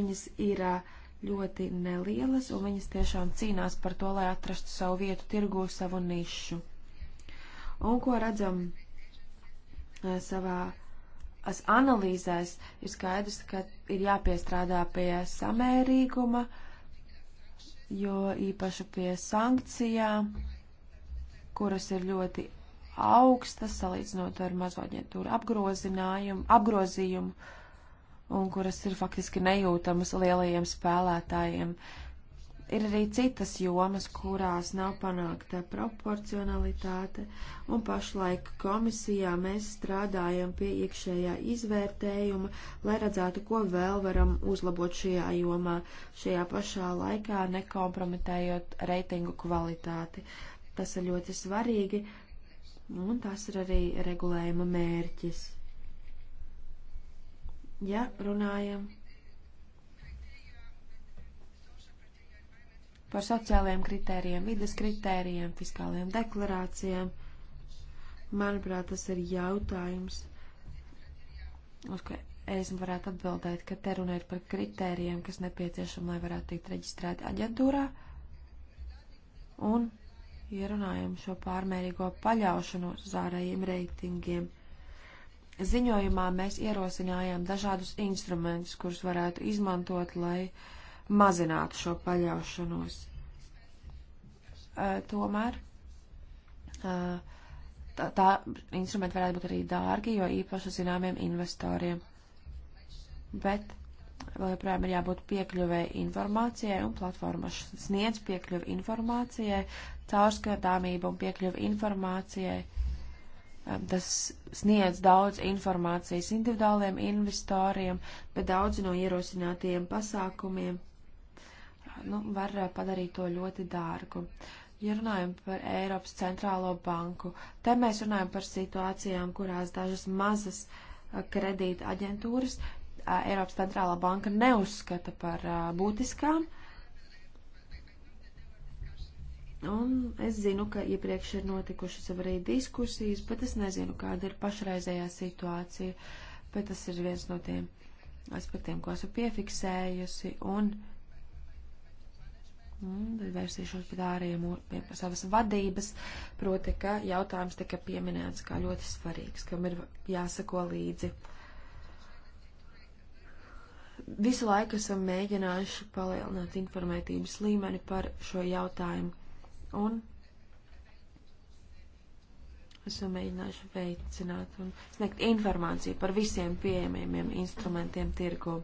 viņas ir uh, ļoti nelielas, un viņas tiešām cīnās par to, lai atrastu savu vietu tirgu, savu nišu. Un ko redzam uh, savā analīzēs, ir skaidrs, ka ir jāpiestrādā pie samērīguma. Uh, jo īpaši pie sankcijām, kuras ir ļoti augstas, salīdzinot ar mazvāģentūru apgrozinājumu, apgrozījumu, un kuras ir faktiski nejūtamas lielajiem spēlētājiem. Uh, Ir arī citas jomas, kurās nav panākta proporcionalitāte, un pašlaik komisijā mēs strādājam pie iekšējā izvērtējuma, lai redzētu, ko vēl varam uzlabot šajā jomā, šajā pašā laikā nekompromitējot reitingu kvalitāti. Tas ir ļoti svarīgi, un tas ir arī regulējuma mērķis. Ja runājam par sociālajiem kritērijiem, vidas kritērijiem, fiskālajiem deklarācijām. Manuprāt, tas ir jautājums, uz ko es varētu atbildēt, ka te runa ir par kritērijiem, kas nepieciešami, lai varētu tikt reģistrēti aģentūrā. Un ierunājam šo pārmērīgo paļaušanos uz ārējiem reitingiem. Ziņojumā mēs ierosinājām dažādus instrumentus, kurus varētu izmantot, lai uh, mazinātu šo paļaušanos. Uh, tomēr uh, tā, tā instrumenti varētu būt arī dārgi, jo īpaši zināmiem investoriem. Bet vēl joprojām ir jābūt piekļuvēji informācijai un platformas sniedz piekļuvi informācijai, caurskatāmību un piekļuvi informācijai. Eh, tas sniedz daudz informācijas individuāliem investoriem, bet daudzi no ierosinātajiem pasākumiem nu, var eh, padarīt to ļoti dārgu. Ja runājam par Eiropas centrālo banku, te mēs runājam par situācijām, kurās dažas mazas eh, kredīta aģentūras eh, Eiropas centrālā banka neuzskata par būtiskām. Un es zinu, ka iepriekš ir notikušas arī diskusijas, bet es nezinu, kāda ir pašreizējā situācija, bet tas ir viens no tiem aspektiem, ko esmu piefiksējusi, un uh, Un mm, tad vērsīšos pie ārējiem, pie savas vadības, proti, ka jautājums tika pieminēts kā ļoti svarīgs, kam ir jāsako līdzi. Visu laiku esam mēģinājuši palielināt informētības līmeni par šo jautājumu. Un esam mēģinājuši veicināt un sniegt informāciju par visiem pieejamiem instrumentiem tirgu.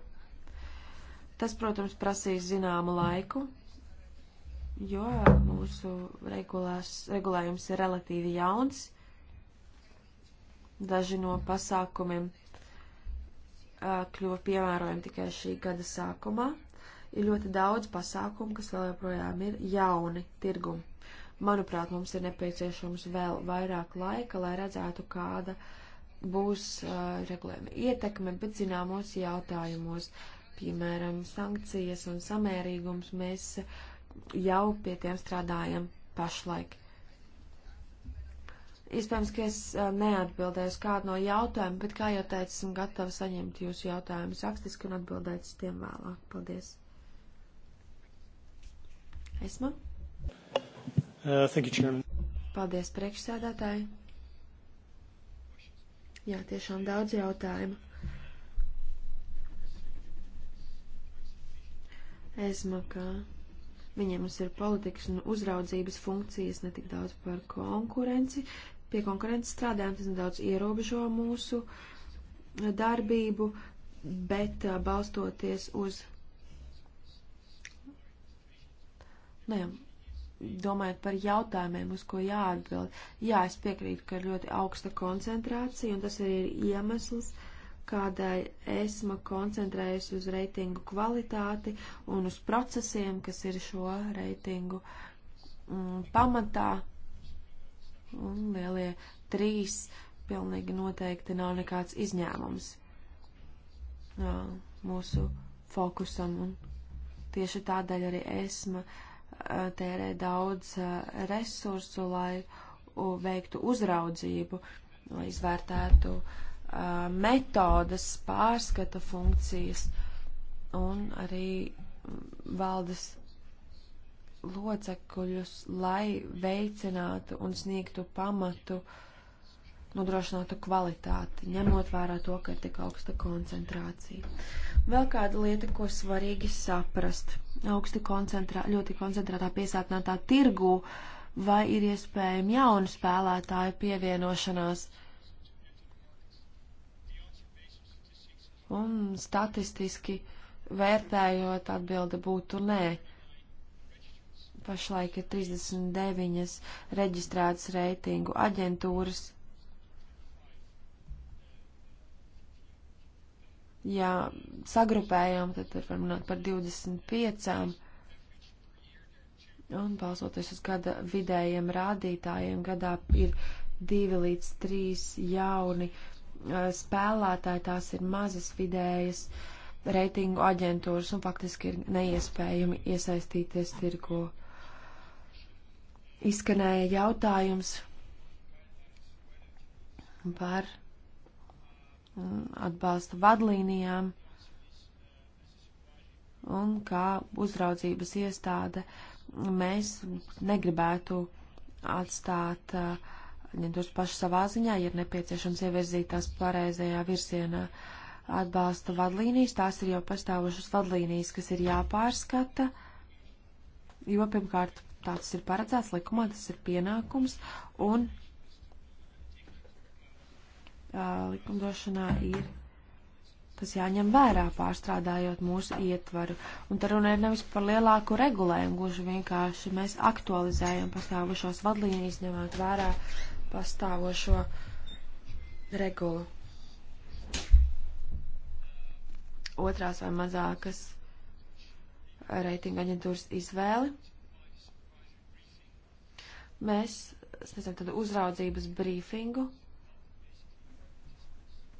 Tas, protams, prasīs zināmu laiku, jo mūsu regulās, regulējums ir relatīvi jauns. Daži no pasākumiem kļuva piemērojami tikai šī gada sākumā. Ir ļoti daudz pasākumu, kas vēl joprojām ir jauni tirgumi. Manuprāt, mums ir nepieciešams vēl vairāk laika, lai redzētu, kāda būs uh, regulējuma ietekme, bet zināmos jautājumos, piemēram, sankcijas un samērīgums, mēs uh, jau pie tiem strādājam pašlaik. Iespējams, ka es eh, neatbildēšu kādu no jautājumiem, bet, kā jau teicu, esmu gatava saņemt jūsu jautājumus rakstiski un atbildēt uz tiem vēlāk. Paldies! Esma? Uh, thank you, Chairman. Paldies, priekšsēdētāji. Jā, tiešām daudz jautājumu. Esma, kā? Viņiem mums ir politikas un uzraudzības funkcijas, ne tik daudz par konkurenci. Pie konkurences strādājam, tas nedaudz ierobežo mūsu eh, darbību, bet eh, balstoties uz. Nu, jā, domājot par jautājumiem, uz ko jāatbild. Jā, es piekrītu, ka ir ļoti augsta koncentrācija, un tas arī ir iemesls, uh, kādēļ esmu koncentrējusi uz reitingu kvalitāti un uz procesiem, kas ir šo reitingu mm, pamatā. Un lielie trīs pilnīgi noteikti nav nekāds izņēmums Jā, mūsu fokusam. Un tieši tādēļ arī esmu tērē daudz resursu, lai veiktu uzraudzību, lai izvērtētu uh, metodas, pārskata funkcijas un arī valdes locekļus, lai veicinātu un sniegtu pamatu, nodrošinātu kvalitāti, ņemot vērā to, ka ir tik augsta koncentrācija. Vēl kāda lieta, ko svarīgi saprast - augsti koncentrā, ļoti koncentrētā piesātinātā tirgū vai ir iespējami jauni spēlētāji pievienošanās uh, un statistiski vērtējot atbilde būtu nē. Pašlaik ir 39 reģistrētas reitingu aģentūras. Ja sagrupējām, tad varam runāt par 25. Un balsoties uz gada vidējiem rādītājiem, gadā ir divi līdz trīs jauni Eh, spēlētāji, tās ir mazas vidējas reitingu aģentūras un faktiski ir neiespējami iesaistīties tirgo. Izskanēja jautājums par mm, atbalsta vadlīnijām un kā uzraudzības iestāde mēs negribētu atstāt uh, jāpaņem tos paši savā ziņā, ja ir nepieciešams ievirzītās pareizajā virsienā. Atbalsta vadlīnijas, tās ir jau pastāvošas vadlīnijas, kas ir jāpārskata, jo pirmkārt tāds ir paredzēts likumā, tas ir pienākums, un uh, likumdošanā ir tas jāņem vērā, pārstrādājot mūsu ietvaru. Un te runa ir nevis par lielāku regulējumu, gluži vienkārši mēs aktualizējam pastāvošos vadlīnijas, ņemot vērā pastāvošo regulu. Otrās vai mazākas reitinga aģentūras izvēli. Mēs sniedzam tādu uzraudzības brīfingu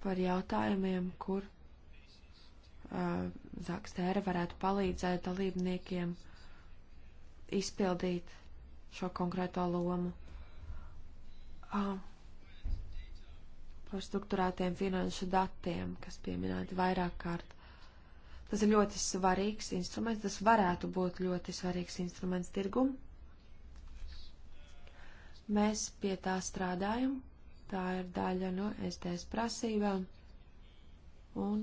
par jautājumiem, kur uh, Zakstēra varētu palīdzēt dalībniekiem izpildīt šo konkrēto lomu par struktūrētiem finanšu datiem, kas pieminēti vairāk kārt. Tas ir ļoti svarīgs instruments, tas varētu būt ļoti svarīgs instruments tirgum. Mēs pie tā strādājam, tā ir daļa no STS prasībām, un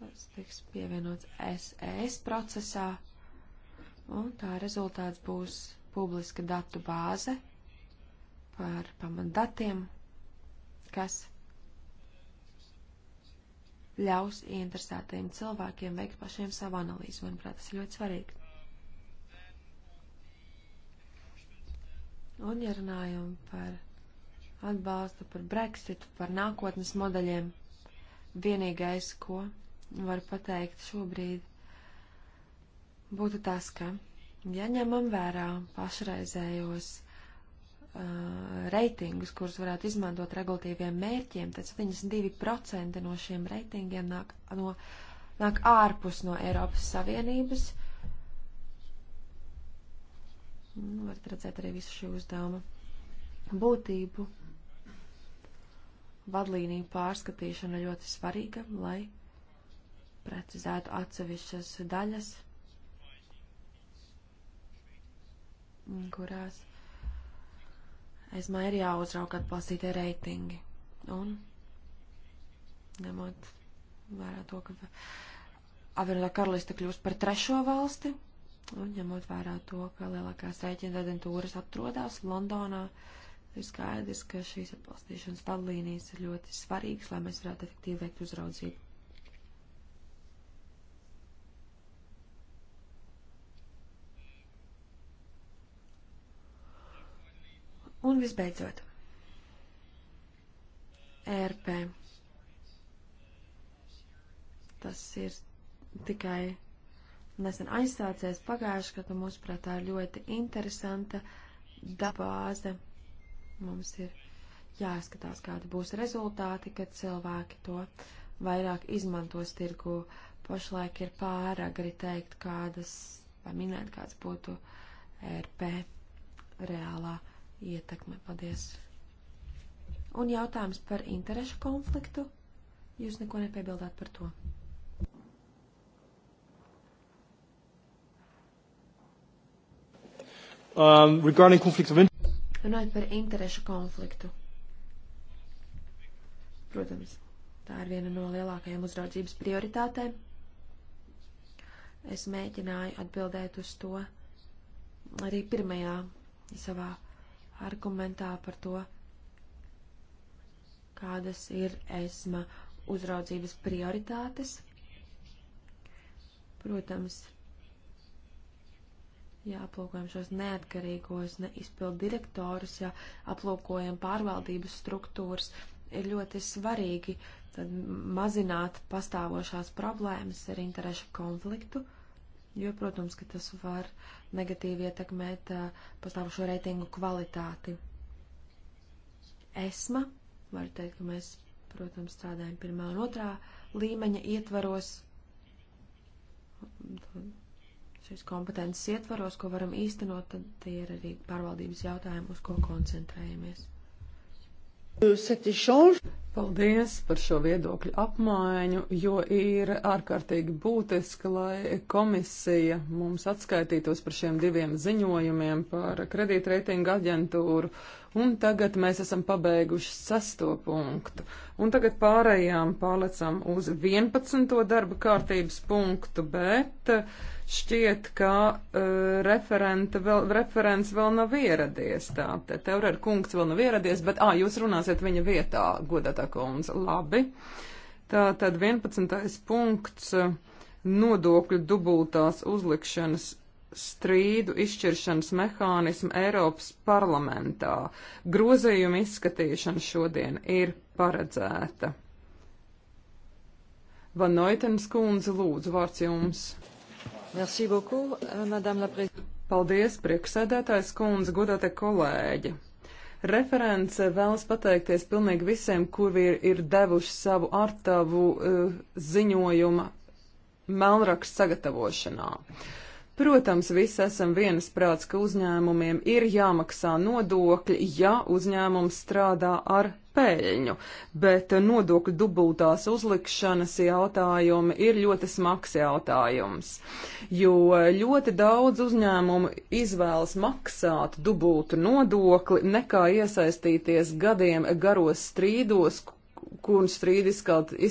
tas tiks pievienots SES e procesā, un tā rezultāts būs publiska datu bāze, par pamatdatiem, kas ļaus interesētajiem cilvēkiem veikt pašiem savu analīzi. Manuprāt, tas ir ļoti svarīgi. Un, ja runājam par atbalstu, par Brexitu, par nākotnes modeļiem, vienīgais, ko var pateikt šobrīd, būtu tas, ka, ja ņemam vērā pašreizējos Uh, reitingus, kurus varētu izmantot regulatīviem mērķiem, tad 72% no šiem reitingiem nāk, no, nāk ārpus no Eiropas Savienības. Nu, varat redzēt arī visu šī uzdevuma būtību. Vadlīniju pārskatīšana ļoti svarīga, lai precizētu atsevišķas daļas, kurās esmā ir jāuzrauk atbalstītie reitingi. Un ņemot vērā to, ka apvienotā karaliste kļūst par trešo valsti, un ņemot vērā to, ka lielākās rēķina aģentūras atrodas Londonā, ir skaidrs, ka šīs atbalstīšanas vadlīnijas ir ļoti svarīgas, lai mēs varētu efektīvi veikt uzraudzību. Un visbeidzot, ERP. Tas ir tikai nesen aizsācies pagājuši, kad mums prātā ir ļoti interesanta dabāze. Mums ir jāskatās, kādi būs rezultāti, kad cilvēki to vairāk izmantos tirgu. Pašlaik ir pāragri teikt, kādas, vai minēt, kāds būtu ERP reālā ietekme. Paldies! Un jautājums par interešu konfliktu. Jūs neko nepiebildāt par to. Um, regarding conflict of interest. Runājot par interešu konfliktu. Protams, tā ir viena no lielākajām uzraudzības prioritātēm. Es mēģināju atbildēt uz to arī pirmajā savā argumentā par to, kādas ir ESMA uzraudzības prioritātes. Protams, ja aplūkojam šos neatkarīgos ne izpildu direktorus, ja aplūkojam pārvaldības struktūras, ir ļoti svarīgi tad mazināt pastāvošās problēmas ar interešu konfliktu. Uh, Jo, protams, ka tas var negatīvi ietekmēt uh, pastāvošo reitingu kvalitāti. ESMA, var teikt, ka mēs, protams, strādājam pirmā un otrā līmeņa ietvaros, šīs kompetences ietvaros, ko varam īstenot, tad tie ir arī pārvaldības jautājumi, uz ko koncentrējamies. Paldies par šo viedokļu apmaiņu, jo ir ārkārtīgi būtiski, lai komisija mums atskaitītos par šiem diviem ziņojumiem par kredītreitingu aģentūru. Un tagad mēs esam pabeiguši sesto punktu. Un tagad pārējām pārlecam uz 11. darba kārtības punktu, bet uh, Šķiet, ka uh, vēl, referents vēl nav ieradies. Tā te teorēta kungs vēl nav ieradies, bet ā, jūs runāsiet viņa vietā, godātā kundze. Labi. Tā tad 11. punkts uh, nodokļu dubultās uzlikšanas strīdu izšķiršanas mehānismu Eiropas parlamentā. Grozījuma izskatīšana šodien ir paredzēta. Van Noitens kundze, lūdzu, vārds jums. Merci beaucoup, euh, madame la prezidente. Paldies, priekšsēdētājs kundze, godātie kolēģi. Referents vēlas pateikties pilnīgi visiem, kuri ir, ir devuši savu artavu uh, ziņojuma melnrakstu sagatavošanā. Uh, Protams, visi esam vienasprāts, ka uzņēmumiem ir jāmaksā nodokļi, ja uzņēmums strādā ar peļņu, bet nodokļu dubultās uzlikšanas jautājumi ir ļoti smags jautājums, jo ļoti daudz uzņēmumu izvēlas maksāt dubultu nodokli, nekā iesaistīties gadiem garos strīdos, kur strīdu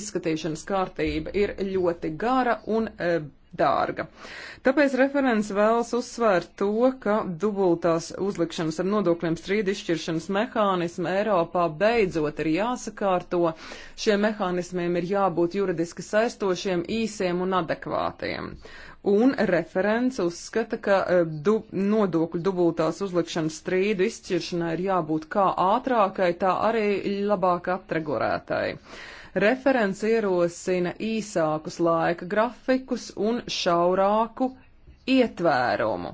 izskatīšanas kārtība ir ļoti gara un e, dārga. Tāpēc referents vēlas uzsvērt to, ka dubultās uzlikšanas ar nodokļiem strīdu izšķiršanas mehānismi Eiropā beidzot ir jāsakārto. Šiem mehānismiem ir jābūt juridiski saistošiem, īsiem un adekvātiem. Un referents uzskata, ka e, du, nodokļu dubultās uzlikšanas strīdu izšķiršanai ir jābūt kā ātrākai, tā arī labāk atregulētai. Referents ierosina īsākus laika grafikus un šaurāku ietvērumu.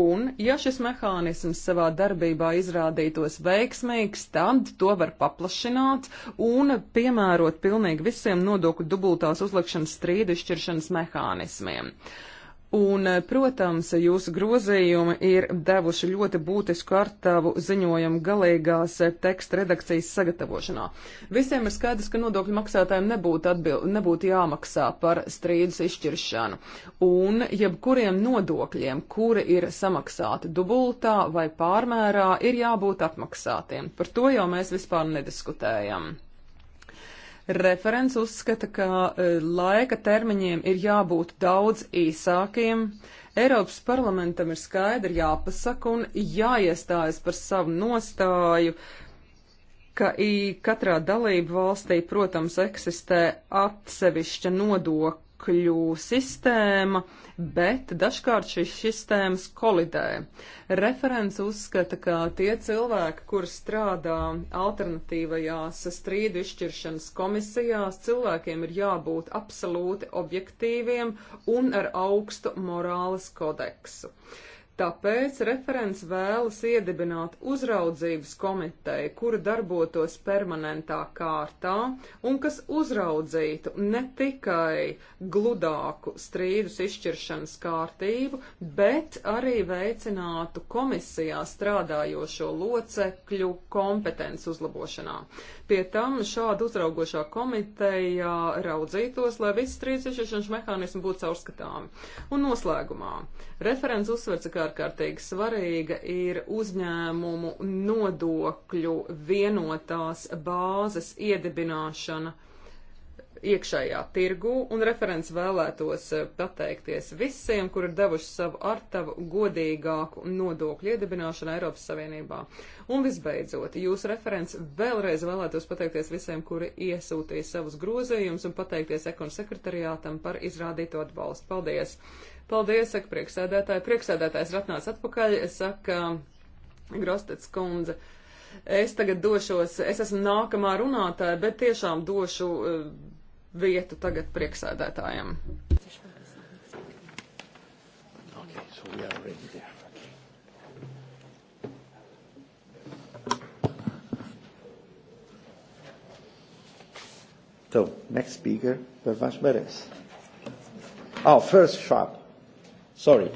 Un, ja šis mehānisms savā darbībā izrādītos veiksmīgs, tad to var paplašināt un piemērot pilnīgi visiem nodokļu dubultās uzlikšanas strīdu izšķiršanas mehānismiem. Uh, Un, eh, protams, jūsu grozījumi ir devuši ļoti būtisku artavu ziņojumu galīgās eh, teksta redakcijas sagatavošanā. Visiem ir skaidrs, ka nodokļu maksātājiem nebūtu, atbil, nebūtu jāmaksā par strīdus izšķiršanu. Un jebkuriem nodokļiem, kuri ir samaksāti dubultā vai pārmērā, ir jābūt atmaksātiem. Par to jau mēs vispār nediskutējam. Referents uzskata, ka e, laika termiņiem ir jābūt daudz īsākiem. Eiropas parlamentam ir skaidri jāpasaka un jāiestājas par savu nostāju, ka katrā dalību valstī, protams, eksistē atsevišķa nodokļu sistēma, uh, bet dažkārt šīs sistēmas kolidē. Referents uzskata, ka tie cilvēki, kur strādā alternatīvajās strīdu izšķiršanas komisijās, cilvēkiem ir jābūt absolūti objektīviem un ar augstu morāles kodeksu. Uh, Tāpēc referents vēlas iedibināt uzraudzības komiteju, kura darbotos permanentā kārtā un kas uzraudzītu ne tikai gludāku strīdus izšķiršanas kārtību, bet arī veicinātu komisijā strādājošo locekļu kompetenci uzlabošanā. Pie tam šāda uzraugošā komiteja raudzītos, lai viss strīdus izšķiršanas mehānismi būtu caurskatāmi. Un noslēgumā referents uzsver, cik ārkārtīgi svarīga ir uzņēmumu nodokļu vienotās bāzes iedibināšana iekšējā tirgū, un referents vēlētos eh, pateikties visiem, kuri ir devuši savu artavu godīgāku nodokļu iedibināšanu Eiropas Savienībā. Un visbeidzot, jūs referents vēlreiz vēlētos pateikties visiem, kuri iesūtīja savus grozījumus un pateikties ekonu sekretariātam par izrādīto atbalstu. Paldies! Paldies, saka priekšsēdētāji. Priekšsēdētājs ratnās atpakaļ, saka eh, Grostets kundze. Es tagad došos, es esmu nākamā runātāja, bet tiešām došu eh, vietu tagad prieksēdētājiem. Okay, so we are already there. So, next speaker, Pervash Beres. Oh, first Schwab. Sorry.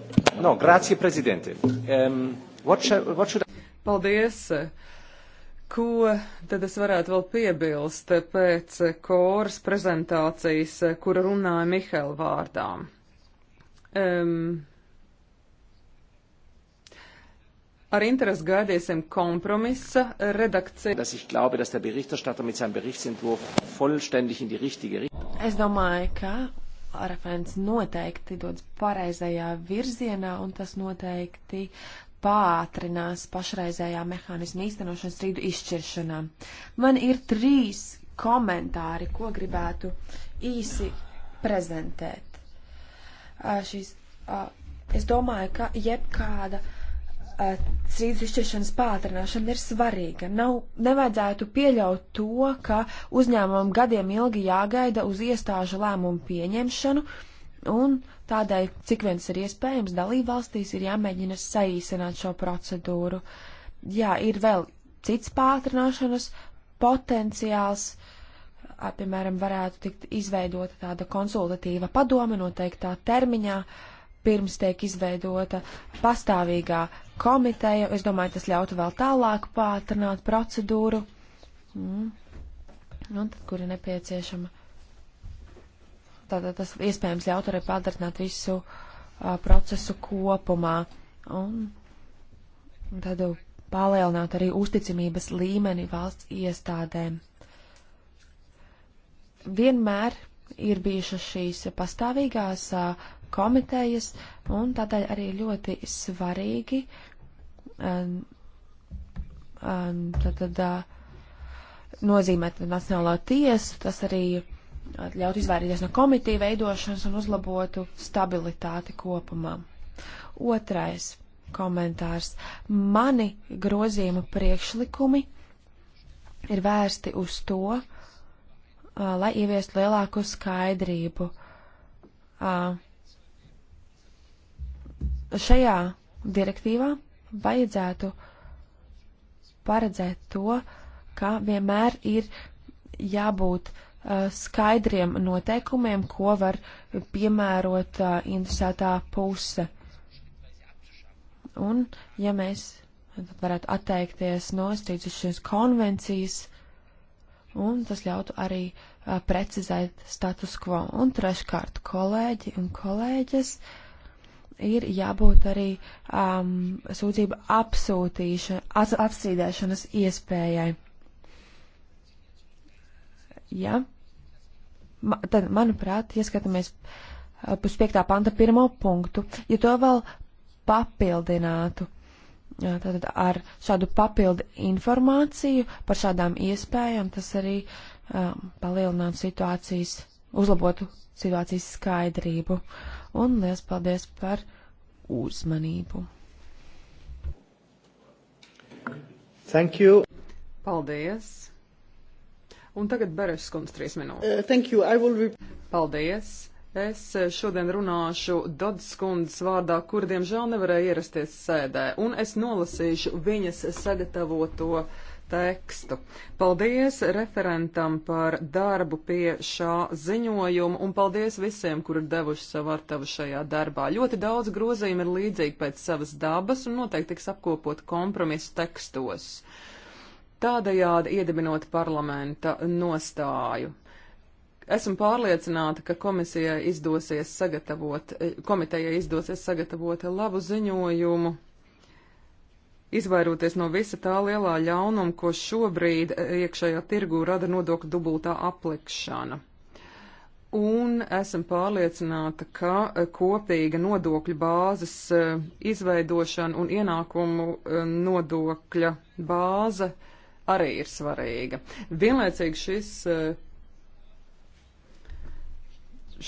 No, grazie, Presidente. Um, what should, what should I... Paldies. Ko tad es varētu vēl piebilst pēc koras prezentācijas, kura runāja Mihēla vārdām? Um, ar interesi gaidīsim kompromisa redakciju. Es domāju, ka referents noteikti dodas pareizajā virzienā, un tas noteikti pātrinās pašreizējā mehānisma īstenošanas strīdu izšķiršanā. Man ir trīs komentāri, ko gribētu īsi prezentēt. Uh, šīs, uh, es domāju, ka jebkāda uh, strīdus izšķiršanas pātrināšana ir svarīga. Nav, nevajadzētu pieļaut to, ka uzņēmumam gadiem ilgi jāgaida uz iestāžu lēmumu pieņemšanu, un Tādēļ, cik viens ir iespējams, dalībvalstīs ir jāmēģina saīsināt šo procedūru. Jā, ir vēl cits pātrināšanas potenciāls, piemēram, varētu tikt izveidota tāda konsultatīva padome noteiktā termiņā, pirms tiek izveidota pastāvīgā komiteja. Es domāju, tas ļautu vēl tālāk pātrināt procedūru. Mm. Un tad, kur ir nepieciešama tātad tas iespējams ļaut arī padarnāt visu uh, procesu kopumā un tad palielināt arī uzticamības līmeni valsts iestādēm. Vienmēr ir bijušas šīs pastāvīgās uh, komitejas, un tādēļ arī ļoti svarīgi um, um, tad, tad, uh, nozīmēt Nacionālo tiesu. Tas arī uh, ļautu izvairīties no komitīva veidošanas un uzlabotu stabilitāti kopumā. Otrais komentārs. Mani grozījuma priekšlikumi ir vērsti uz to, uh, lai ieviestu lielāku skaidrību. Uh, šajā direktīvā vajadzētu paredzēt to, ka vienmēr ir jābūt uh, Eh, skaidriem noteikumiem, ko var piemērot uh, interesētā puse. Un, ja mēs varētu atteikties no strīdzušies konvencijas, un tas ļautu arī uh, precizēt status quo. Un treškārt, kolēģi un kolēģis ir jābūt arī um, ehm, sūdzību apsūtīšana, apstrīdēšanas iespējai ja, ma, tad, manuprāt, ieskatāmies puspiektā panta pirmo punktu, ja to vēl papildinātu. Jā, tātad ar šādu papildu informāciju par šādām iespējām tas arī um, palielinātu situācijas, uzlabotu situācijas skaidrību. Un liels paldies par uzmanību. Thank you. Paldies. Un tagad Bereša skundze trīs minūtes. Uh, will... Paldies! Es eh, šodien runāšu Dodas kundzes vārdā, kur diemžēl nevarēja ierasties sēdē, un es nolasīšu viņas sagatavoto tekstu. Paldies referentam par darbu pie šā ziņojuma, un paldies visiem, kur ir devuši savu artavu šajā darbā. Ļoti daudz grozījumi ir līdzīgi pēc savas dabas, un noteikti tiks apkopot kompromisu tekstos. Uh, tādējādi iedibinot parlamenta nostāju. Esmu pārliecināta, ka komisijai izdosies sagatavot, eh, komitejai izdosies sagatavot labu ziņojumu, izvairoties no visa tā lielā ļaunuma, ko šobrīd eh, iekšējā tirgū rada nodokļu dubultā aplikšana. Un esam pārliecināti, ka eh, kopīga nodokļu bāzes izveidošana un ienākumu nodokļa bāze arī ir svarīga. Vienlaicīgi šis, eh,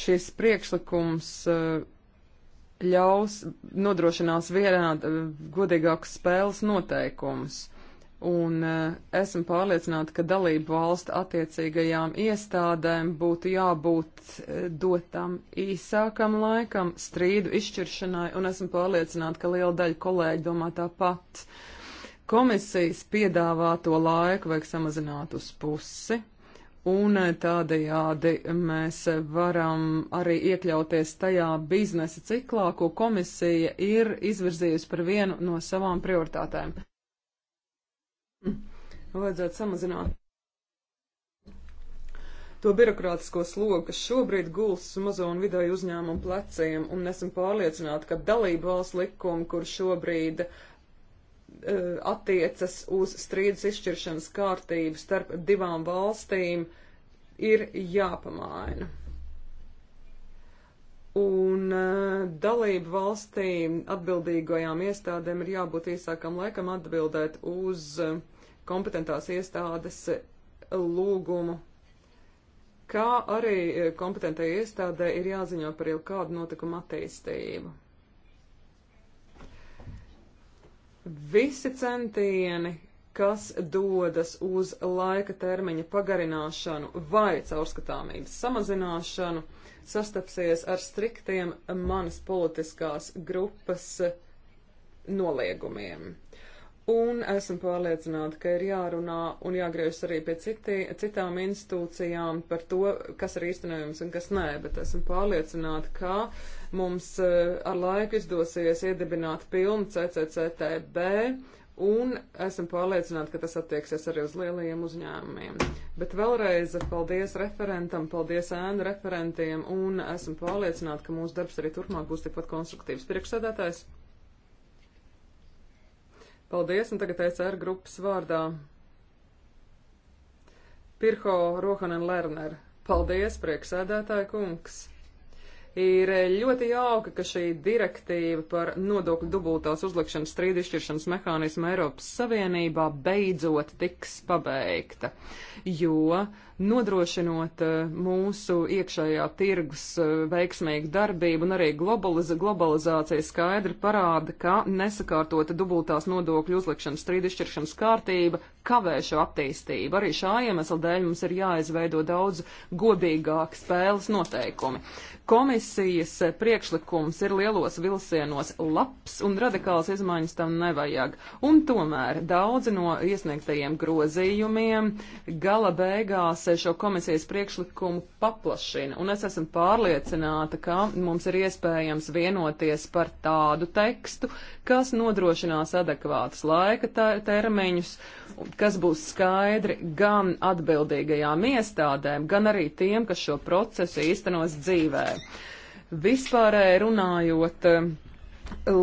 šis priekšlikums eh, ļaus nodrošinās vienād eh, godīgākus spēles noteikumus. Un esmu pārliecināta, ka dalību valstu attiecīgajām iestādēm būtu jābūt dotam īsākam laikam strīdu izšķiršanai, un esmu pārliecināta, ka liela daļa kolēģi domā tāpat. Uh, Komisijas piedāvāto laiku vajag samazināt uz pusi, un tādējādi mēs varam arī iekļauties tajā biznesa ciklā, ko komisija ir izvirzījusi par vienu no savām prioritātēm. Vajadzētu samazināt to birokrātisko slogu, kas šobrīd gulsts mazo un vidēju uzņēmumu pleciem, un esam pārliecināti, ka dalību valsts likumi, kur šobrīd Eh, attiecas uz strīdus izšķiršanas kārtību starp divām valstīm, ir jāpamaina. Un eh, dalību valstīm atbildīgajām iestādēm ir jābūt īsākam laikam atbildēt uz eh, kompetentās iestādes lūgumu, kā arī kompetentai iestādē ir jāziņo par jau kādu notikumu attīstību. Visi centieni, kas dodas uz laika termiņa pagarināšanu vai caurskatāmības samazināšanu, sastapsies ar striktiem manas politiskās grupas noliegumiem. Un esmu pārliecināta, ka ir jārunā un jāgriežas arī pie citi, citām institūcijām par to, kas ir īstenojums un kas nē, bet esmu pārliecināta, ka mums eh, ar laiku izdosies iedibināt pilnu CCCTB un esmu pārliecināta, ka tas attieksies arī uz lielajiem uzņēmumiem. Bet vēlreiz paldies referentam, paldies ēnu referentiem un esmu pārliecināta, ka mūsu darbs arī turpmāk būs tikpat konstruktīvs. Priekšsēdētājs! Paldies, un tagad ECR grupas vārdā. Pirho Rohanen Lerner. Paldies, prieksēdētāja kungs! Ir ļoti jauka, ka šī direktīva par nodokļu dubultās uzlikšanas strīdišķiršanas mehānismu Eiropas Savienībā beidzot tiks pabeigta, jo nodrošinot eh, mūsu iekšējā tirgus eh, veiksmīgu darbību, un arī globaliz globalizācija skaidri parāda, ka nesakārtota dubultās nodokļu uzlikšanas strīdišķiršanas kārtība kavē šo attīstību. Arī šā iemesla dēļ mums ir jāizveido daudz godīgāki spēles noteikumi. Komisijas priekšlikums ir lielos vilcienos labs, un radikāls izmaiņas tam nevajag. Un tomēr daudzi no iesniegtajiem grozījumiem gala beigās tās šo komisijas priekšlikumu paplašina, un es esmu pārliecināta, ka mums ir iespējams vienoties par tādu tekstu, kas nodrošinās adekvātus laika termiņus, kas būs skaidri gan atbildīgajām iestādēm, gan arī tiem, kas šo procesu īstenos dzīvē. Vispārēji runājot,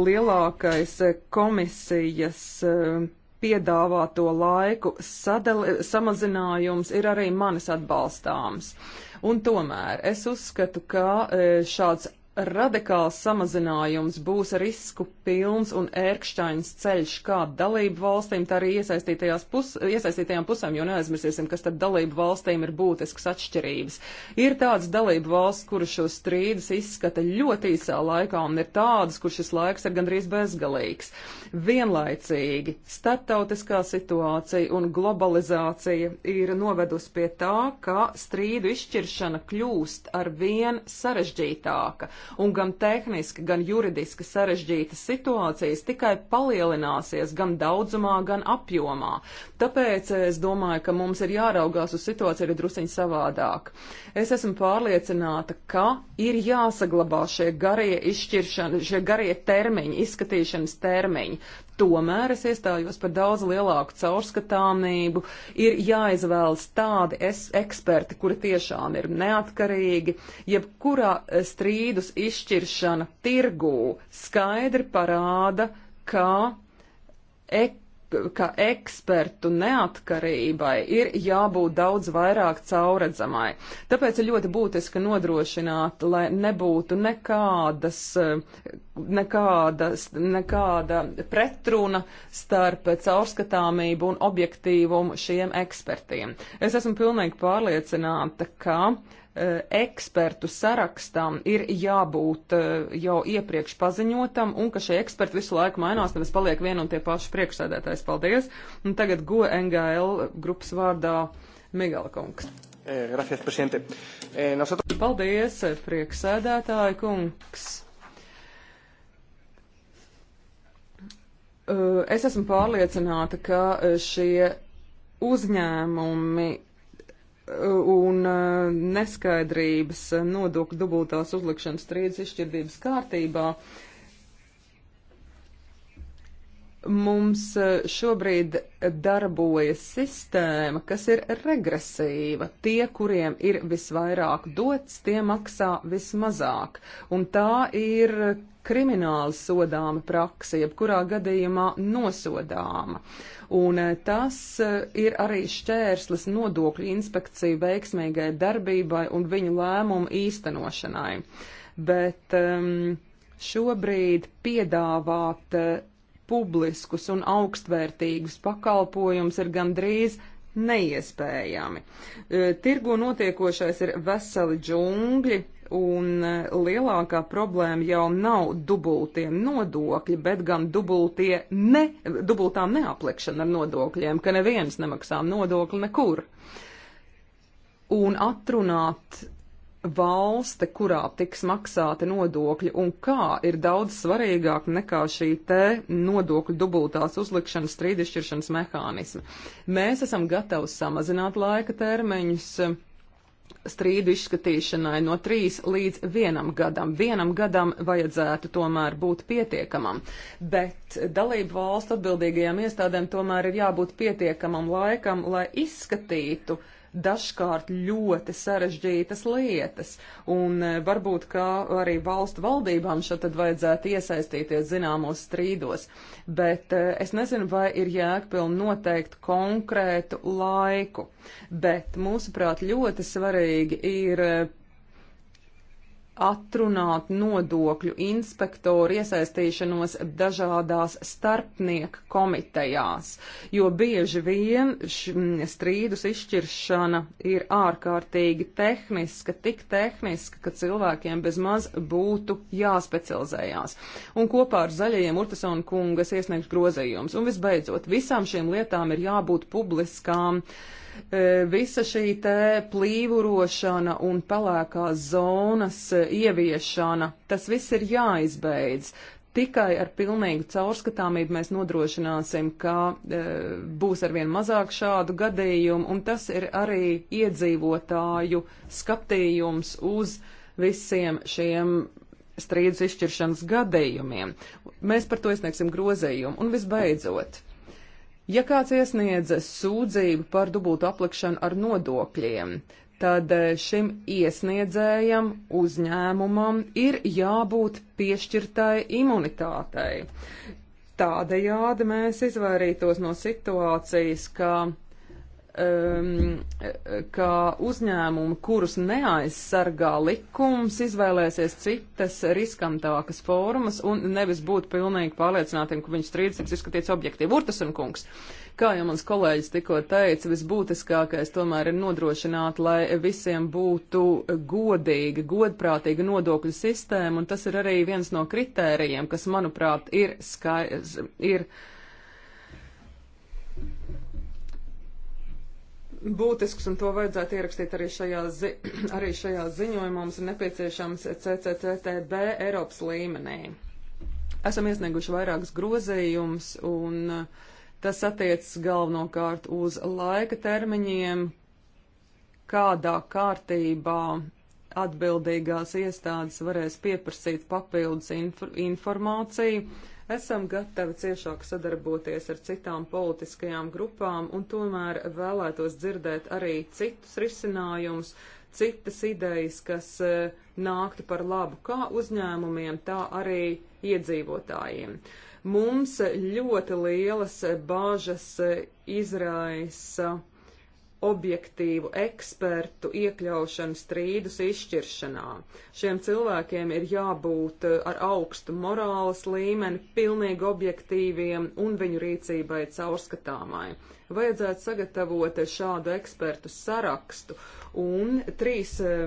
lielākais komisijas eh, piedāvāto laiku sadali, samazinājums ir arī manis atbalstāms. Un tomēr es uzskatu, ka e, šāds radikāls samazinājums būs risku pilns un ērkšķains ceļš kā dalību valstīm, tā arī pus, iesaistītajām pusēm, jo neaizmirsīsim, kas tad dalību valstīm ir būtisks atšķirības. Ir tādas dalību valsts, kuras šos strīdus izskata ļoti īsā laikā, un ir tādas, kur šis laiks ir gandrīz bezgalīgs. Vienlaicīgi starptautiskā situācija un globalizācija ir novedusi pie tā, ka strīdu izšķiršana kļūst ar vien sarežģītāka un gan tehniski, gan juridiski sarežģītas situācijas tikai palielināsies gan daudzumā, gan apjomā. Tāpēc es domāju, ka mums ir jāraugās uz situāciju arī drusiņi savādāk. Es esmu pārliecināta, ka ir jāsaglabā šie garie izšķiršana, šie garie termiņi, izskatīšanas termiņi. Tomēr es iestājos par daudz lielāku caurskatāmību. Ir jāizvēlas tādi es, eksperti, kuri tiešām ir neatkarīgi, jebkurā strīdus izšķiršana tirgū skaidri parāda, kā ek ka ekspertu neatkarībai ir jābūt daudz vairāk cauredzamai. Tāpēc ir ļoti būtiski nodrošināt, lai nebūtu nekādas, nekādas, nekāda pretruna starp caurskatāmību un objektīvumu šiem ekspertiem. Es esmu pilnīgi pārliecināta, ka E, ekspertu sarakstam ir jābūt e, jau iepriekš paziņotam un ka šie eksperti visu laiku mainās, nevis paliek vien un tie paši priekšsēdētājs. Paldies! Un tagad go NGL grupas vārdā Migala kungs. E, gracias, presidente. Nosotros... Paldies, prieksēdētāji kungs. Es esmu pārliecināta, ka šie uzņēmumi un eh, neskaidrības nodokļu dubultās uzlikšanas strīdus izšķirdības kārtībā. Uh, mums eh, šobrīd darbojas sistēma, kas ir regresīva. Tie, kuriem ir visvairāk dots, tie maksā vismazāk. Un tā ir krimināli sodāma praksa, jebkurā gadījumā nosodāma. Un eh, tas eh, ir arī šķērslis nodokļu inspekciju veiksmīgai darbībai un viņu lēmumu īstenošanai. Bet um, šobrīd piedāvāt publiskus un augstvērtīgus pakalpojumus ir gandrīz neiespējami. E, Tirgo notiekošais ir veseli džungļi, un e, lielākā problēma jau nav dubultie nodokļi, bet gan dubultie ne, dubultā neaplikšana ar nodokļiem, ka neviens nemaksā nodokli nekur. Un atrunāt valsti, kurā tiks maksāti nodokļi un kā ir daudz svarīgāk nekā šī te nodokļu dubultās uzlikšanas strīdišķiršanas mehānismi. Mēs esam gatavi samazināt laika termiņus eh, strīdu izskatīšanai no 3 līdz 1 gadam. Vienam gadam vajadzētu tomēr būt pietiekamam, bet dalību valstu atbildīgajām iestādēm tomēr ir jābūt pietiekamam laikam, lai izskatītu uh, dažkārt ļoti sarežģītas lietas, un e, varbūt, ka arī valstu valdībām šeit tad vajadzētu iesaistīties zināmos strīdos, bet e, es nezinu, vai ir jēgpilni noteikt konkrētu laiku, bet mūsuprāt ļoti svarīgi ir e, atrunāt nodokļu inspektoru iesaistīšanos dažādās starpnieku komitejās, jo bieži vien strīdus izšķiršana ir ārkārtīgi tehniska, tik tehniska, ka cilvēkiem bezmaz būtu jāspecializējās. Un kopā ar zaļajiem Urtasona kungas iesniegšu grozījums. Un visbeidzot, visām šīm lietām ir jābūt publiskām. Uh, E, visa šī te plīvurošana un pelēkās zonas e, ieviešana, tas viss ir jāizbeidz. Tikai ar pilnīgu caurskatāmību mēs nodrošināsim, ka e, būs arvien mazāk šādu gadījumu, un tas ir arī iedzīvotāju skatījums uz visiem šiem strīdus izšķiršanas gadījumiem. Mēs par to izniegsim grozējumu. Un visbeidzot, Ja kāds iesniedz sūdzību par dubultu aplikšanu ar nodokļiem, tad eh, šim iesniedzējam uzņēmumam ir jābūt piešķirtai imunitātei. Tādējādi mēs izvairītos no situācijas, ka um, ka uzņēmumi, kurus neaizsargā likums, izvēlēsies citas riskantākas formas un nevis būt pilnīgi pārliecinātiem, ka viņu strīds tiks izskatīts objektīvi. Urtas un kungs, kā jau mans kolēģis tikko teica, visbūtiskākais tomēr ir nodrošināt, lai visiem būtu godīga, godprātīga nodokļu sistēma, un tas ir arī viens no kritērijiem, kas, manuprāt, ir skaidrs būtisks, un to vajadzētu ierakstīt arī šajā, zi <clears throat> arī šajā ziņojumā. Mums ir nepieciešams CCCTB Eiropas līmenī. Esam iesnieguši vairākus grozījumus, un uh, tas attiecas galvenokārt uz laika termiņiem, kādā kārtībā atbildīgās iestādes varēs pieprasīt papildus inf informāciju Esam gatavi ciešāk sadarboties ar citām politiskajām grupām un tomēr vēlētos dzirdēt arī citus risinājumus, citas idejas, kas eh, nāktu par labu kā uzņēmumiem, tā arī iedzīvotājiem. Mums ļoti lielas eh, bāžas eh, izraisa objektīvu ekspertu iekļaušanu strīdus izšķiršanā. Šiem cilvēkiem ir jābūt eh, ar augstu morāles līmeni, pilnīgi objektīviem un viņu rīcībai caurskatāmai. Vajadzētu sagatavot šādu ekspertu sarakstu un trīs eh,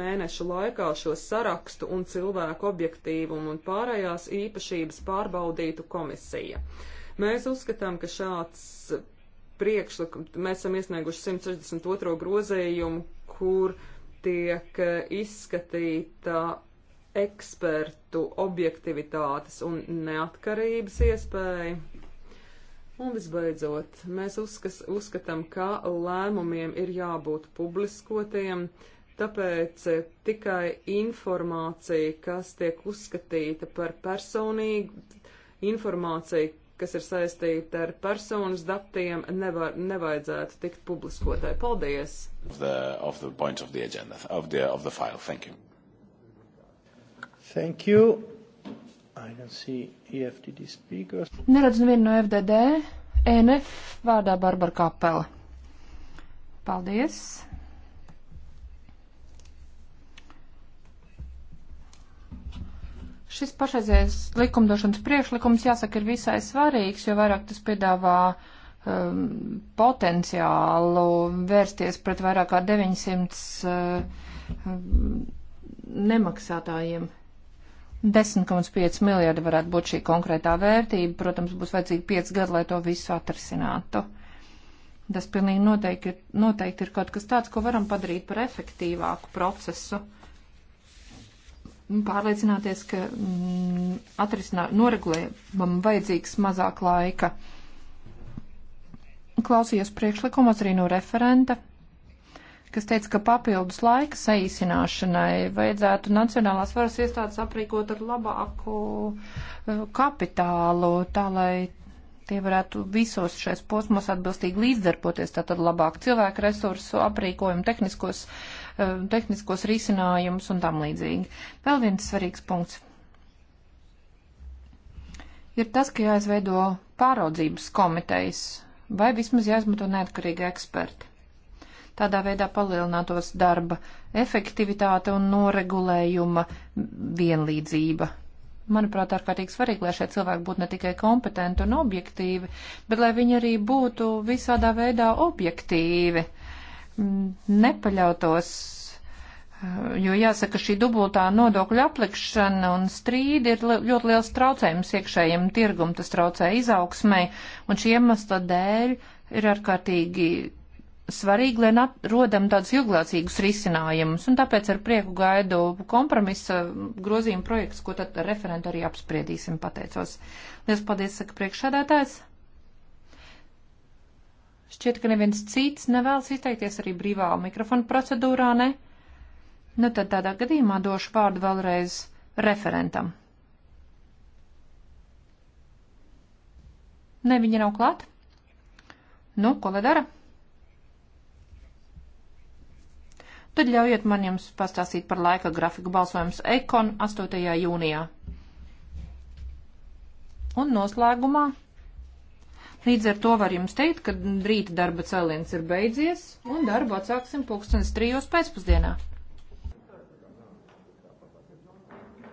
mēnešu laikā šo sarakstu un cilvēku objektīvumu un pārējās īpašības pārbaudītu komisija. Mēs uzskatām, ka šāds priekšlikumu, mēs esam iesnieguši 162. grozējumu, kur tiek eh, izskatīta ekspertu objektivitātes un neatkarības iespēja. Un visbeidzot, mēs uzskas, uzskatām, ka lēmumiem ir jābūt publiskotiem, tāpēc eh, tikai informācija, kas tiek uzskatīta par personīgu, informācija, kas ir saistīta ar personas datiem, nevar, nevajadzētu tikt publiskotai. Paldies! Of the, of the points of the agenda, of the, of the file. Thank you. Thank you. I don't see EFTD speakers. Neredzu nevienu no FDD. ENF vārdā Barbara Kapela. Paldies! Šis pašreizējais likumdošanas priekšlikums, jāsaka, ir visai svarīgs, jo vairāk tas piedāvā um, potenciālu vērsties pret vairāk kā 900 uh, nemaksātājiem. 10,5 miljardi varētu būt šī konkrētā vērtība. Protams, būs vajadzīgi 5 gadi, lai to visu atrisinātu. Tas pilnīgi noteikti, noteikti ir kaut kas tāds, ko varam padarīt par efektīvāku procesu. Uh, pārliecināties, ka mm, atrisinā, noregulējumam vajadzīgs mazāk laika. Klausījos priekšlikumos arī no referenta, kas teica, ka papildus laika saīsināšanai vajadzētu nacionālās varas iestādes aprīkot ar labāku e, kapitālu, tā lai tie varētu visos šais posmos atbilstīgi līdzdarboties, tātad labāk cilvēku resursu, aprīkojumu, tehniskos uh, Um, tehniskos risinājumus un tam līdzīgi. Vēl viens svarīgs punkts ir tas, ka jāizveido pāraudzības komitejas vai vismaz jāizmanto neatkarīgi eksperti. Tādā veidā palielinātos darba efektivitāte un noregulējuma vienlīdzība. Manuprāt, ārkārtīgi svarīgi, lai šie cilvēki būtu ne tikai kompetenti un objektīvi, bet lai viņi arī būtu visādā veidā objektīvi nepaļautos, jo jāsaka, šī dubultā nodokļa aplikšana un strīdi ir ļoti liels traucējums iekšējiem tirgum, tas traucē izaugsmai, un šī iemesla dēļ ir ārkārtīgi svarīgi, lai rodam tādus ilglācīgus risinājumus, un tāpēc ar prieku gaidu kompromisa grozījuma projekts, ko tad referenti arī apspriedīsim, pateicos. Liels paldies, saka priekšsēdētājs. Šķiet, ka neviens cits nevēlas izteikties arī brīvā mikrofona procedūrā, ne? Nu tad tādā gadījumā došu vārdu vēlreiz referentam. Ne, viņa nav klāt. Nu, ko lai dara? Tad ļaujiet man jums pastāstīt par laika grafiku balsojums Ekon 8. jūnijā. Un noslēgumā Līdz ar to var jums teikt, ka rīta darba cēliens ir beidzies un darbu atsāksim pulkstenes trijos pēcpusdienā.